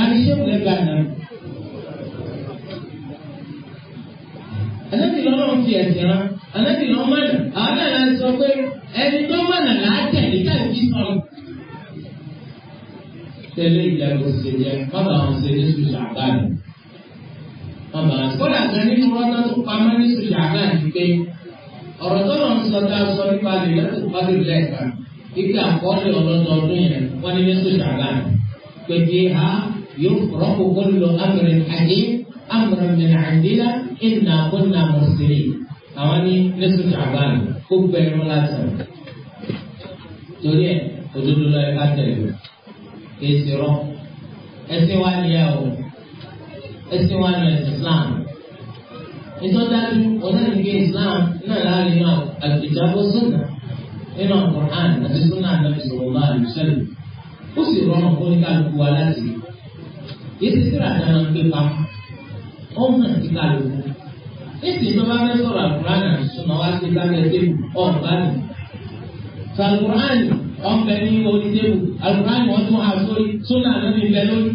àbí sẹ́wù lẹ́gbàá náà. ẹlẹ́tì lọ́rọ̀ fi ẹ̀sìn rán àlẹ́bí lọ mọ̀nà àwọn náà láti sọ pé ẹni tó mọ̀nà láàtẹ̀lé káàkiri sọ. tẹ́lẹ̀ ìlànà òṣèlú ẹ̀ bàbá àwọn òṣèlú sùn ṣàgbá rẹ̀. bàbá àwọn kódà kan nínú rọ́tà tó pamọ́ ní sùn ṣàgbá rẹ̀ pé ọ̀rọ̀ tó lọ́n sọ tá a sọ nípa rẹ̀ lẹ́tọ̀ pàdé lẹ́ẹ̀ka ibi àkọọ́lẹ̀ ọlọ́dọọdún yẹn wọ́n ní ní sùn ṣàgbá rẹ̀ pé kí ha yóò rọ́pò kó lọ àdé amẹ̀rẹ̀ mẹ̀rẹ̀ àdé àwọn ní lẹ́sùn ṣàbáàlì kó gbẹ irun láti rìn torí ẹ̀ òdodo lọ ẹ̀ka tẹ̀lé èsì rọ ẹsìn wa ni ẹ o ẹsìn wa ni Islam ìtọ́jáde onáìgbé Islam náà láàrin náà àgbèjábọ sọ́nà nínú Al-Qur'an àti sọ́nà àdàbí sọ̀rọ̀ bá àlùsẹ́lẹ̀ ó sì rọrùn fún kálukú wa láti rí èsì síra dáná pé pa ọmọ àti kálukú èsì tó bá fẹ́ sọ̀rọ̀ àkùránì àìsùnmọ̀ wá sí lábẹ́ tébù ọ̀gbánì. sàkùránì ọ̀bẹ ní orí tébù àkùránì wọ́n tún àsórí súnà lórí ìbẹ lórí.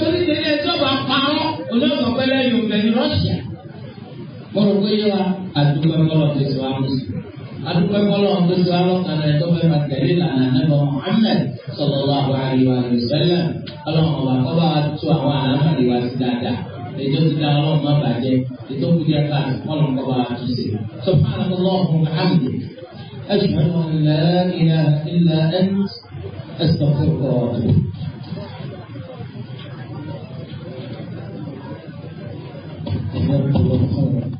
torí tẹ́lẹ̀ ẹjọ́ bá parọ́ olóògbé pẹ́lẹ́ yóò bẹ ní Rọ́ṣíà. mo rò pé yẹ wa àdúgbò ẹ̀kọ́lọ̀ tó sọ àwọn àdúgbò ẹ̀kọ́lọ̀ tó sọ àwọn ẹ̀tọ́ fẹ́ máa tẹ̀lé ìlànà nẹ́bọ̀ Muhammad sallallahu alaihi wa sallam ọlọ́run ọba kọ́ bá wa tú àwọn àlámàlì wa sí dáadáa. itu kalau membaca itu punya kolom kebahagiaan sih. Subhanallah wa bihamdih. أشهد أن لا